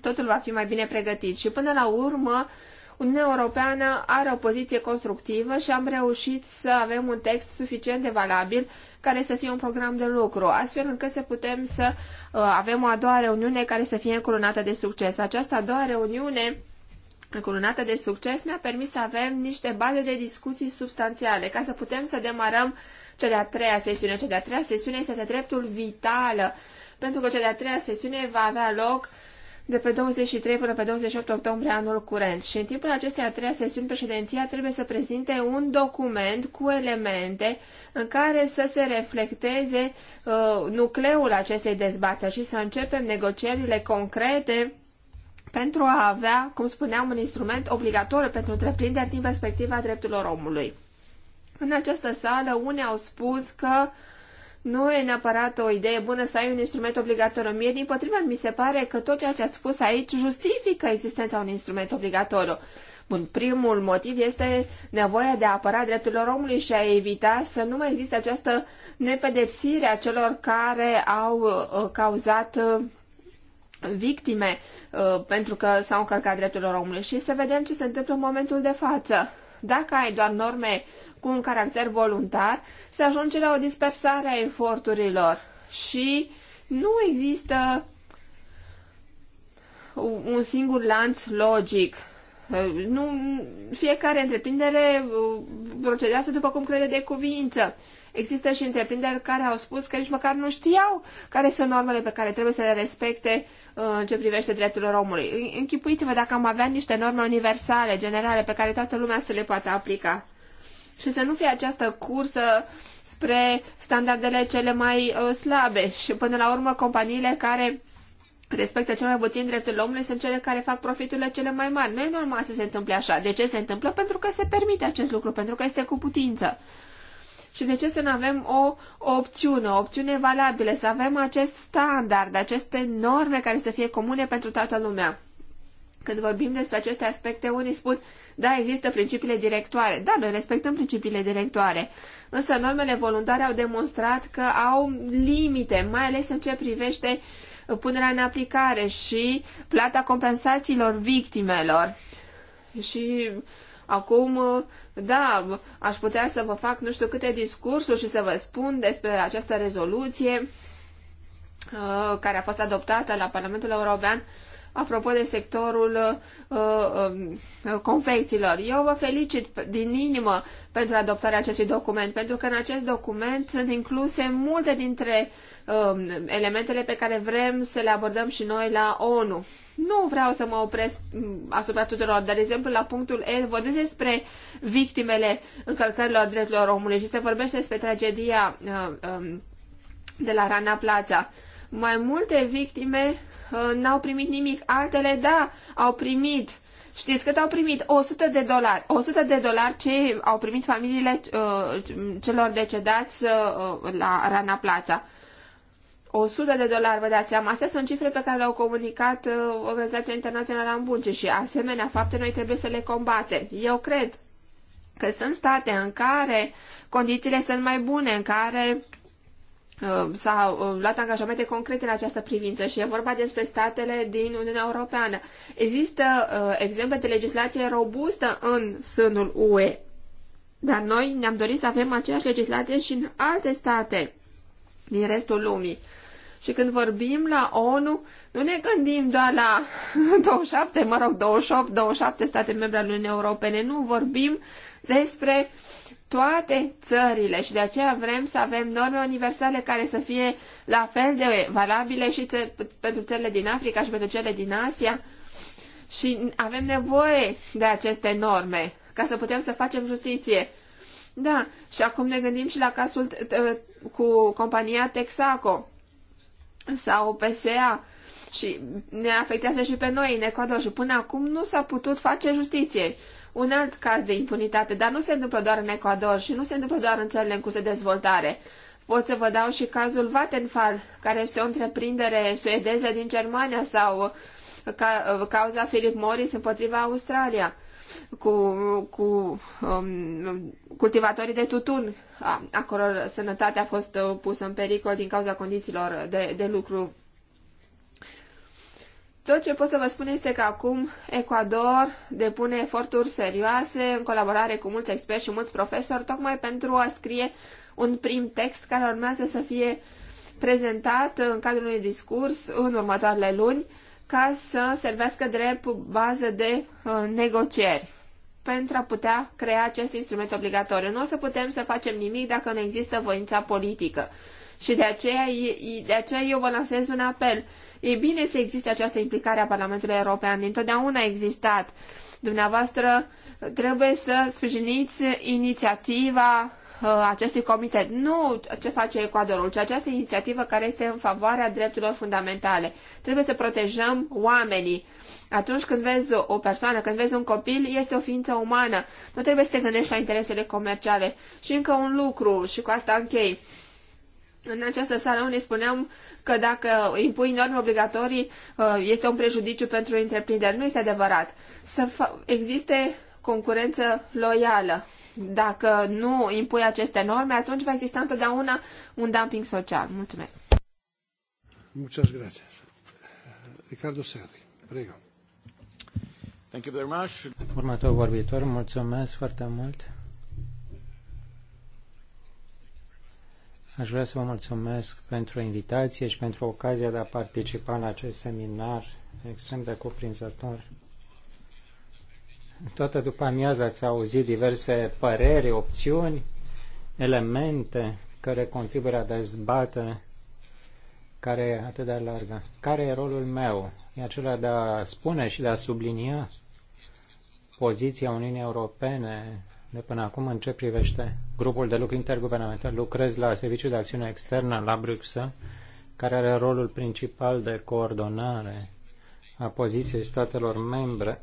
totul va fi mai bine pregătit și până la urmă Uniunea Europeană are o poziție constructivă și am reușit să avem un text suficient de valabil care să fie un program de lucru, astfel încât să putem să uh, avem o a doua reuniune care să fie încoronată de succes. Această a doua reuniune încununată de succes, ne a permis să avem niște baze de discuții substanțiale, ca să putem să demarăm cea de-a treia sesiune. Cea de-a treia sesiune este de dreptul vitală, pentru că cea de-a treia sesiune va avea loc de pe 23 până pe 28 octombrie anul curent. Și în timpul acestei a treia sesiuni, președinția trebuie să prezinte un document cu elemente în care să se reflecteze uh, nucleul acestei dezbateri și să începem negocierile concrete pentru a avea, cum spuneam, un instrument obligatoriu pentru întreprinderi din perspectiva drepturilor omului. În această sală, unii au spus că nu e neapărat o idee bună să ai un instrument obligatoriu. Mie, din potrivă, mi se pare că tot ceea ce ați spus aici justifică existența unui instrument obligatoriu. Bun, primul motiv este nevoia de a apăra drepturile omului și a evita să nu mai existe această nepedepsire a celor care au uh, cauzat uh, victime uh, pentru că s-au încălcat drepturile omului și să vedem ce se întâmplă în momentul de față. Dacă ai doar norme cu un caracter voluntar, se ajunge la o dispersare a eforturilor și nu există un singur lanț logic. Nu, fiecare întreprindere uh, procedează după cum crede de cuvință Există și întreprinderi care au spus că nici măcar nu știau care sunt normele pe care trebuie să le respecte uh, în ce privește drepturile omului. Închipuiți-vă dacă am avea niște norme universale, generale, pe care toată lumea să le poată aplica. Și să nu fie această cursă spre standardele cele mai uh, slabe și până la urmă companiile care respectă cel mai puțin drepturile omului sunt cele care fac profiturile cele mai mari. Nu e normal să se întâmple așa. De ce se întâmplă? Pentru că se permite acest lucru, pentru că este cu putință și de ce să nu avem o opțiune, o opțiune valabilă, să avem acest standard, aceste norme care să fie comune pentru toată lumea. Când vorbim despre aceste aspecte, unii spun, da, există principiile directoare. Da, noi respectăm principiile directoare. Însă normele voluntare au demonstrat că au limite, mai ales în ce privește punerea în aplicare și plata compensațiilor victimelor. Și uh, Acum, da, aș putea să vă fac nu știu câte discursuri și să vă spun despre această rezoluție uh, care a fost adoptată la Parlamentul European apropo de sectorul uh, uh, confecțiilor. Eu vă felicit din inimă pentru adoptarea acestui document, pentru că în acest document sunt incluse multe dintre Um, elementele pe care vrem să le abordăm și noi la ONU. Nu vreau să mă opresc mm, asupra tuturor, dar, de exemplu, la punctul E vorbesc despre victimele încălcărilor drepturilor omului și se vorbește despre tragedia uh, um, de la Rana Plața. Mai multe victime uh, n-au primit nimic, altele, da, au primit Știți cât au primit? 100 de dolari. 100 de dolari ce au primit familiile uh, celor decedați uh, la Rana Plața. 100 de dolari, vă dați seama, astea sunt cifre pe care le-au comunicat uh, Organizația Internațională a Muncii și asemenea fapte noi trebuie să le combatem. Eu cred că sunt state în care condițiile sunt mai bune, în care uh, s-au uh, luat angajamente concrete în această privință și e vorba despre statele din Uniunea Europeană. Există uh, exemple de legislație robustă în sânul UE, dar noi ne-am dorit să avem aceeași legislație și în alte state din restul lumii. Și când vorbim la ONU, nu ne gândim doar la 27, [laughs] mă rog, 28, 27 state membre ale Uniunii Europene, nu vorbim despre toate țările și de aceea vrem să avem norme universale care să fie la fel de valabile și ță- pentru țările din Africa și pentru cele din Asia și avem nevoie de aceste norme ca să putem să facem justiție. Da, și acum ne gândim și la cazul ă, cu compania Texaco sau PSA și ne afectează și pe noi în Ecuador și până acum nu s-a putut face justiție. Un alt caz de impunitate, dar nu se întâmplă doar în Ecuador și nu se întâmplă doar în țările în curs de dezvoltare. Pot să vă dau și cazul Vattenfall, care este o întreprindere suedeză din Germania sau ca, cauza Philip Morris împotriva Australia cu, cu um, cultivatorii de tutun. Acolo sănătatea a fost uh, pusă în pericol din cauza condițiilor de, de lucru. Tot ce pot să vă spun este că acum Ecuador depune eforturi serioase în colaborare cu mulți experți și mulți profesori, tocmai pentru a scrie un prim text care urmează să fie prezentat în cadrul unui discurs în următoarele luni ca să servească drept bază de uh, negocieri pentru a putea crea acest instrument obligatoriu. Nu o să putem să facem nimic dacă nu există voința politică. Și de aceea, de aceea eu vă lansez un apel. E bine să existe această implicare a Parlamentului European. Întotdeauna a existat. Dumneavoastră trebuie să sprijiniți inițiativa Uh, acestui comitet, nu ce face Ecuadorul, ci această inițiativă care este în favoarea drepturilor fundamentale. Trebuie să protejăm oamenii. Atunci când vezi o persoană, când vezi un copil, este o ființă umană. Nu trebuie să te gândești la interesele comerciale. Și încă un lucru, și cu asta închei. În această sală unii spuneam că dacă impui norme obligatorii, uh, este un prejudiciu pentru întreprinderi. Nu este adevărat. Să existe concurență loială dacă nu impui aceste norme, atunci va exista întotdeauna un dumping social. Mulțumesc. Muchas gracias. Ricardo Serri, prego. Thank you very much. Următorul vorbitor, mulțumesc foarte mult. Aș vrea să vă mulțumesc pentru invitație și pentru ocazia de a participa la acest seminar extrem de cuprinzător toată după amiază ați auzit diverse păreri, opțiuni, elemente care contribuie la dezbatere care e atât de largă. Care e rolul meu? E acela de a spune și de a sublinia poziția Uniunii Europene de până acum în ce privește grupul de lucru interguvernamental. Lucrez la Serviciul de Acțiune Externă la Bruxelles, care are rolul principal de coordonare a poziției statelor membre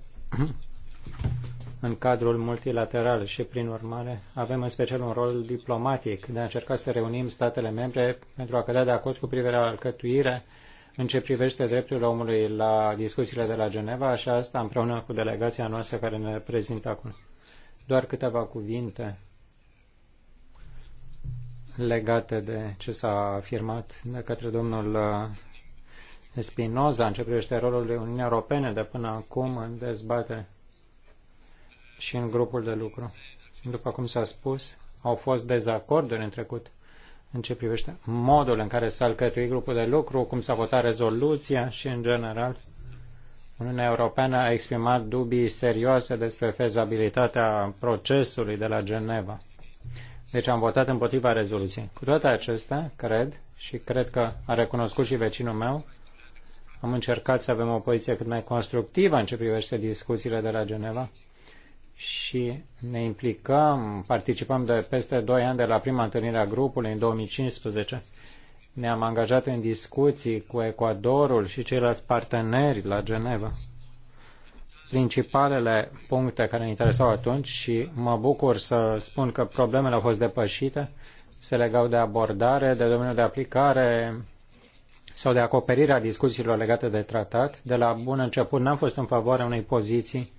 în cadrul multilateral și, prin urmare, avem în special un rol diplomatic de a încerca să reunim statele membre pentru a cădea de acord cu privire la alcătuire în ce privește drepturile omului la discuțiile de la Geneva și asta împreună cu delegația noastră care ne prezintă acum. Doar câteva cuvinte legate de ce s-a afirmat de către domnul uh, Spinoza în ce privește rolul Uniunii Europene de până acum în dezbatere și în grupul de lucru. După cum s-a spus, au fost dezacorduri în trecut în ce privește modul în care s-a alcătuit grupul de lucru, cum s-a votat rezoluția și, în general, Uniunea Europeană a exprimat dubii serioase despre fezabilitatea procesului de la Geneva. Deci am votat împotriva rezoluției. Cu toate acestea, cred, și cred că a recunoscut și vecinul meu, am încercat să avem o poziție cât mai constructivă în ce privește discuțiile de la Geneva și ne implicăm, participăm de peste 2 ani de la prima întâlnire a grupului în 2015. Ne-am angajat în discuții cu Ecuadorul și ceilalți parteneri la Geneva. Principalele puncte care ne interesau atunci și mă bucur să spun că problemele au fost depășite, se legau de abordare, de domeniul de aplicare sau de acoperirea discuțiilor legate de tratat. De la bun început n-am fost în favoarea unei poziții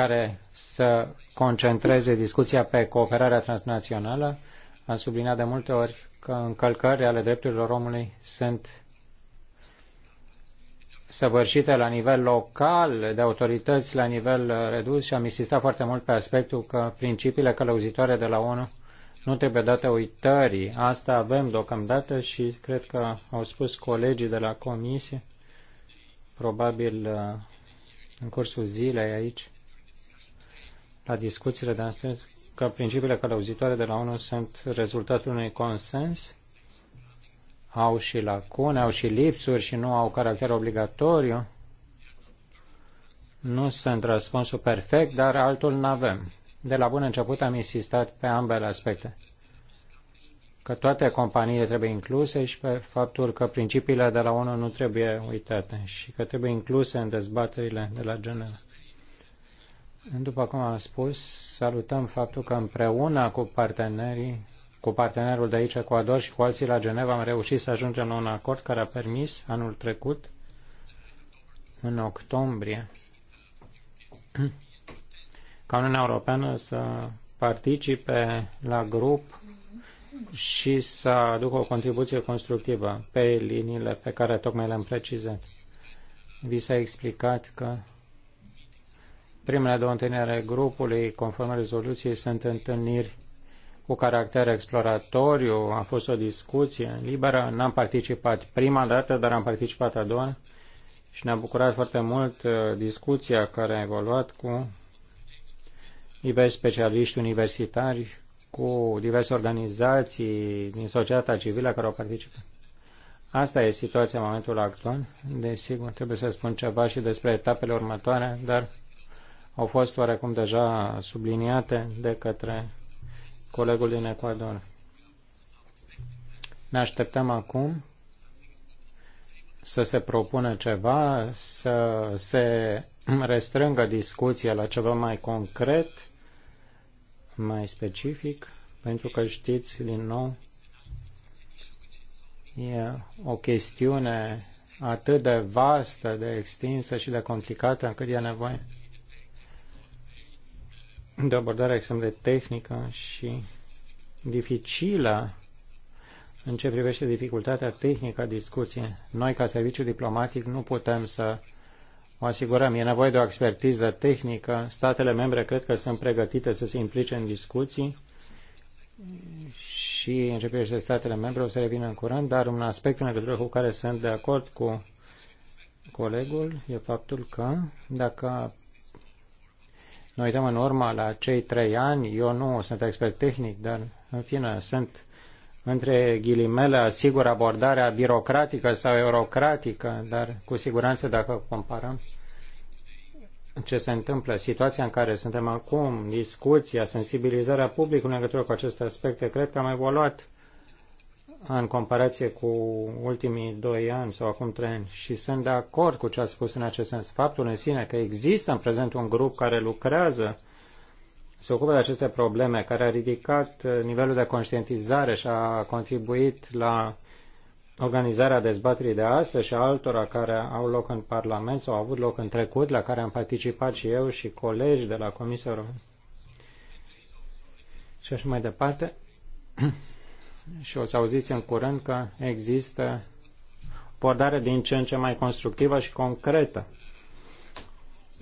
care să concentreze discuția pe cooperarea transnațională. Am subliniat de multe ori că încălcări ale drepturilor omului sunt săvârșite la nivel local, de autorități la nivel uh, redus și am insistat foarte mult pe aspectul că principiile călăuzitoare de la ONU nu trebuie date uitării. Asta avem deocamdată și cred că au spus colegii de la comisie, probabil uh, în cursul zilei aici, la discuțiile de astăzi că principiile călăuzitoare de la ONU sunt rezultatul unui consens, au și lacune, au și lipsuri și nu au caracter obligatoriu. Nu sunt răspunsul perfect, dar altul nu avem. De la bun început am insistat pe ambele aspecte că toate companiile trebuie incluse și pe faptul că principiile de la ONU nu trebuie uitate și că trebuie incluse în dezbaterile de la Geneva. După cum am spus, salutăm faptul că împreună cu partenerii cu partenerul de aici, Ecuador și cu alții la Geneva, am reușit să ajungem la un acord care a permis anul trecut, în octombrie, ca Uniunea Europeană să participe la grup și să aducă o contribuție constructivă pe liniile pe care tocmai le-am precizat. Vi s-a explicat că Primele două întâlniri ale grupului, conform rezoluției, sunt întâlniri cu caracter exploratoriu, a fost o discuție liberă, n-am participat prima dată, dar am participat a doua și ne-a bucurat foarte mult uh, discuția care a evoluat cu diversi specialiști universitari, cu diverse organizații din societatea civilă care au participat. Asta e situația în momentul actual. Desigur, trebuie să spun ceva și despre etapele următoare, dar au fost oarecum deja subliniate de către colegul din Ecuador. Ne așteptăm acum să se propună ceva, să se restrângă discuția la ceva mai concret, mai specific, pentru că știți, din nou, e o chestiune atât de vastă, de extinsă și de complicată încât e nevoie de abordare extrem de tehnică și dificilă în ce privește dificultatea tehnică a discuției. Noi, ca serviciu diplomatic, nu putem să o asigurăm. E nevoie de o expertiză tehnică. Statele membre cred că sunt pregătite să se implice în discuții și în ce privește statele membre o să revină în curând, dar un aspect în legătură cu care sunt de acord cu colegul e faptul că dacă ne uităm în urmă la cei trei ani, eu nu sunt expert tehnic, dar în fine sunt între ghilimele, asigur abordarea birocratică sau eurocratică, dar cu siguranță dacă comparăm ce se întâmplă, situația în care suntem acum, discuția, sensibilizarea publicului în legătură cu aceste aspecte, cred că am evoluat în comparație cu ultimii doi ani sau acum trei ani și sunt de acord cu ce a spus în acest sens. Faptul în sine că există în prezent un grup care lucrează, se ocupă de aceste probleme, care a ridicat uh, nivelul de conștientizare și a contribuit la organizarea dezbaterii de astăzi și a altora care au loc în Parlament sau au avut loc în trecut, la care am participat și eu și colegi de la Comisia Română și așa mai departe. [clears throat] și o să auziți în curând că există pordare din ce în ce mai constructivă și concretă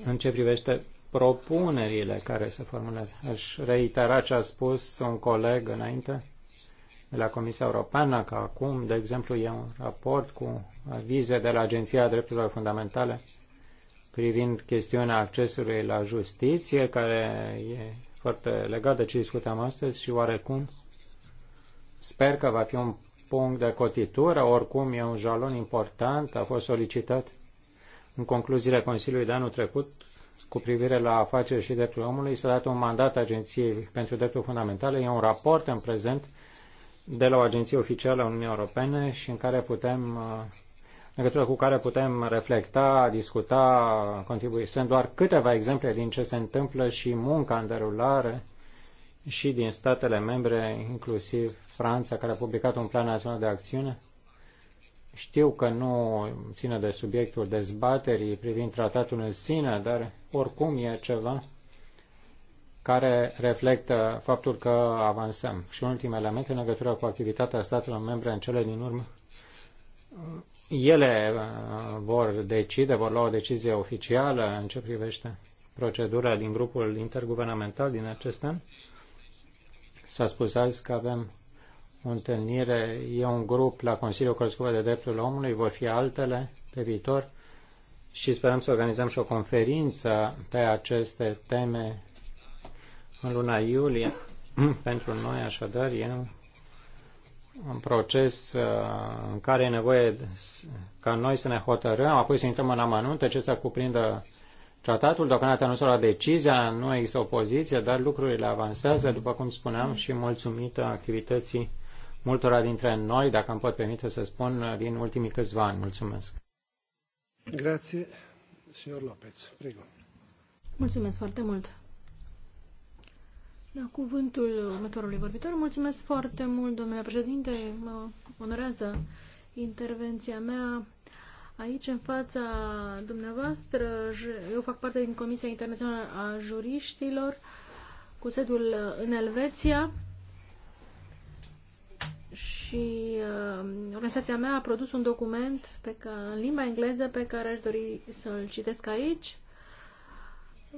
în ce privește propunerile care se formulează. Aș reitera ce a spus un coleg înainte de la Comisia Europeană, că acum, de exemplu, e un raport cu avize de la Agenția Drepturilor Fundamentale privind chestiunea accesului la justiție, care e foarte legat de ce discutăm astăzi și oarecum Sper că va fi un punct de cotitură, oricum e un jalon important, a fost solicitat în concluziile Consiliului de anul trecut cu privire la afaceri și dreptul omului, s-a dat un mandat Agenției pentru Drepturi Fundamentale, e un raport în prezent de la o agenție oficială a Uniunii Europene și în care putem uh, în legătură cu care putem reflecta, discuta, contribui. Sunt doar câteva exemple din ce se întâmplă și munca în derulare și din statele membre, inclusiv Franța, care a publicat un plan național de acțiune. Știu că nu ține de subiectul dezbaterii privind tratatul în sine, dar oricum e ceva care reflectă faptul că avansăm. Și un ultim element în legătură cu activitatea statelor membre în cele din urmă. Ele uh, vor decide, vor lua o decizie oficială în ce privește procedura din grupul interguvernamental din acest an S-a spus azi că avem o întâlnire, e un grup la Consiliul Crescut de Drepturile Omului, vor fi altele pe viitor și sperăm să organizăm și o conferință pe aceste teme în luna iulie. [clears throat] Pentru noi, așadar, e un proces uh, în care e nevoie ca noi să ne hotărâm, apoi să intrăm în amănunte ce să cuprindă tratatul, deocamdată nu s-a luat decizia, nu există opoziție, dar lucrurile avansează, după cum spuneam, și mulțumită activității multora dintre noi, dacă îmi pot permite să spun, din ultimii câțiva ani. Mulțumesc. Grație, signor Lopez. Prego. Mulțumesc foarte mult. La cuvântul următorului vorbitor, mulțumesc foarte mult, domnule președinte, mă onorează intervenția mea aici în fața dumneavoastră. Eu fac parte din Comisia Internațională a Juriștilor cu sediul uh, în Elveția și uh, organizația mea a produs un document pe ca, în limba engleză pe care aș dori să-l citesc aici.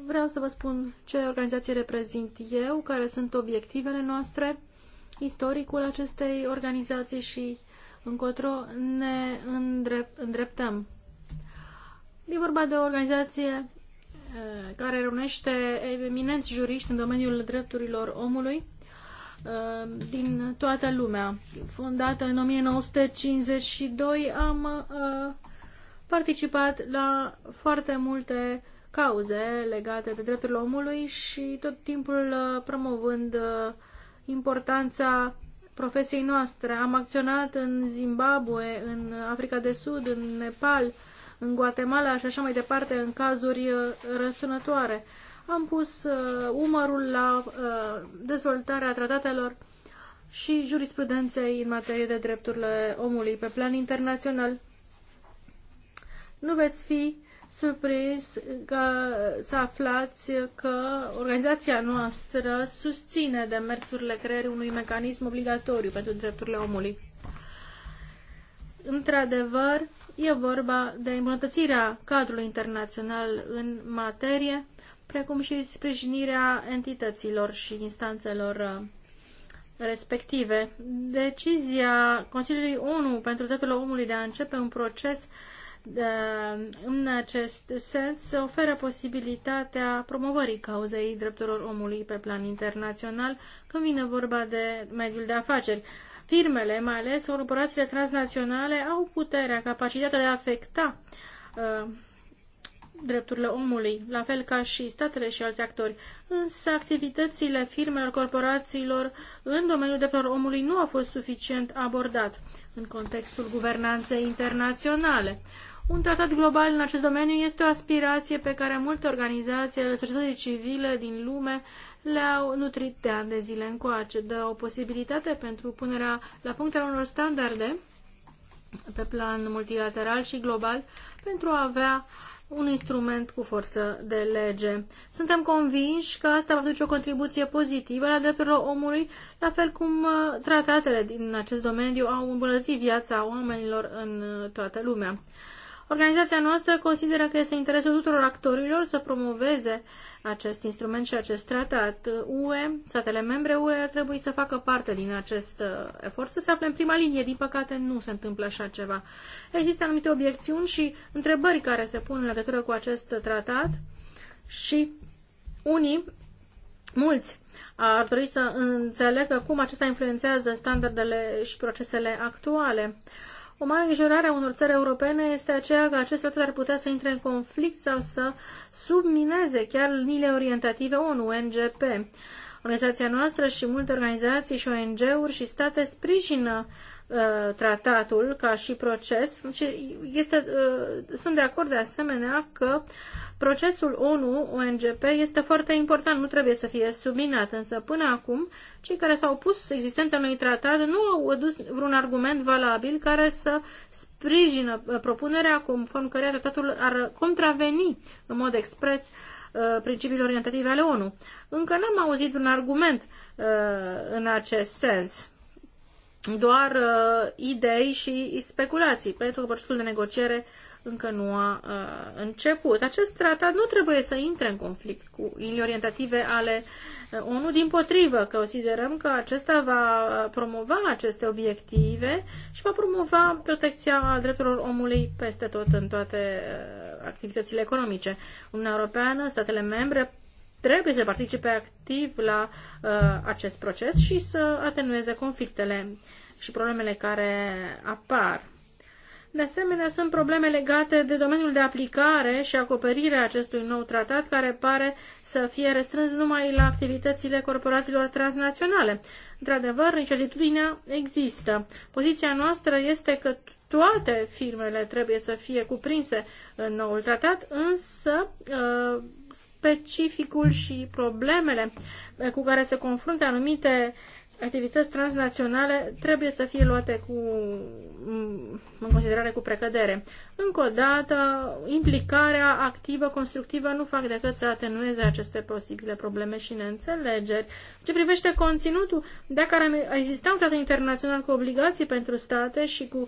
Vreau să vă spun ce organizație reprezint eu, care sunt obiectivele noastre, istoricul acestei organizații și încotro ne îndreptăm. E vorba de o organizație care reunește eminenți juriști în domeniul drepturilor omului din toată lumea. Fondată în 1952, am participat la foarte multe cauze legate de drepturile omului și tot timpul promovând importanța profesiei noastre. Am acționat în Zimbabwe, în Africa de Sud, în Nepal, în Guatemala și așa mai departe, în cazuri uh, răsunătoare. Am pus uh, umărul la uh, dezvoltarea tratatelor și jurisprudenței în materie de drepturile omului pe plan internațional. Nu veți fi surprins că să aflați că organizația noastră susține demersurile creării unui mecanism obligatoriu pentru drepturile omului. Într-adevăr, e vorba de îmbunătățirea cadrului internațional în materie, precum și sprijinirea entităților și instanțelor uh, respective. Decizia Consiliului ONU pentru drepturile omului de a începe un proces Ehm, în acest sens se oferă posibilitatea promovării cauzei drepturilor omului pe plan internațional când vine vorba de mediul de afaceri. Firmele, mai ales corporațiile transnaționale, au puterea, capacitatea de a afecta ehm, drepturile omului, la fel ca și statele și alți actori. Însă activitățile firmelor, corporațiilor în domeniul drepturilor omului nu au fost suficient abordat în contextul guvernanței internaționale. Un tratat global în acest domeniu este o aspirație pe care multe organizații ale societății civile din lume le-au nutrit de ani de zile încoace. Dă o posibilitate pentru punerea la punct a unor standarde pe plan multilateral și global pentru a avea un instrument cu forță de lege. Suntem convinși că asta va duce o contribuție pozitivă la drepturile omului, la fel cum uh, tratatele din acest domeniu au îmbunătățit viața oamenilor în uh, toată lumea. Organizația noastră consideră că este interesul tuturor actorilor să promoveze acest instrument și acest tratat. UE, statele membre UE ar trebui să facă parte din acest uh, efort, să se afle în prima linie. Din păcate, nu se întâmplă așa ceva. Există anumite obiecțiuni și întrebări care se pun în legătură cu acest tratat și unii, mulți, ar trebui să înțeleagă cum acesta influențează standardele și procesele actuale. Uh, o mare îngrijorare a unor țări europene este aceea că acest tratat ar putea să intre în conflict sau să submineze chiar liniile orientative ONU-NGP. Organizația noastră și multe organizații și ONG-uri și state sprijină uh, tratatul ca și proces și este, uh, sunt de acord de asemenea că Procesul ONU-UNGP este foarte important, nu trebuie să fie subminat, însă până acum cei care s-au opus existența unui tratat nu au adus vreun argument valabil care să sprijină uh, propunerea conform căreia tratatul ar contraveni în mod expres uh, principiile orientative ale ONU. Încă n-am auzit un argument uh, în acest sens doar uh, idei și speculații, pentru că procesul de negociere încă nu a uh, început. Acest tratat nu trebuie să intre în conflict cu linii orientative ale ONU, din potrivă, că considerăm că acesta va promova aceste obiective și va promova protecția drepturilor omului peste tot în toate uh, activitățile economice. Uniunea Europeană, statele membre trebuie să participe activ la uh, acest proces și să atenueze conflictele și problemele care apar. De asemenea, sunt probleme legate de domeniul de aplicare și acoperire a acestui nou tratat, care pare să fie restrâns numai la activitățile corporațiilor transnaționale. Într-adevăr, incertitudinea există. Poziția noastră este că toate firmele trebuie să fie cuprinse în noul tratat, însă uh, specificul și problemele cu care se confruntă anumite activități transnaționale trebuie să fie luate cu, în considerare cu precădere. Încă o dată, implicarea activă, constructivă, nu fac decât să atenueze aceste posibile probleme și neînțelegeri. Ce privește conținutul, dacă ar exista un tratat internațional cu obligații pentru state și cu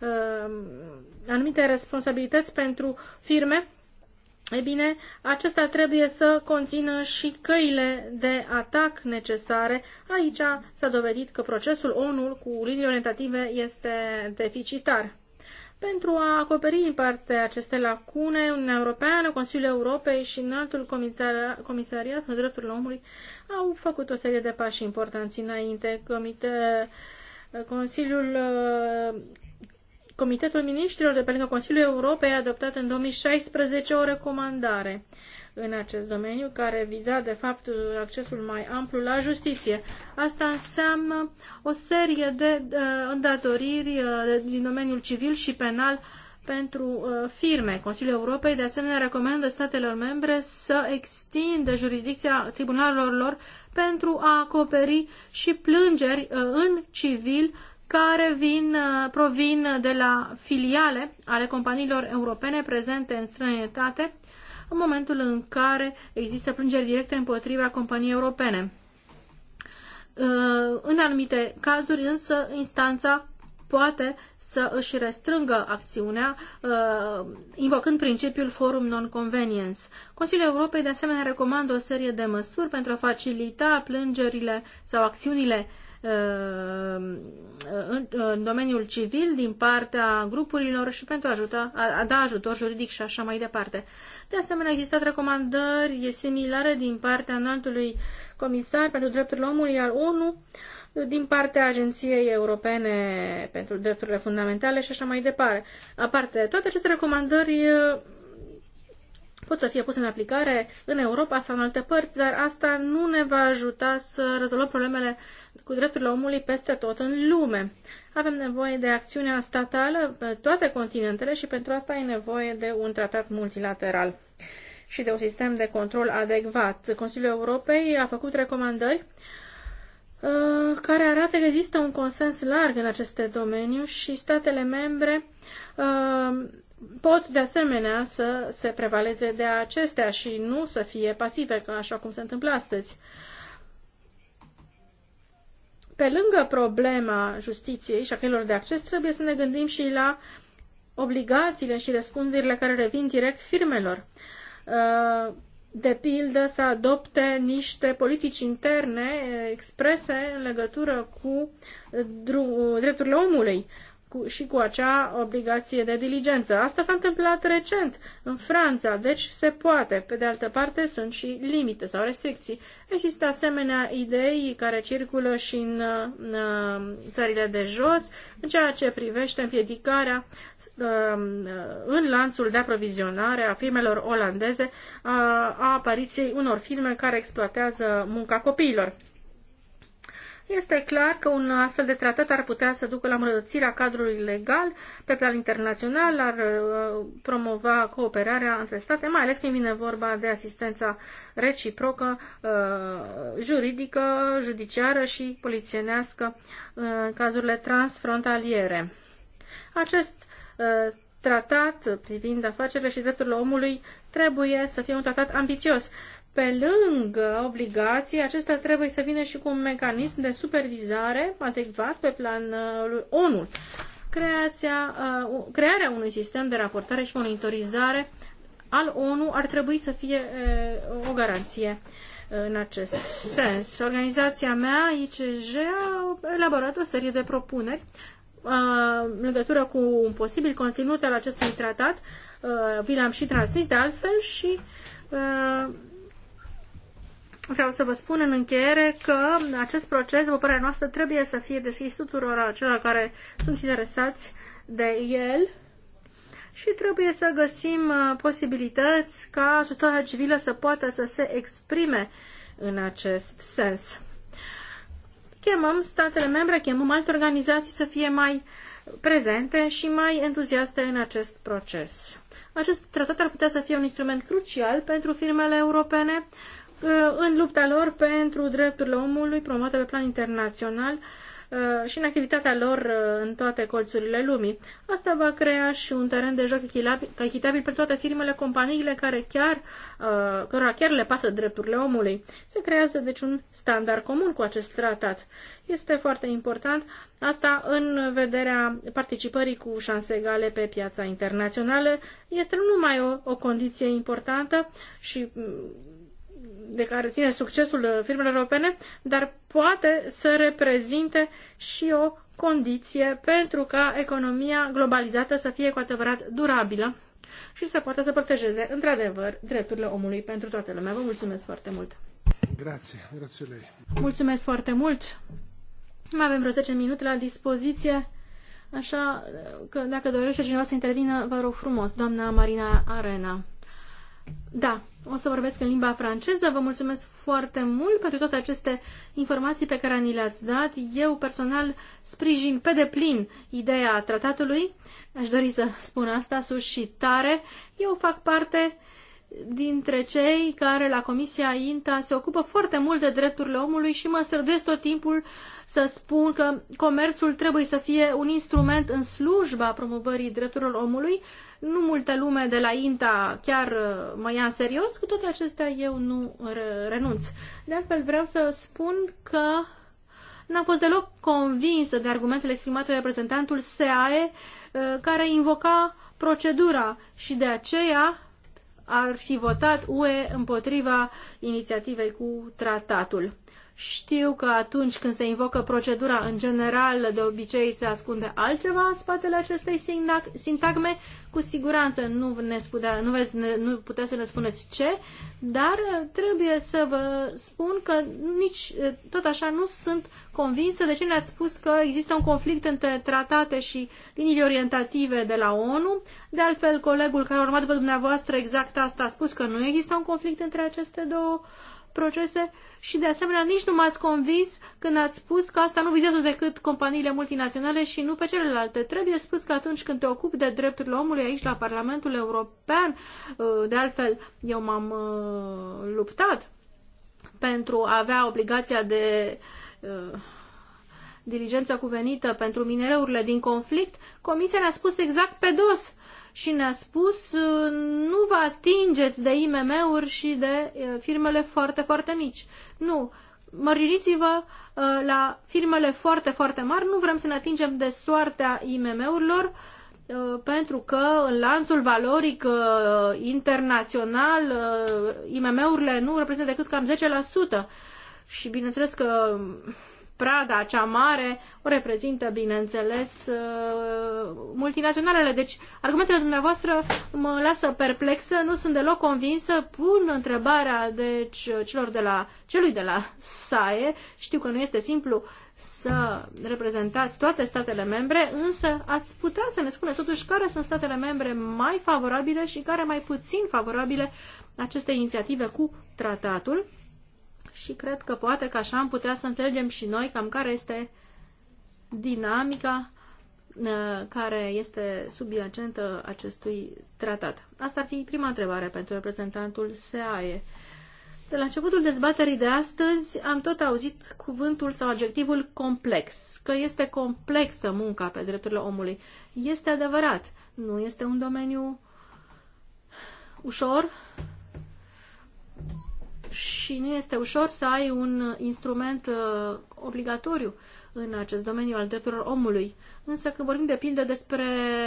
uh, anumite responsabilități pentru firme, E bine, acesta trebuie să conțină și căile de atac necesare. Aici s-a dovedit că procesul ONU cu linii orientative este deficitar. Pentru a acoperi în parte aceste lacune, Uniunea Europeană, Consiliul Europei și Înaltul Comisariat, Comisariat în Drepturile Omului au făcut o serie de pași importanți înainte. Comite, Consiliul Comitetul Ministrilor de pe lângă Consiliul Europei a adoptat în 2016 o recomandare în acest domeniu, care viza, de fapt, accesul mai amplu la justiție. Asta înseamnă o serie de uh, îndatoriri uh, din domeniul civil și penal pentru uh, firme. Consiliul Europei, de asemenea, recomandă statelor membre să extindă jurisdicția tribunalelor lor pentru a acoperi și plângeri uh, în civil uh, care vin, uh, provin de la filiale ale companiilor europene prezente în străinătate în momentul în care există plângeri directe împotriva companiei europene. Uh, în anumite cazuri, însă, instanța poate să își restrângă acțiunea, uh, invocând principiul forum non-convenience. Consiliul Europei, de asemenea, recomandă o serie de măsuri pentru a facilita plângerile sau acțiunile Uh, în, în domeniul civil din partea grupurilor și pentru a, ajuta, a, a da ajutor juridic și așa mai departe. De asemenea, au existat recomandări similare din partea înaltului comisar pentru drepturile omului al ONU din partea Agenției Europene pentru Drepturile Fundamentale și așa mai departe. Aparte, toate aceste recomandări uh, pot să fie puse în aplicare în Europa sau în alte părți, dar asta nu ne va ajuta să rezolvăm problemele uh, cu drepturile omului peste tot în lume. Avem nevoie de acțiunea statală pe toate continentele și pentru asta e nevoie de un tratat multilateral și de un sistem de control adecvat. Consiliul Europei a făcut recomandări uh, care arată că există un consens larg în aceste domeniu și statele membre uh, pot de asemenea să se prevaleze de acestea și nu să fie pasive, ca așa cum se întâmplă astăzi pe lângă problema justiției și a căilor de acces, trebuie să ne gândim și la obligațiile și răspunderile care revin direct firmelor. Uh, de pildă să adopte niște politici interne uh, exprese în legătură cu drepturile omului cu, și cu acea obligație de diligență. Asta s-a întâmplat recent în Franța, deci se poate. Pe de altă parte, sunt și limite sau restricții. Există asemenea idei care circulă și în, în țările de jos, în ceea ce privește împiedicarea um, în lanțul de aprovizionare a firmelor olandeze a apariției unor firme care exploatează munca copiilor este clar că un astfel de tratat ar putea să ducă la îmbunătățirea cadrului legal pe plan internațional, ar uh, promova cooperarea între state, mai ales când vine vorba de asistența reciprocă, uh, juridică, judiciară și polițienească uh, în cazurile transfrontaliere. Acest tratat privind afacerile și drepturile omului trebuie să fie un tratat ambițios pe lângă obligații, acesta trebuie să vină și cu un mecanism de supervizare adecvat pe planul uh, ONU. Creația, uh, crearea unui sistem de raportare și monitorizare al ONU ar trebui să fie uh, o garanție în acest sens. Organizația mea, ICJ, a elaborat o serie de propuneri în legătură cu un posibil conținut al acestui tratat. Vi l-am și transmis de altfel și Vreau să vă spun în încheiere că acest proces, după părerea noastră, trebuie să fie deschis tuturor celor care sunt interesați de el și trebuie să găsim uh, posibilități ca societatea civilă să poată să se exprime în acest sens. Chemăm statele membre, chemăm alte organizații să fie mai prezente și mai entuziaste în acest proces. Acest tratat ar putea să fie un instrument crucial pentru firmele europene, Uh, în lupta lor pentru drepturile omului promovate pe plan internațional uh, și în activitatea lor uh, în toate colțurile lumii. Asta va crea și un teren de joc echitabil pentru toate firmele, companiile care chiar, cărora chiar le pasă drepturile omului. Se creează deci un standard comun cu acest tratat. Este foarte important asta în vederea participării cu șanse egale pe piața internațională. Este nu numai o, o condiție importantă și mm, de care ține succesul uh, firmelor europene, dar poate să reprezinte și o condiție pentru ca economia globalizată să fie cu adevărat durabilă și să poată să protejeze, într-adevăr, drepturile omului pentru toată lumea. Vă mulțumesc foarte mult! Grație, grație lei! Mulțumesc foarte mult! Mai avem vreo 10 minute la dispoziție, așa că dacă dorește cineva să intervină, vă rog frumos, doamna Marina Arena. Da, o să vorbesc în limba franceză. Vă mulțumesc foarte mult pentru toate aceste informații pe care ni le-ați dat. Eu personal sprijin pe deplin ideea tratatului. Aș dori să spun asta sus și tare. Eu fac parte dintre cei care la Comisia INTA se ocupă foarte mult de drepturile omului și mă străduiesc tot timpul să spun că comerțul trebuie să fie un instrument în slujba promovării drepturilor omului nu multă lume de la INTA chiar uh, mă ia în serios, cu toate acestea eu nu renunț. De altfel vreau să spun că n-am fost deloc convinsă de argumentele exprimate de reprezentantul SAE uh, care invoca procedura și de aceea ar fi votat UE împotriva inițiativei cu tratatul. Știu că atunci când se invocă procedura, în general, de obicei se ascunde altceva în spatele acestei sintagme. Cu siguranță nu, ne spunea, nu, veți, nu puteți să ne spuneți ce, dar uh, trebuie să vă spun că nici, uh, tot așa nu sunt convinsă de ce ne-ați spus că există un conflict între tratate și liniile orientative de la ONU. De altfel, colegul care a urmat după dumneavoastră exact asta a spus că nu există un conflict între aceste două uh, procese și de asemenea nici nu m-ați convins când ați spus că asta nu vizează decât companiile multinaționale și nu pe celelalte. Trebuie spus că atunci când te ocupi de drepturile omului aici la Parlamentul European, uh, de altfel eu m-am uh, luptat pentru a avea obligația de uh, diligență cuvenită pentru minereurile din conflict, Comisia ne-a spus exact pe dos și ne-a spus uh, nu vă atingeți de IMM-uri și de uh, firmele foarte, foarte mici. Nu, mărginiți-vă uh, la firmele foarte, foarte mari, nu vrem să ne atingem de soartea IMM-urilor, pentru că în lanțul valoric internațional IMM-urile nu reprezintă decât cam 10% și bineînțeles că prada cea mare o reprezintă, bineînțeles, uh, multinaționalele. Deci, argumentele dumneavoastră mă lasă perplexă, nu sunt deloc convinsă, pun întrebarea deci, uh, celor de la, celui de la SAE, știu că nu este simplu să reprezentați toate statele membre, însă ați putea să ne spuneți totuși care sunt statele membre mai favorabile și care mai puțin favorabile aceste inițiative cu tratatul și cred că poate că așa am putea să înțelegem și noi cam care este dinamica uh, care este subiacentă acestui tratat. Asta ar fi prima întrebare pentru reprezentantul SAE. De la începutul dezbaterii de astăzi am tot auzit cuvântul sau adjectivul complex, că este complexă munca pe drepturile omului. Este adevărat, nu este un domeniu ușor și nu este ușor să ai un instrument uh, obligatoriu în acest domeniu al drepturilor omului. Însă când vorbim de pildă despre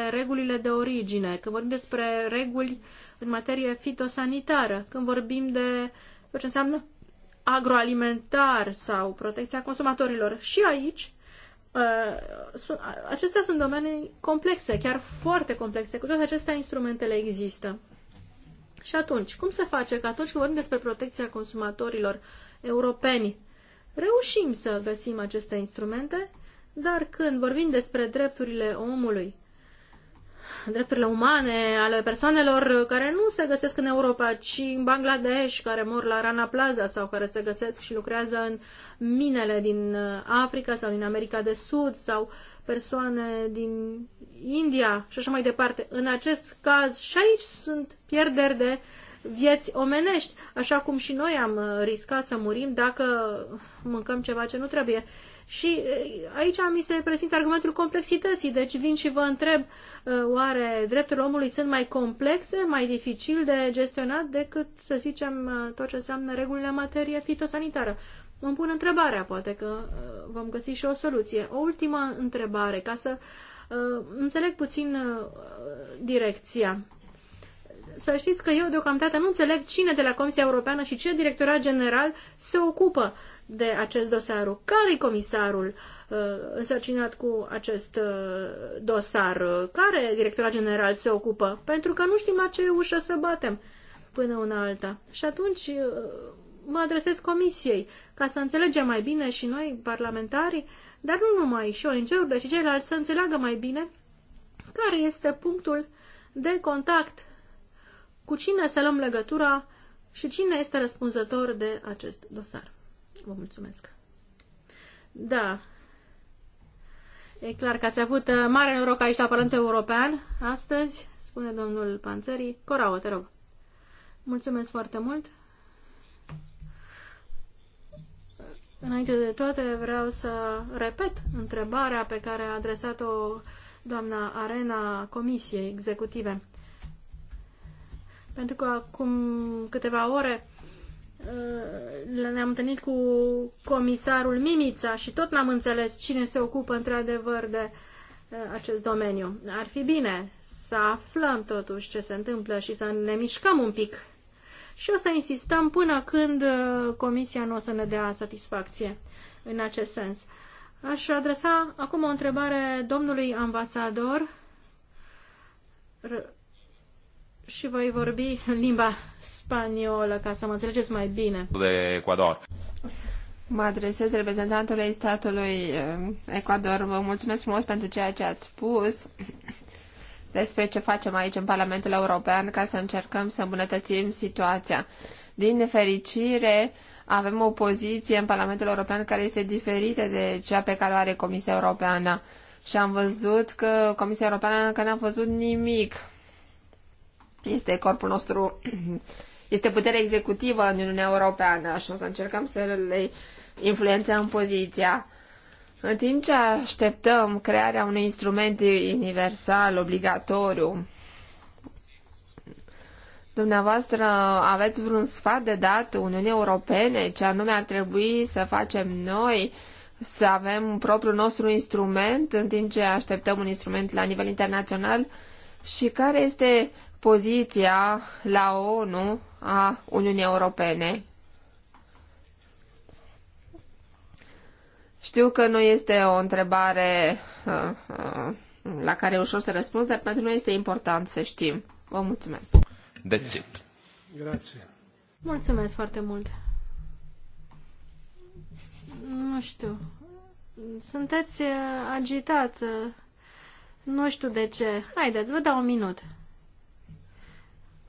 regulile de origine, când vorbim despre reguli în materie fitosanitară, când vorbim de tot ce înseamnă agroalimentar sau protecția consumatorilor, și aici uh, acestea sunt domenii complexe, chiar foarte complexe. Cu toate acestea, instrumentele există. Și atunci, cum se face că atunci când vorbim despre protecția consumatorilor europeni, reușim să găsim aceste instrumente, dar când vorbim despre drepturile omului, drepturile umane ale persoanelor care nu se găsesc în Europa, ci în Bangladesh, care mor la Rana Plaza sau care se găsesc și lucrează în minele din Africa sau din America de Sud sau uh, persoane din India și așa mai departe. În acest caz și aici sunt pierderi de vieți omenești, așa cum și noi am uh, riscat să murim dacă mâncăm ceva ce nu trebuie. Și uh, aici mi se prezintă argumentul complexității, deci vin și vă întreb, uh, oare drepturile omului sunt mai complexe, mai dificil de gestionat decât, să zicem, tot ce înseamnă regulile materie fitosanitară? vom pune întrebarea, poate că uh, vom găsi și o soluție. O ultimă întrebare, ca să uh, înțeleg puțin uh, direcția. Să știți că eu deocamdată nu înțeleg cine de la Comisia Europeană și ce directorat general se ocupă de acest dosar. care e comisarul uh, însărcinat cu acest uh, dosar? Care directorat general se ocupă? Pentru că nu știm la ce ușă să batem până una alta. Și atunci uh, mă adresez comisiei ca să înțelegem mai bine și noi, parlamentarii, dar nu numai, și ong de și ceilalți să înțeleagă mai bine care este punctul de contact, cu cine să luăm legătura și cine este răspunzător de acest dosar. Vă mulțumesc! Da, e clar că ați avut uh, mare noroc aici la Parlamentul European astăzi, spune domnul Panțării. Corau, te rog! Mulțumesc foarte mult! Înainte de toate vreau să repet întrebarea pe care a adresat-o doamna Arena Comisiei Executive. Pentru că acum câteva ore uh, ne-am întâlnit cu comisarul Mimița și tot n-am înțeles cine se ocupă într-adevăr de uh, acest domeniu. Ar fi bine să aflăm totuși ce se întâmplă și să ne mișcăm un pic și o să insistăm până când uh, Comisia nu o să ne dea satisfacție în acest sens. Aș adresa acum o întrebare domnului ambasador și voi vorbi în limba spaniolă ca să mă înțelegeți mai bine. De Ecuador. Mă adresez reprezentantului statului uh, Ecuador. Vă mulțumesc frumos pentru ceea ce ați spus despre ce facem aici în Parlamentul European ca să încercăm să îmbunătățim situația. Din nefericire, avem o poziție în Parlamentul European care este diferită de cea pe care o are Comisia Europeană. Și am văzut că Comisia Europeană încă n-a văzut nimic. Este corpul nostru, [clears throat] este puterea executivă în Uniunea Europeană și o să încercăm să le influențăm poziția. În timp ce așteptăm crearea unui instrument universal, obligatoriu, dumneavoastră aveți vreun sfat de dat Uniunii Europene, ce anume ar trebui să facem noi, să avem propriul nostru instrument, în timp ce așteptăm un instrument la nivel internațional? Și care este poziția la ONU a Uniunii Europene Știu că nu este o întrebare uh, uh, la care e ușor să răspund, dar pentru noi este important să știm. Vă mulțumesc. That's it. Grazie. Mulțumesc foarte mult. Nu știu. Sunteți uh, agitat. Uh, nu știu de ce. Haideți, vă dau un minut.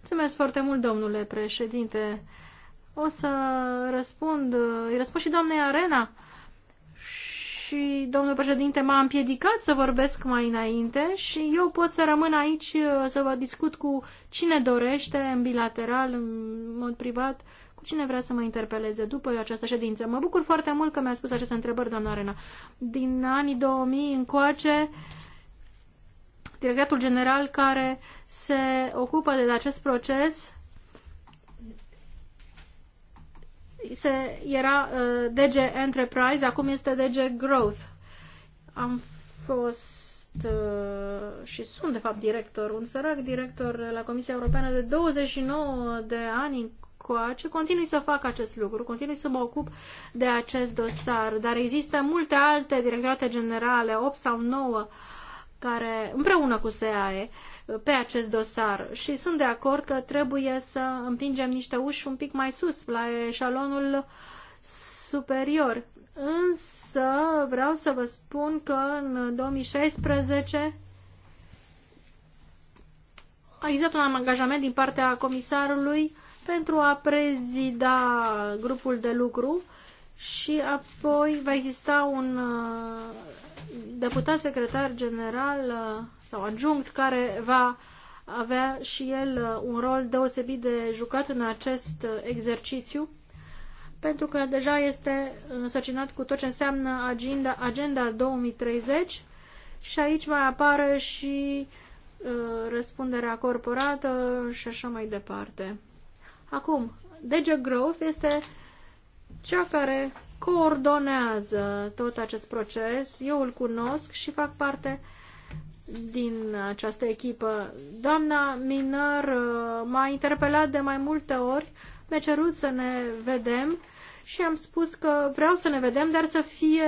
Mulțumesc foarte mult, domnule președinte. O să răspund. Uh, îi răspund și doamnei Arena și domnul președinte m-a împiedicat să vorbesc mai înainte și eu pot să rămân aici uh, să vă discut cu cine dorește, în bilateral, în mod privat, cu cine vrea să mă interpeleze după această ședință. Mă bucur foarte mult că mi-a spus aceste întrebări, doamna Arena. Din anii 2000 încoace, directorul general care se ocupă de acest proces se, era uh, DG Enterprise, acum este DG Growth. Am fost uh, și sunt de fapt director, un sărac director la Comisia Europeană de 29 de ani încoace, continui să fac acest lucru, continui să mă ocup de acest dosar, dar există multe alte directorate generale, 8 sau 9, care împreună cu SEAE, uh, pe acest dosar și sunt de acord că trebuie să împingem niște uși un pic mai sus, la eșalonul superior. Însă vreau să vă spun că în 2016 a existat un angajament din partea comisarului pentru a prezida grupul de lucru și apoi va exista un deputat secretar general uh, sau adjunct care va avea și el uh, un rol deosebit de jucat în acest uh, exercițiu, pentru că deja este însărcinat cu tot ce înseamnă agenda, agenda 2030 și aici mai apare și răspunderea corporată și așa mai departe. Acum, DG Growth este cea care coordonează tot acest proces. Eu îl cunosc și fac parte din această echipă. Doamna Minăr uh, m-a interpelat de mai multe ori, mi-a cerut să ne vedem și am spus că vreau să ne vedem, dar să fie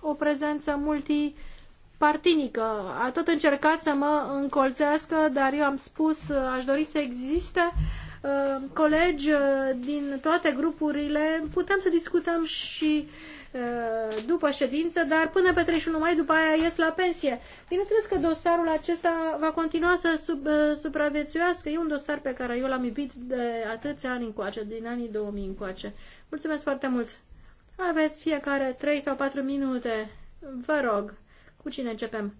o prezență multi partinică. A tot încercat să mă încolțească, dar eu am spus, uh, aș dori să existe uh, Uh, colegi uh, din toate grupurile. Putem să discutăm și uh, după ședință, dar până pe 31 mai după aia ies la pensie. Bineînțeles că dosarul acesta va continua să sub, supraviețuiască. E un dosar pe care eu l-am iubit de atâția ani încoace, din anii 2000 încoace. Mulțumesc foarte mult! Aveți fiecare 3 sau 4 minute. Vă rog, cu cine începem?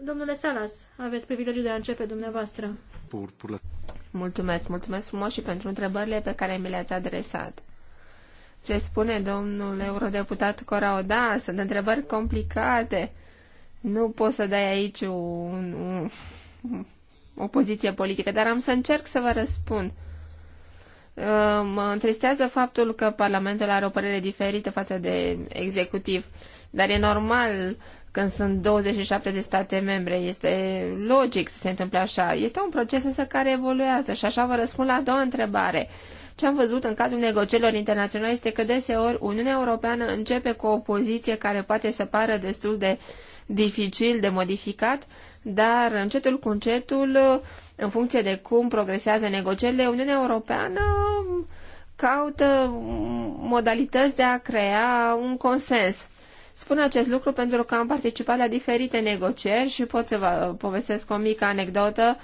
Domnule Salas, aveți privilegiul de a începe dumneavoastră pour, pour la... Mulțumesc, mulțumesc frumos și pentru întrebările pe care mi le-ați adresat. Ce spune domnul eurodeputat Corao? Da, sunt întrebări complicate. Nu poți să dai aici un, un, o poziție politică, dar am să încerc să vă răspund. Uh, mă întristează faptul că Parlamentul are o părere diferită față de executiv, dar e normal când sunt 27 de state membre. Este logic să se întâmple așa. Este un proces însă care evoluează și așa vă răspund la a doua întrebare. Ce am văzut în cadrul negocierilor internaționale este că deseori Uniunea Europeană începe cu o poziție care poate să pară destul de dificil de modificat, dar încetul cu încetul, în funcție de cum progresează negocierile, Uniunea Europeană caută modalități de a crea un consens. Spun acest lucru pentru că am participat la diferite negocieri și pot să vă povestesc o mică anecdotă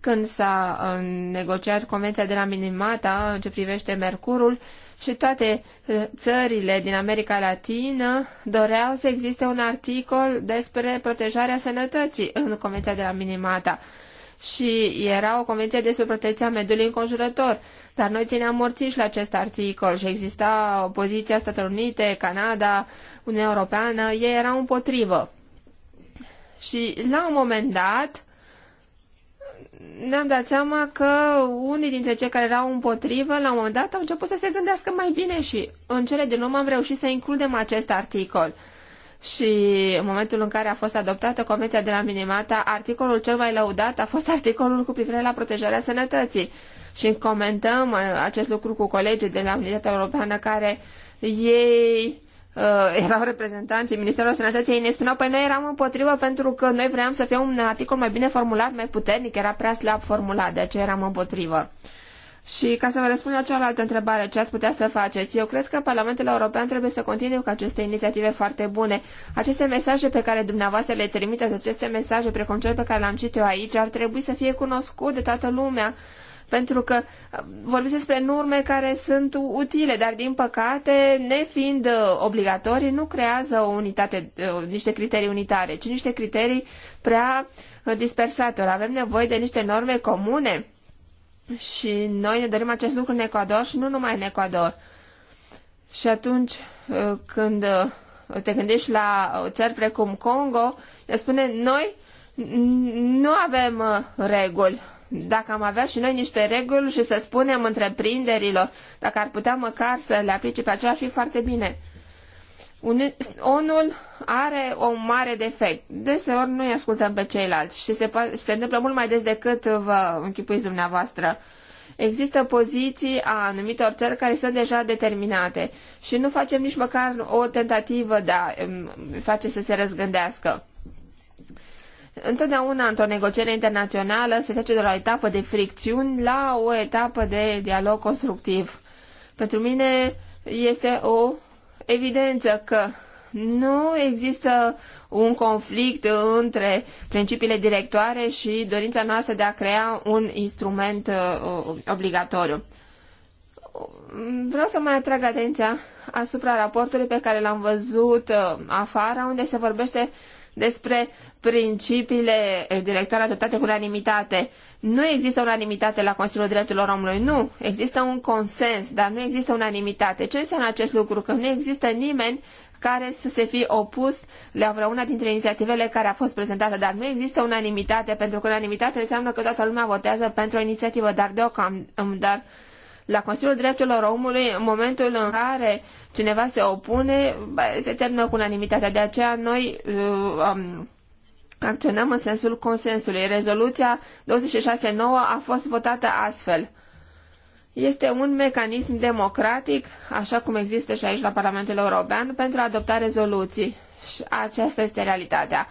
când s-a uh, negociat convenția de la Minimata în ce privește mercurul și toate uh, țările din America Latină doreau să existe un articol despre protejarea sănătății în convenția de la Minimata și era o convenție despre protecția mediului înconjurător. Dar noi țineam morțiși la acest articol și exista opoziția Statelor Unite, Canada, Uniunea Europeană, ei erau împotrivă. Și la un moment dat ne-am dat seama că unii dintre cei care erau împotrivă, la un moment dat au început să se gândească mai bine și în cele din urmă am reușit să includem acest articol și în momentul în care a fost adoptată Convenția de la Minimata, articolul cel mai lăudat a fost articolul cu privire la protejarea sănătății. Și comentăm uh, acest lucru cu colegii de la Unitatea Europeană care ei uh, erau reprezentanții Ministerului Sănătății, ei ne spuneau, păi noi eram împotrivă pentru că noi vreau să fie un articol mai bine formulat, mai puternic, era prea slab formulat, de aceea eram împotrivă. Și ca să vă răspund la cealaltă întrebare, ce ați putea să faceți? Eu cred că Parlamentul European trebuie să continue cu aceste inițiative foarte bune. Aceste mesaje pe care dumneavoastră le trimiteți, aceste mesaje precum cel pe care l-am citit eu aici, ar trebui să fie cunoscut de toată lumea pentru că uh, vorbim despre norme care sunt utile, dar din păcate, nefiind uh, obligatorii, nu creează o unitate, uh, niște criterii unitare, ci niște criterii prea dispersate. Avem nevoie de niște norme comune și noi ne dorim acest lucru în Ecuador și nu numai în Ecuador. Și atunci uh, când uh, te gândești la țări precum Congo, ne spune noi nu avem uh, reguli. Dacă am avea și noi niște reguli și să spunem întreprinderilor, dacă ar putea măcar să le aplice pe aceea, ar fi foarte bine unul are un mare defect. Deseori nu-i ascultăm pe ceilalți și se, și se întâmplă mult mai des decât vă închipuiți dumneavoastră. Există poziții a anumitor țări care sunt deja determinate și nu facem nici măcar o tentativă de a um, face să se răzgândească. Întotdeauna, într-o negociere internațională, se trece de la o etapă de fricțiuni la o etapă de dialog constructiv. Pentru mine este o evidență că nu există un conflict între principiile directoare și dorința noastră de a crea un instrument uh, uh obligatoriu. Vreau să mai atrag atenția asupra raportului pe care l-am văzut uh, unde se vorbește despre principiile directoare adoptate cu unanimitate. Nu există unanimitate la Consiliul Drepturilor Omului, nu. Există un consens, dar nu există unanimitate. Ce înseamnă acest lucru? Că nu există nimeni care să se fi opus la vreuna dintre inițiativele care a fost prezentată, dar nu există unanimitate, pentru că unanimitate înseamnă că toată lumea votează pentru o inițiativă, dar deocamdată, dar la Consiliul Drepturilor Omului, în momentul în care cineva se opune, se termină cu unanimitatea. De aceea noi uh, um, acționăm în sensul consensului. Rezoluția 26.9 a fost votată astfel. Este un mecanism democratic, așa cum există și aici la Parlamentul European, pentru a adopta rezoluții. Și aceasta este realitatea.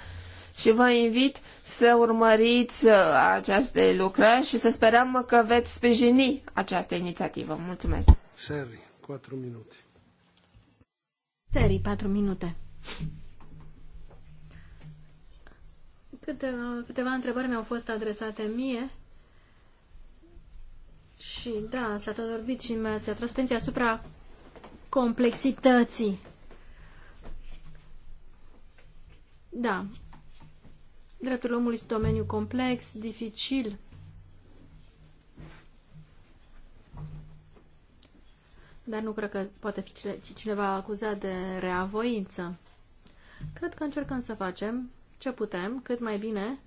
Și vă invit să urmăriți uh, aceste lucrări și să sperăm că veți sprijini această inițiativă. Mulțumesc! Seri, 4 minute. Seri, 4 minute. Câte, uh, câteva întrebări mi-au fost adresate mie și da, s-a tot vorbit și mi-ați atras atenția asupra complexității. Da, Dreptul omului este un domeniu complex, dificil. Dar nu cred că poate fi cineva acuzat de reavoință. Cred că încercăm să facem ce putem, cât mai bine,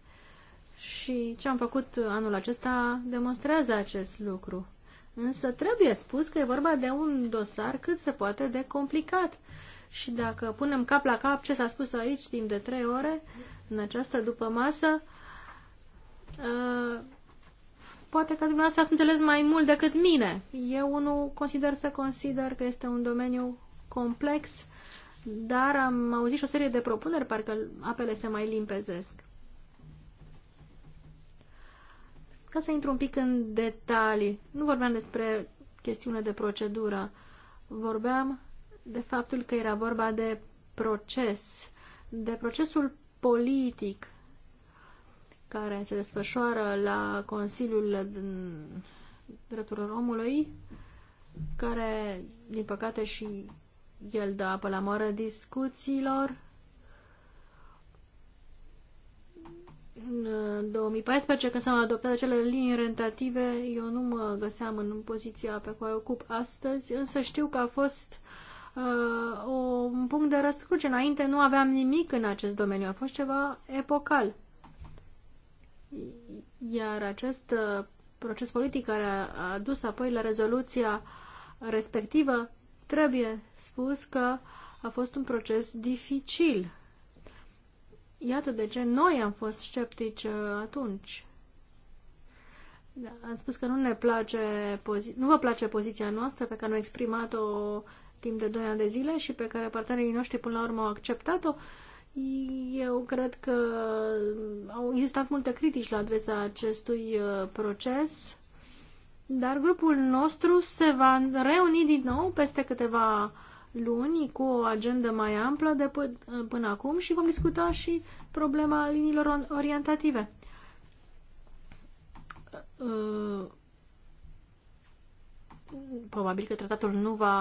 și ce am făcut anul acesta demonstrează acest lucru. Însă trebuie spus că e vorba de un dosar cât se poate de complicat. Și dacă punem cap la cap ce s-a spus aici timp de trei ore, în această după masă. Uh, poate că dumneavoastră ați înțeles mai mult decât mine. Eu nu consider să consider că este un domeniu complex, dar am auzit și o serie de propuneri, parcă apele se mai limpezesc. Ca să intru un pic în detalii, nu vorbeam despre chestiune de procedură, vorbeam de faptul că era vorba de proces, de procesul politic care se desfășoară la Consiliul Drepturilor Omului, care, din păcate, și el dă apă la moară discuțiilor. În 2014, când s-au adoptat acele linii orientative, eu nu mă găseam în poziția pe care o ocup astăzi, însă știu că a fost o uh, un punct de răscruce. Înainte nu aveam nimic în acest domeniu, a fost ceva epocal. Iar acest uh, proces politic care a dus apoi la rezoluția respectivă, trebuie spus că a fost un proces dificil. Iată de ce noi am fost sceptici uh, atunci. Da, am spus că nu ne place, nu vă place poziția noastră pe care am exprimat-o timp de 2 ani de zile și pe care partenerii noștri până la urmă au acceptat-o, eu cred că au existat multe critici la adresa acestui uh, proces, dar grupul nostru se va reuni din nou peste câteva luni cu o agendă mai amplă de uh, până acum și vom discuta și problema liniilor orientative. Uh, probabil că tratatul nu va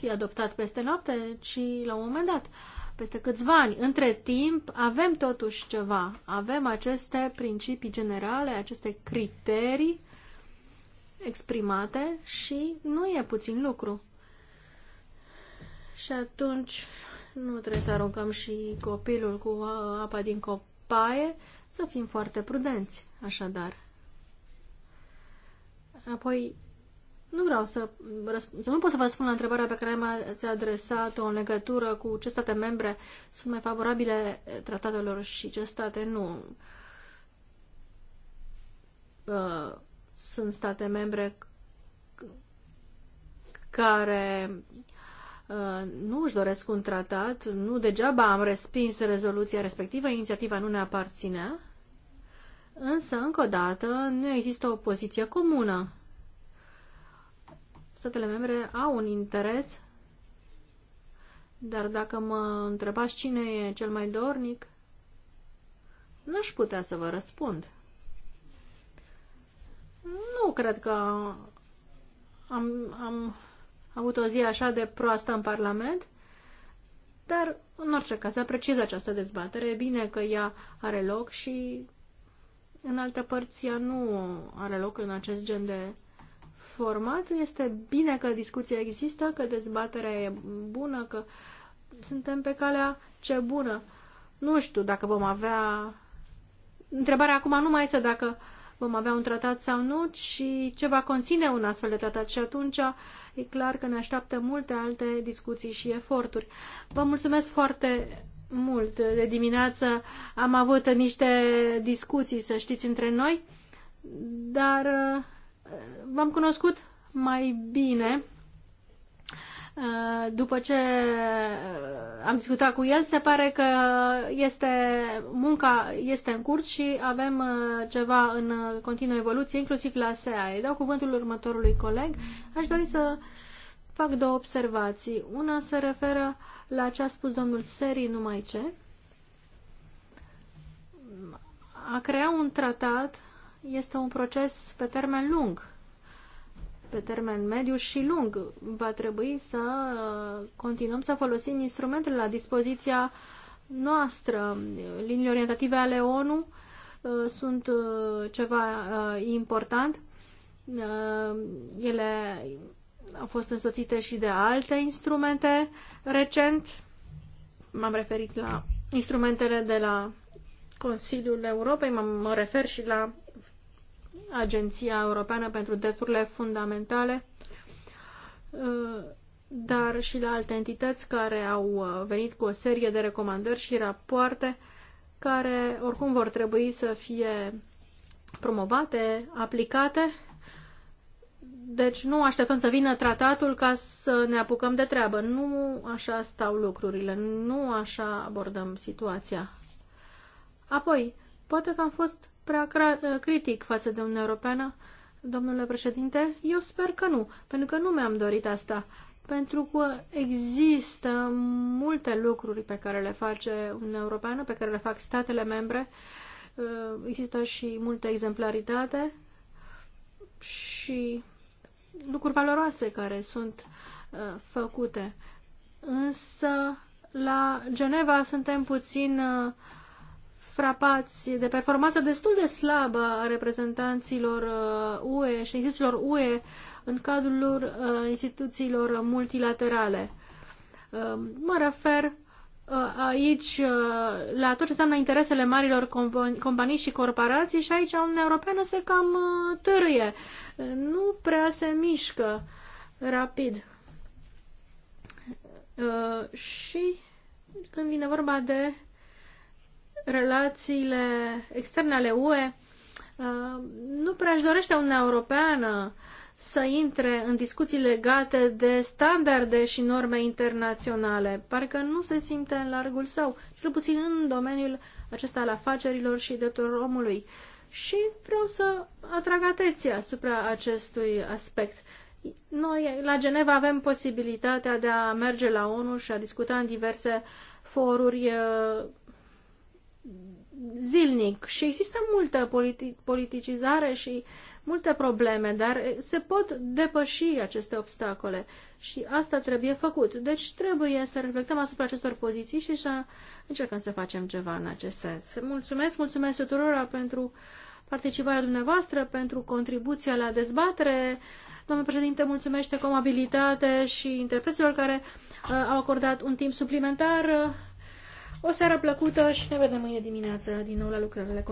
fi adoptat peste noapte, ci la un moment dat, peste câțiva ani. Între timp, avem totuși ceva. Avem aceste principii generale, aceste criterii exprimate și nu e puțin lucru. Și atunci nu trebuie să aruncăm și copilul cu apa din copaie, să fim foarte prudenți, așadar. Apoi, nu vreau să, să nu pot să vă spun la întrebarea pe care mi-ați adresat-o în legătură cu ce state membre sunt mai favorabile tratatelor și ce state nu. Uh, sunt state membre care uh, nu își doresc un tratat, nu degeaba am respins rezoluția respectivă, inițiativa nu ne aparține, însă, încă o dată, nu există o poziție comună statele membre au un interes, dar dacă mă întrebați cine e cel mai dornic, n-aș putea să vă răspund. Nu cred că am, am avut o zi așa de proastă în Parlament, dar, în orice caz, apreciez această dezbatere. E bine că ea are loc și în alte părți ea nu are loc în acest gen de format Este bine că discuția există, că dezbaterea e bună, că suntem pe calea ce bună. Nu știu dacă vom avea... Întrebarea acum nu mai este dacă vom avea un tratat sau nu, ci ce va conține un astfel de tratat și atunci e clar că ne așteaptă multe alte discuții și eforturi. Vă mulțumesc foarte mult. De dimineață am avut niște discuții, să știți, între noi, dar v-am cunoscut mai bine uh, după ce uh, am discutat cu el, se pare că este, munca este în curs și avem uh, ceva în continuă evoluție, inclusiv la SEA. Îi dau cuvântul următorului coleg. Aș dori să fac două observații. Una se referă la ce a spus domnul Seri, numai ce. A crea un tratat este un proces pe termen lung, pe termen mediu și lung. Va trebui să continuăm să folosim instrumentele la dispoziția noastră. Liniile orientative ale ONU uh, sunt uh, ceva uh, important. Ele au fost însoțite și de alte instrumente recent. M-am referit la instrumentele de la Consiliul Europei, mă refer și la Agenția Europeană pentru Drepturile Fundamentale, uh, dar și la alte entități care au uh, venit cu o serie de recomandări și rapoarte care oricum vor trebui să fie promovate, aplicate. Deci nu așteptăm să vină tratatul ca să ne apucăm de treabă. Nu așa stau lucrurile, nu așa abordăm situația. Apoi, poate că am fost prea critic față de Uniunea Europeană, domnule președinte? Eu sper că nu, pentru că nu mi-am dorit asta, pentru că există multe lucruri pe care le face Uniunea Europeană, pe care le fac statele membre, uh, există și multă exemplaritate și lucruri valoroase care sunt uh, făcute. Însă, la Geneva suntem puțin uh, frapați de performanța destul de slabă a reprezentanților uh, UE și instituțiilor UE în cadrul uh, instituțiilor multilaterale. Uh, mă refer aici la tot ce înseamnă interesele marilor companii și corporații și aici Uniunea Europeană se cam târâie. Nu prea se mișcă rapid. Și când vine vorba de relațiile externe ale UE, uh, nu prea își dorește Uniunea Europeană să intre în discuții legate de standarde și norme internaționale. Parcă nu se simte în largul său, cel puțin în domeniul acesta al afacerilor și drepturilor omului. Și vreau să atrag atenția asupra acestui aspect. Noi la Geneva avem posibilitatea de a merge la ONU și a discuta în diverse foruri uh, zilnic și există multă politi- politicizare și multe probleme, dar se pot depăși aceste obstacole și asta trebuie făcut. Deci trebuie să reflectăm asupra acestor poziții și să încercăm să facem ceva în acest sens. Mulțumesc, mulțumesc tuturor pentru participarea dumneavoastră, pentru contribuția la dezbatere. Domnul președinte mulțumește comabilitate și interpreților care uh, au acordat un timp suplimentar. O seară plăcută și ne vedem mâine dimineață din nou la lucrările